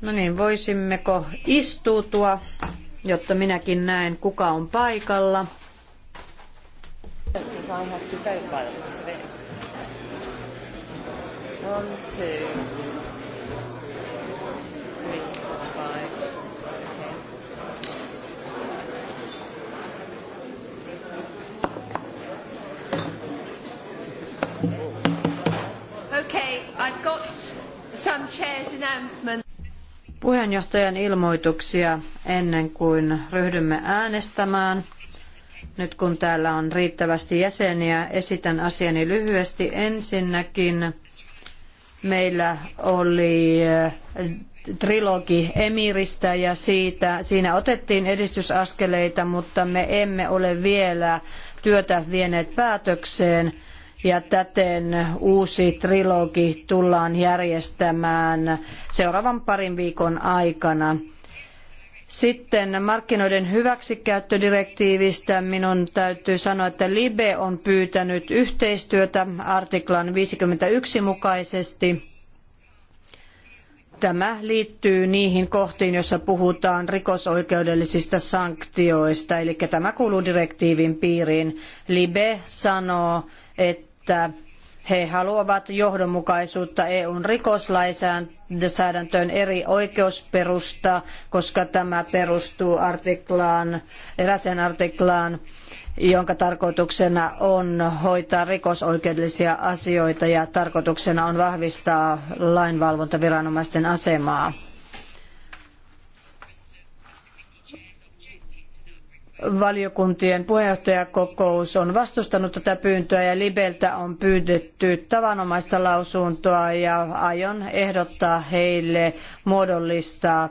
No niin, voisimmeko istuutua, jotta minäkin näen, kuka on paikalla. One, two, puheenjohtajan ilmoituksia ennen kuin ryhdymme äänestämään. Nyt kun täällä on riittävästi jäseniä, esitän asiani lyhyesti. Ensinnäkin meillä oli eh, trilogi Emiristä ja siitä, siinä otettiin edistysaskeleita, mutta me emme ole vielä työtä vieneet päätökseen – ja täten uusi trilogi tullaan järjestämään seuraavan parin viikon aikana. Sitten markkinoiden hyväksikäyttödirektiivistä minun täytyy sanoa, että Libe on pyytänyt yhteistyötä artiklan 51 mukaisesti. Tämä liittyy niihin kohtiin, joissa puhutaan rikosoikeudellisista sanktioista, eli tämä kuuluu direktiivin piiriin. Libe sanoo, että että he haluavat johdonmukaisuutta EUn rikoslainsäädäntöön eri oikeusperusta, koska tämä perustuu artiklaan, eräseen artiklaan, jonka tarkoituksena on hoitaa rikosoikeudellisia asioita ja tarkoituksena on vahvistaa lainvalvontaviranomaisten asemaa. valiokuntien puheenjohtajakokous on vastustanut tätä pyyntöä ja Libeltä on pyydetty tavanomaista lausuntoa ja aion ehdottaa heille muodollista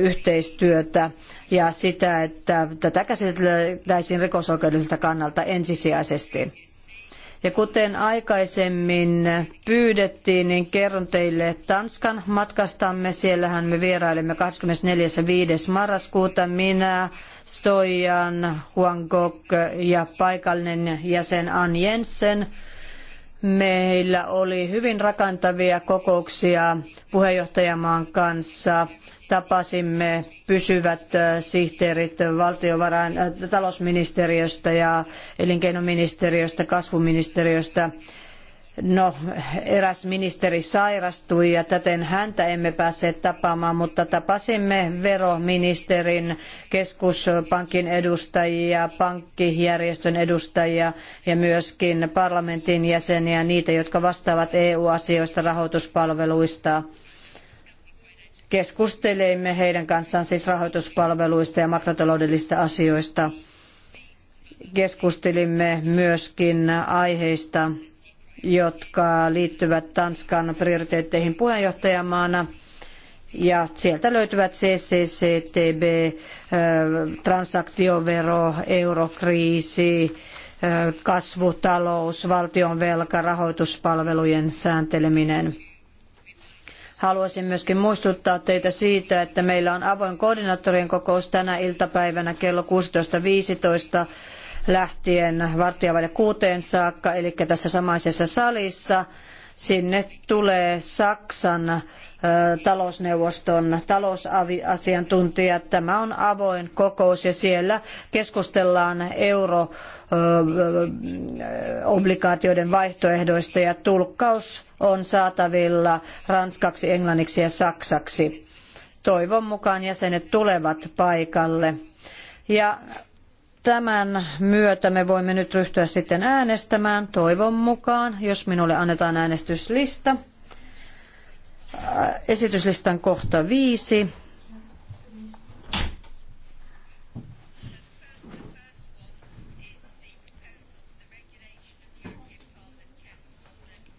yhteistyötä ja sitä, että tätä käsiteltäisiin rikosoikeudelliselta kannalta ensisijaisesti. Ja kuten aikaisemmin pyydettiin, niin kerron teille Tanskan matkastamme. Siellähän me vierailemme 24. ja marraskuuta. Minä, Stojan, Huang Gok ja paikallinen jäsen Ann Jensen. Meillä oli hyvin rakentavia kokouksia puheenjohtajamaan kanssa tapasimme pysyvät äh, sihteerit valtiovarain, äh, talousministeriöstä ja elinkeinoministeriöstä, kasvuministeriöstä. No, eräs ministeri sairastui ja täten häntä emme päässeet tapaamaan, mutta tapasimme veroministerin, keskuspankin edustajia, pankkijärjestön edustajia ja myöskin parlamentin jäseniä, niitä, jotka vastaavat EU-asioista, rahoituspalveluista – Keskustelimme heidän kanssaan siis rahoituspalveluista ja makrotaloudellisista asioista. Keskustelimme myöskin aiheista, jotka liittyvät Tanskan prioriteetteihin puheenjohtajamaana. Ja sieltä löytyvät CCCTB, transaktiovero, eurokriisi, kasvutalous, valtionvelka, velka, rahoituspalvelujen säänteleminen. Haluaisin myöskin muistuttaa teitä siitä, että meillä on avoin koordinaattorien kokous tänä iltapäivänä kello 16.15 lähtien vartijavaille kuuteen saakka, eli tässä samaisessa salissa. Sinne tulee Saksan talousneuvoston talousasiantuntijat. Tämä on avoin kokous ja siellä keskustellaan euro obligaatioiden vaihtoehdoista ja tulkkaus on saatavilla ranskaksi, englanniksi ja saksaksi. Toivon mukaan jäsenet tulevat paikalle. Ja tämän myötä me voimme nyt ryhtyä sitten äänestämään, toivon mukaan, jos minulle annetaan äänestyslista. Esityslistan kohta viisi.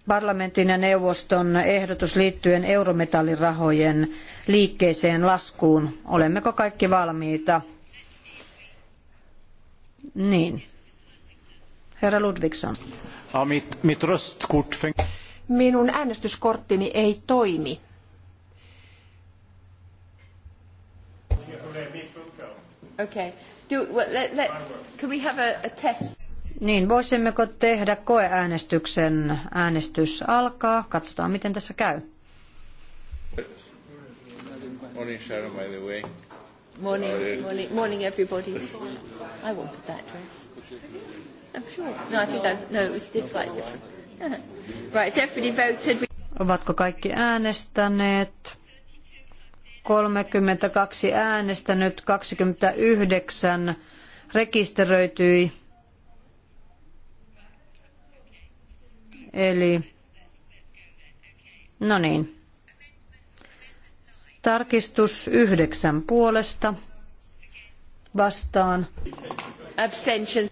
parlamentin ja neuvoston ehdotus liittyen eurometallirahojen liikkeeseen laskuun. Olemmeko kaikki valmiita? Niin. Herra Ludvigsson. Minun äänestyskorttini ei toimi. Okay. Do, well, let's, can we have a, a test? Niin, voisimmeko tehdä koeäänestyksen? Äänestys alkaa. Katsotaan, miten tässä käy. Morning, Sharon, by the way. Morning, morning, morning, everybody. I wanted that dress. I'm sure. No, I think I've, no, it's this slightly different. right, so everybody voted. Ovatko kaikki äänestäneet? 32 äänestänyt, 29 rekisteröityi Eli, no niin. Tarkistus yhdeksän puolesta vastaan. Abstention.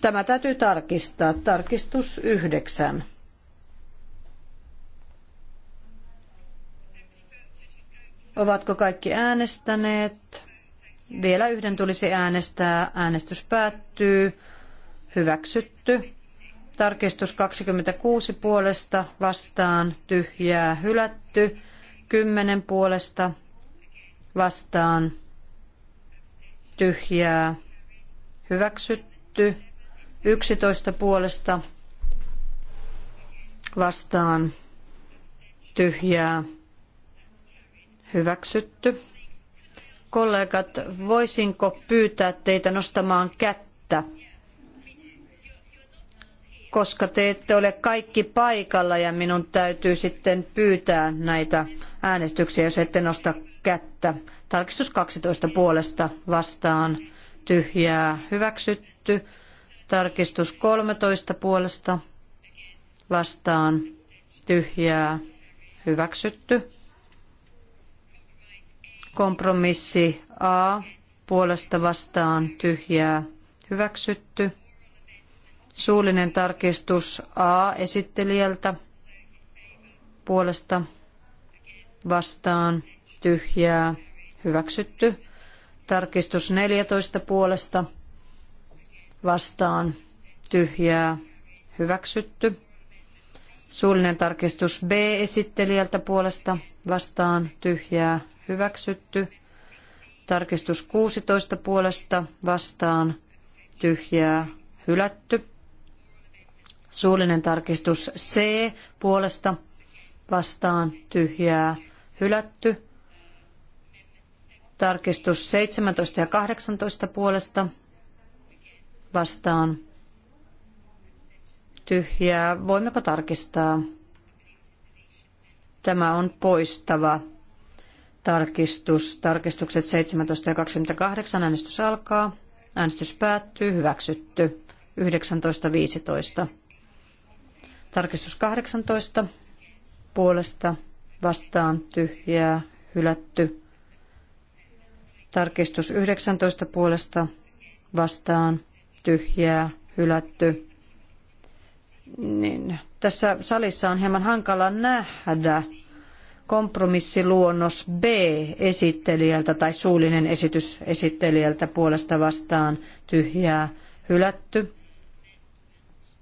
Tämä täytyy tarkistaa. Tarkistus yhdeksän. Ovatko kaikki äänestäneet? Vielä yhden tulisi äänestää. Äänestys päättyy. Hyväksytty. Tarkistus 26 puolesta vastaan tyhjää hylätty. 10 puolesta vastaan tyhjää hyväksytty. 11 puolesta vastaan tyhjää hyväksytty. Kollegat, voisinko pyytää teitä nostamaan kättä? koska te ette ole kaikki paikalla ja minun täytyy sitten pyytää näitä äänestyksiä, jos ette nosta kättä. Tarkistus 12 puolesta vastaan tyhjää hyväksytty. Tarkistus 13 puolesta vastaan tyhjää hyväksytty. Kompromissi A puolesta vastaan tyhjää hyväksytty. Suullinen tarkistus A esittelijältä puolesta vastaan tyhjää hyväksytty. Tarkistus 14 puolesta vastaan tyhjää hyväksytty. Suullinen tarkistus B esittelijältä puolesta vastaan tyhjää hyväksytty. Tarkistus 16 puolesta vastaan tyhjää hylätty. Suullinen tarkistus C puolesta vastaan tyhjää hylätty. Tarkistus 17 ja 18 puolesta vastaan tyhjää. Voimmeko tarkistaa? Tämä on poistava tarkistus. Tarkistukset 17 ja 28. Äänestys alkaa. Äänestys päättyy. Hyväksytty. 19.15. Tarkistus 18 puolesta vastaan tyhjää hylätty. Tarkistus 19 puolesta vastaan tyhjää hylätty. Niin, tässä salissa on hieman hankala nähdä kompromissiluonnos B esittelijältä tai suullinen esitys esittelijältä puolesta vastaan tyhjää hylätty.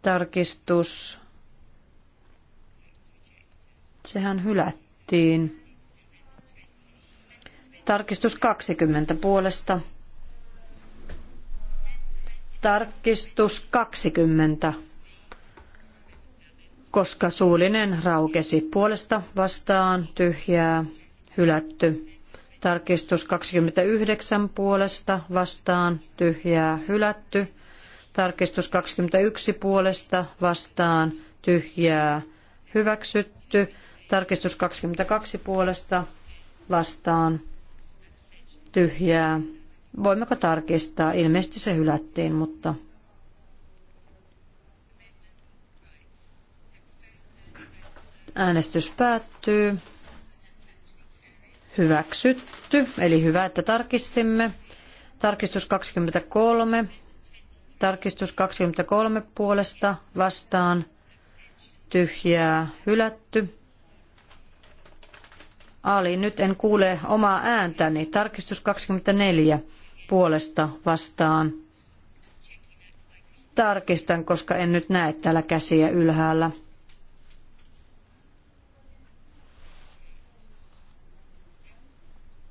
Tarkistus Sehän hylättiin. Tarkistus 20 puolesta. Tarkistus 20 koska suullinen raukesi puolesta vastaan tyhjää hylätty. Tarkistus 29 puolesta vastaan tyhjää hylätty. Tarkistus 21 puolesta vastaan tyhjää hyväksytty. Tarkistus 22 puolesta vastaan tyhjää. Voimmeko tarkistaa? Ilmeisesti se hylättiin, mutta äänestys päättyy. Hyväksytty, eli hyvä, että tarkistimme. Tarkistus 23. Tarkistus 23 puolesta vastaan tyhjää hylätty. Ali, nyt en kuule omaa ääntäni. Tarkistus 24 puolesta vastaan. Tarkistan, koska en nyt näe täällä käsiä ylhäällä.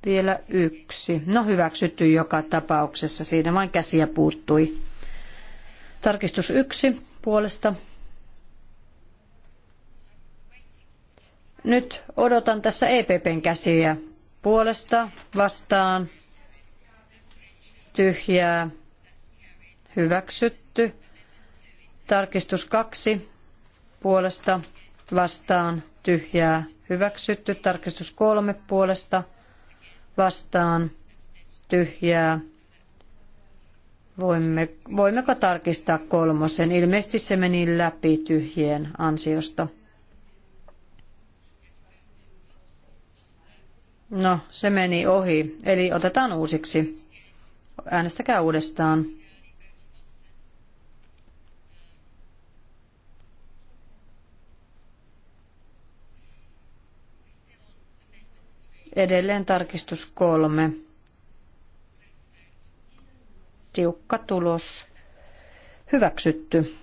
Vielä yksi. No hyväksytty joka tapauksessa. Siinä vain käsiä puuttui. Tarkistus yksi puolesta Nyt odotan tässä EPPn käsiä puolesta vastaan tyhjää hyväksytty. Tarkistus kaksi puolesta vastaan tyhjää hyväksytty. Tarkistus kolme puolesta vastaan tyhjää. Voimme, voimmeko tarkistaa kolmosen? Ilmeisesti se meni läpi tyhjien ansiosta. No, se meni ohi. Eli otetaan uusiksi. Äänestäkää uudestaan. Edelleen tarkistus kolme. Tiukka tulos. Hyväksytty.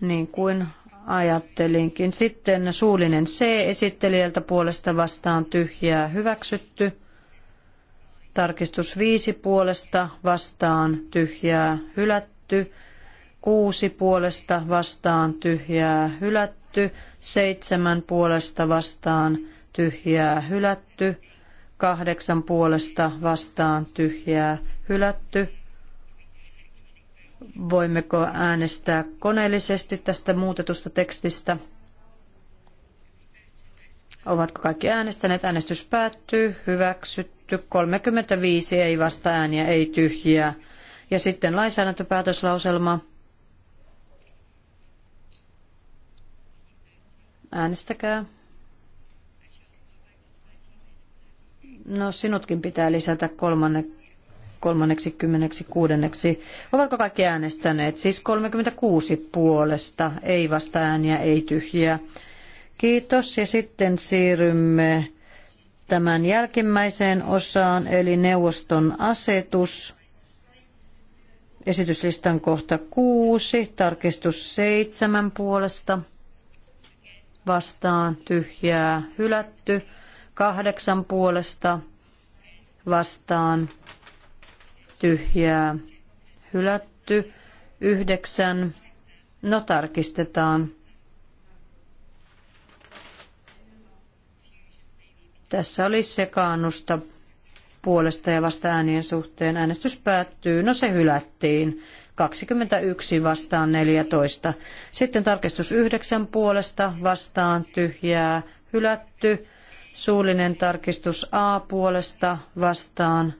Niin kuin ajattelinkin. Sitten suullinen C esittelijältä puolesta vastaan tyhjää hyväksytty. Tarkistus 5 puolesta vastaan tyhjää hylätty. 6 puolesta vastaan tyhjää hylätty. 7 puolesta vastaan tyhjää hylätty. 8 puolesta vastaan tyhjää hylätty. Voimmeko äänestää koneellisesti tästä muutetusta tekstistä? Ovatko kaikki äänestäneet? Äänestys päättyy. Hyväksytty. 35 ei vasta ääniä, ei tyhjiä. Ja sitten lainsäädäntöpäätöslauselma. Äänestäkää. No sinutkin pitää lisätä kolmanne, kolmanneksi, kymmeneksi, kuudenneksi. Ovatko kaikki äänestäneet? Siis 36 puolesta, ei vasta ääniä, ei tyhjiä. Kiitos ja sitten siirrymme tämän jälkimmäiseen osaan, eli neuvoston asetus. Esityslistan kohta kuusi, tarkistus seitsemän puolesta, vastaan tyhjää hylätty, kahdeksan puolesta, vastaan tyhjää hylätty, yhdeksän, no tarkistetaan. Tässä oli sekaannusta puolesta ja vasta äänien suhteen. Äänestys päättyy, no se hylättiin. 21 vastaan 14. Sitten tarkistus 9 puolesta vastaan tyhjää hylätty. Suullinen tarkistus A puolesta vastaan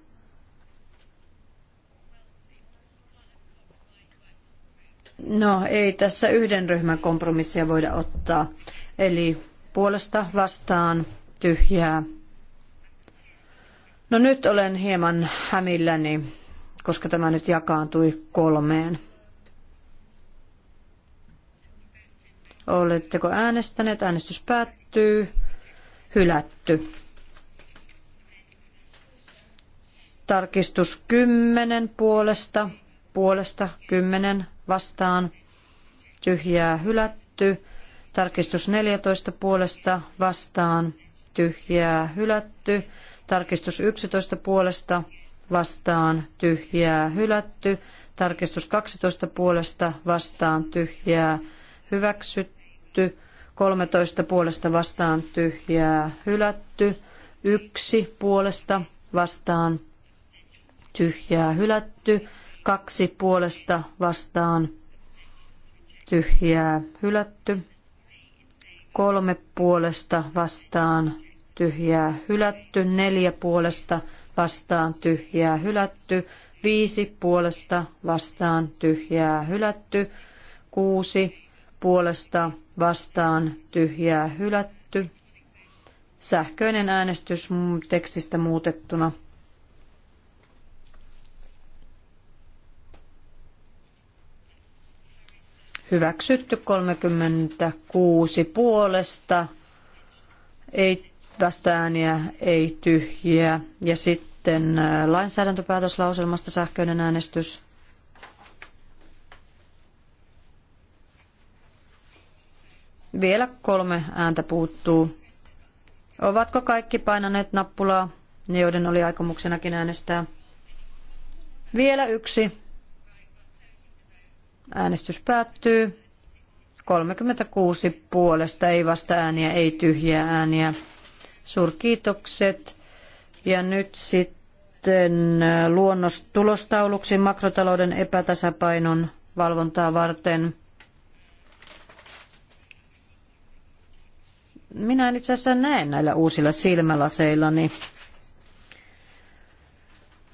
No ei tässä yhden ryhmän kompromissia voida ottaa. Eli puolesta vastaan tyhjää. No nyt olen hieman hämilläni, koska tämä nyt jakaantui kolmeen. Oletteko äänestäneet? Äänestys päättyy. Hylätty. Tarkistus kymmenen puolesta. Puolesta kymmenen vastaan tyhjää hylätty. Tarkistus 14 puolesta vastaan tyhjää hylätty. Tarkistus 11 puolesta vastaan tyhjää hylätty. Tarkistus 12 puolesta vastaan tyhjää hyväksytty. 13 puolesta vastaan tyhjää hylätty. yksi puolesta vastaan tyhjää hylätty kaksi puolesta vastaan tyhjää hylätty. Kolme puolesta vastaan tyhjää hylätty. Neljä puolesta vastaan tyhjää hylätty. Viisi puolesta vastaan tyhjää hylätty. Kuusi puolesta vastaan tyhjää hylätty. Sähköinen äänestys tekstistä muutettuna. hyväksytty 36 puolesta, ei vastaääniä, ei tyhjiä. Ja sitten äh, lainsäädäntöpäätöslauselmasta sähköinen äänestys. Vielä kolme ääntä puuttuu. Ovatko kaikki painaneet nappulaa, ne joiden oli aikomuksenakin äänestää? Vielä yksi. Äänestys päättyy. 36 puolesta, ei vasta ääniä, ei tyhjiä ääniä. Suurkiitokset. Ja nyt sitten äh, luonnos tulostauluksi makrotalouden epätasapainon valvontaa varten. Minä en itse asiassa näe näillä uusilla silmälaseillani.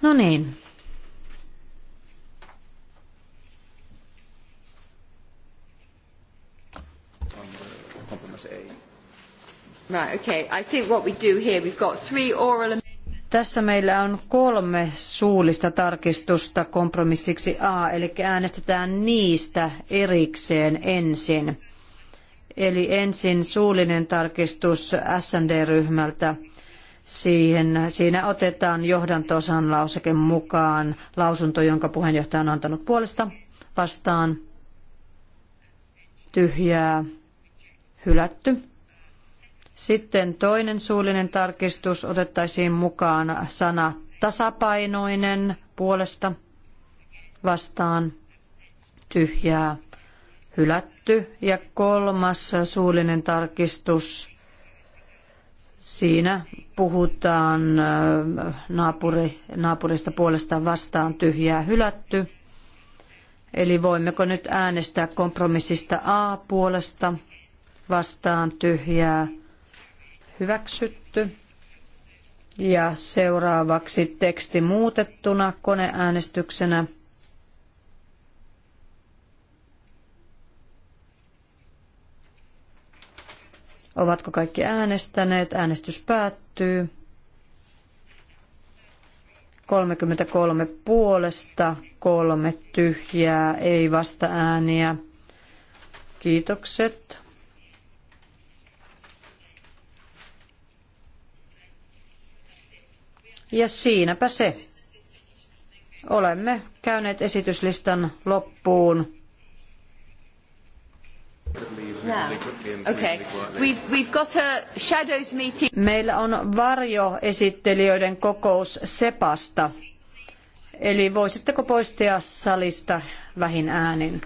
No niin, Tässä meillä on kolme suullista tarkistusta kompromissiksi A, eli äänestetään niistä erikseen ensin. Eli ensin suullinen tarkistus SND-ryhmältä. Siihen, siinä otetaan johdantosan lauseke mukaan lausunto, jonka puheenjohtaja on antanut puolesta vastaan. Tyhjää, hylätty. Sitten toinen suullinen tarkistus otettaisiin mukaan sana tasapainoinen puolesta vastaan tyhjää hylätty. Ja kolmas suullinen tarkistus, siinä puhutaan äh, naapuri, naapurista puolestaan vastaan tyhjää hylätty. Eli voimmeko nyt äänestää kompromissista A puolesta vastaan tyhjää hyväksytty. Ja seuraavaksi teksti muutettuna koneäänestyksenä. Ovatko kaikki äänestäneet? Äänestys päättyy. 33 puolesta, kolme tyhjää, ei vasta ääniä. Kiitokset. Ja siinäpä se. Olemme käyneet esityslistan loppuun. Meillä on varjoesittelijöiden kokous Sepasta. Eli voisitteko poistaa salista vähin äänin?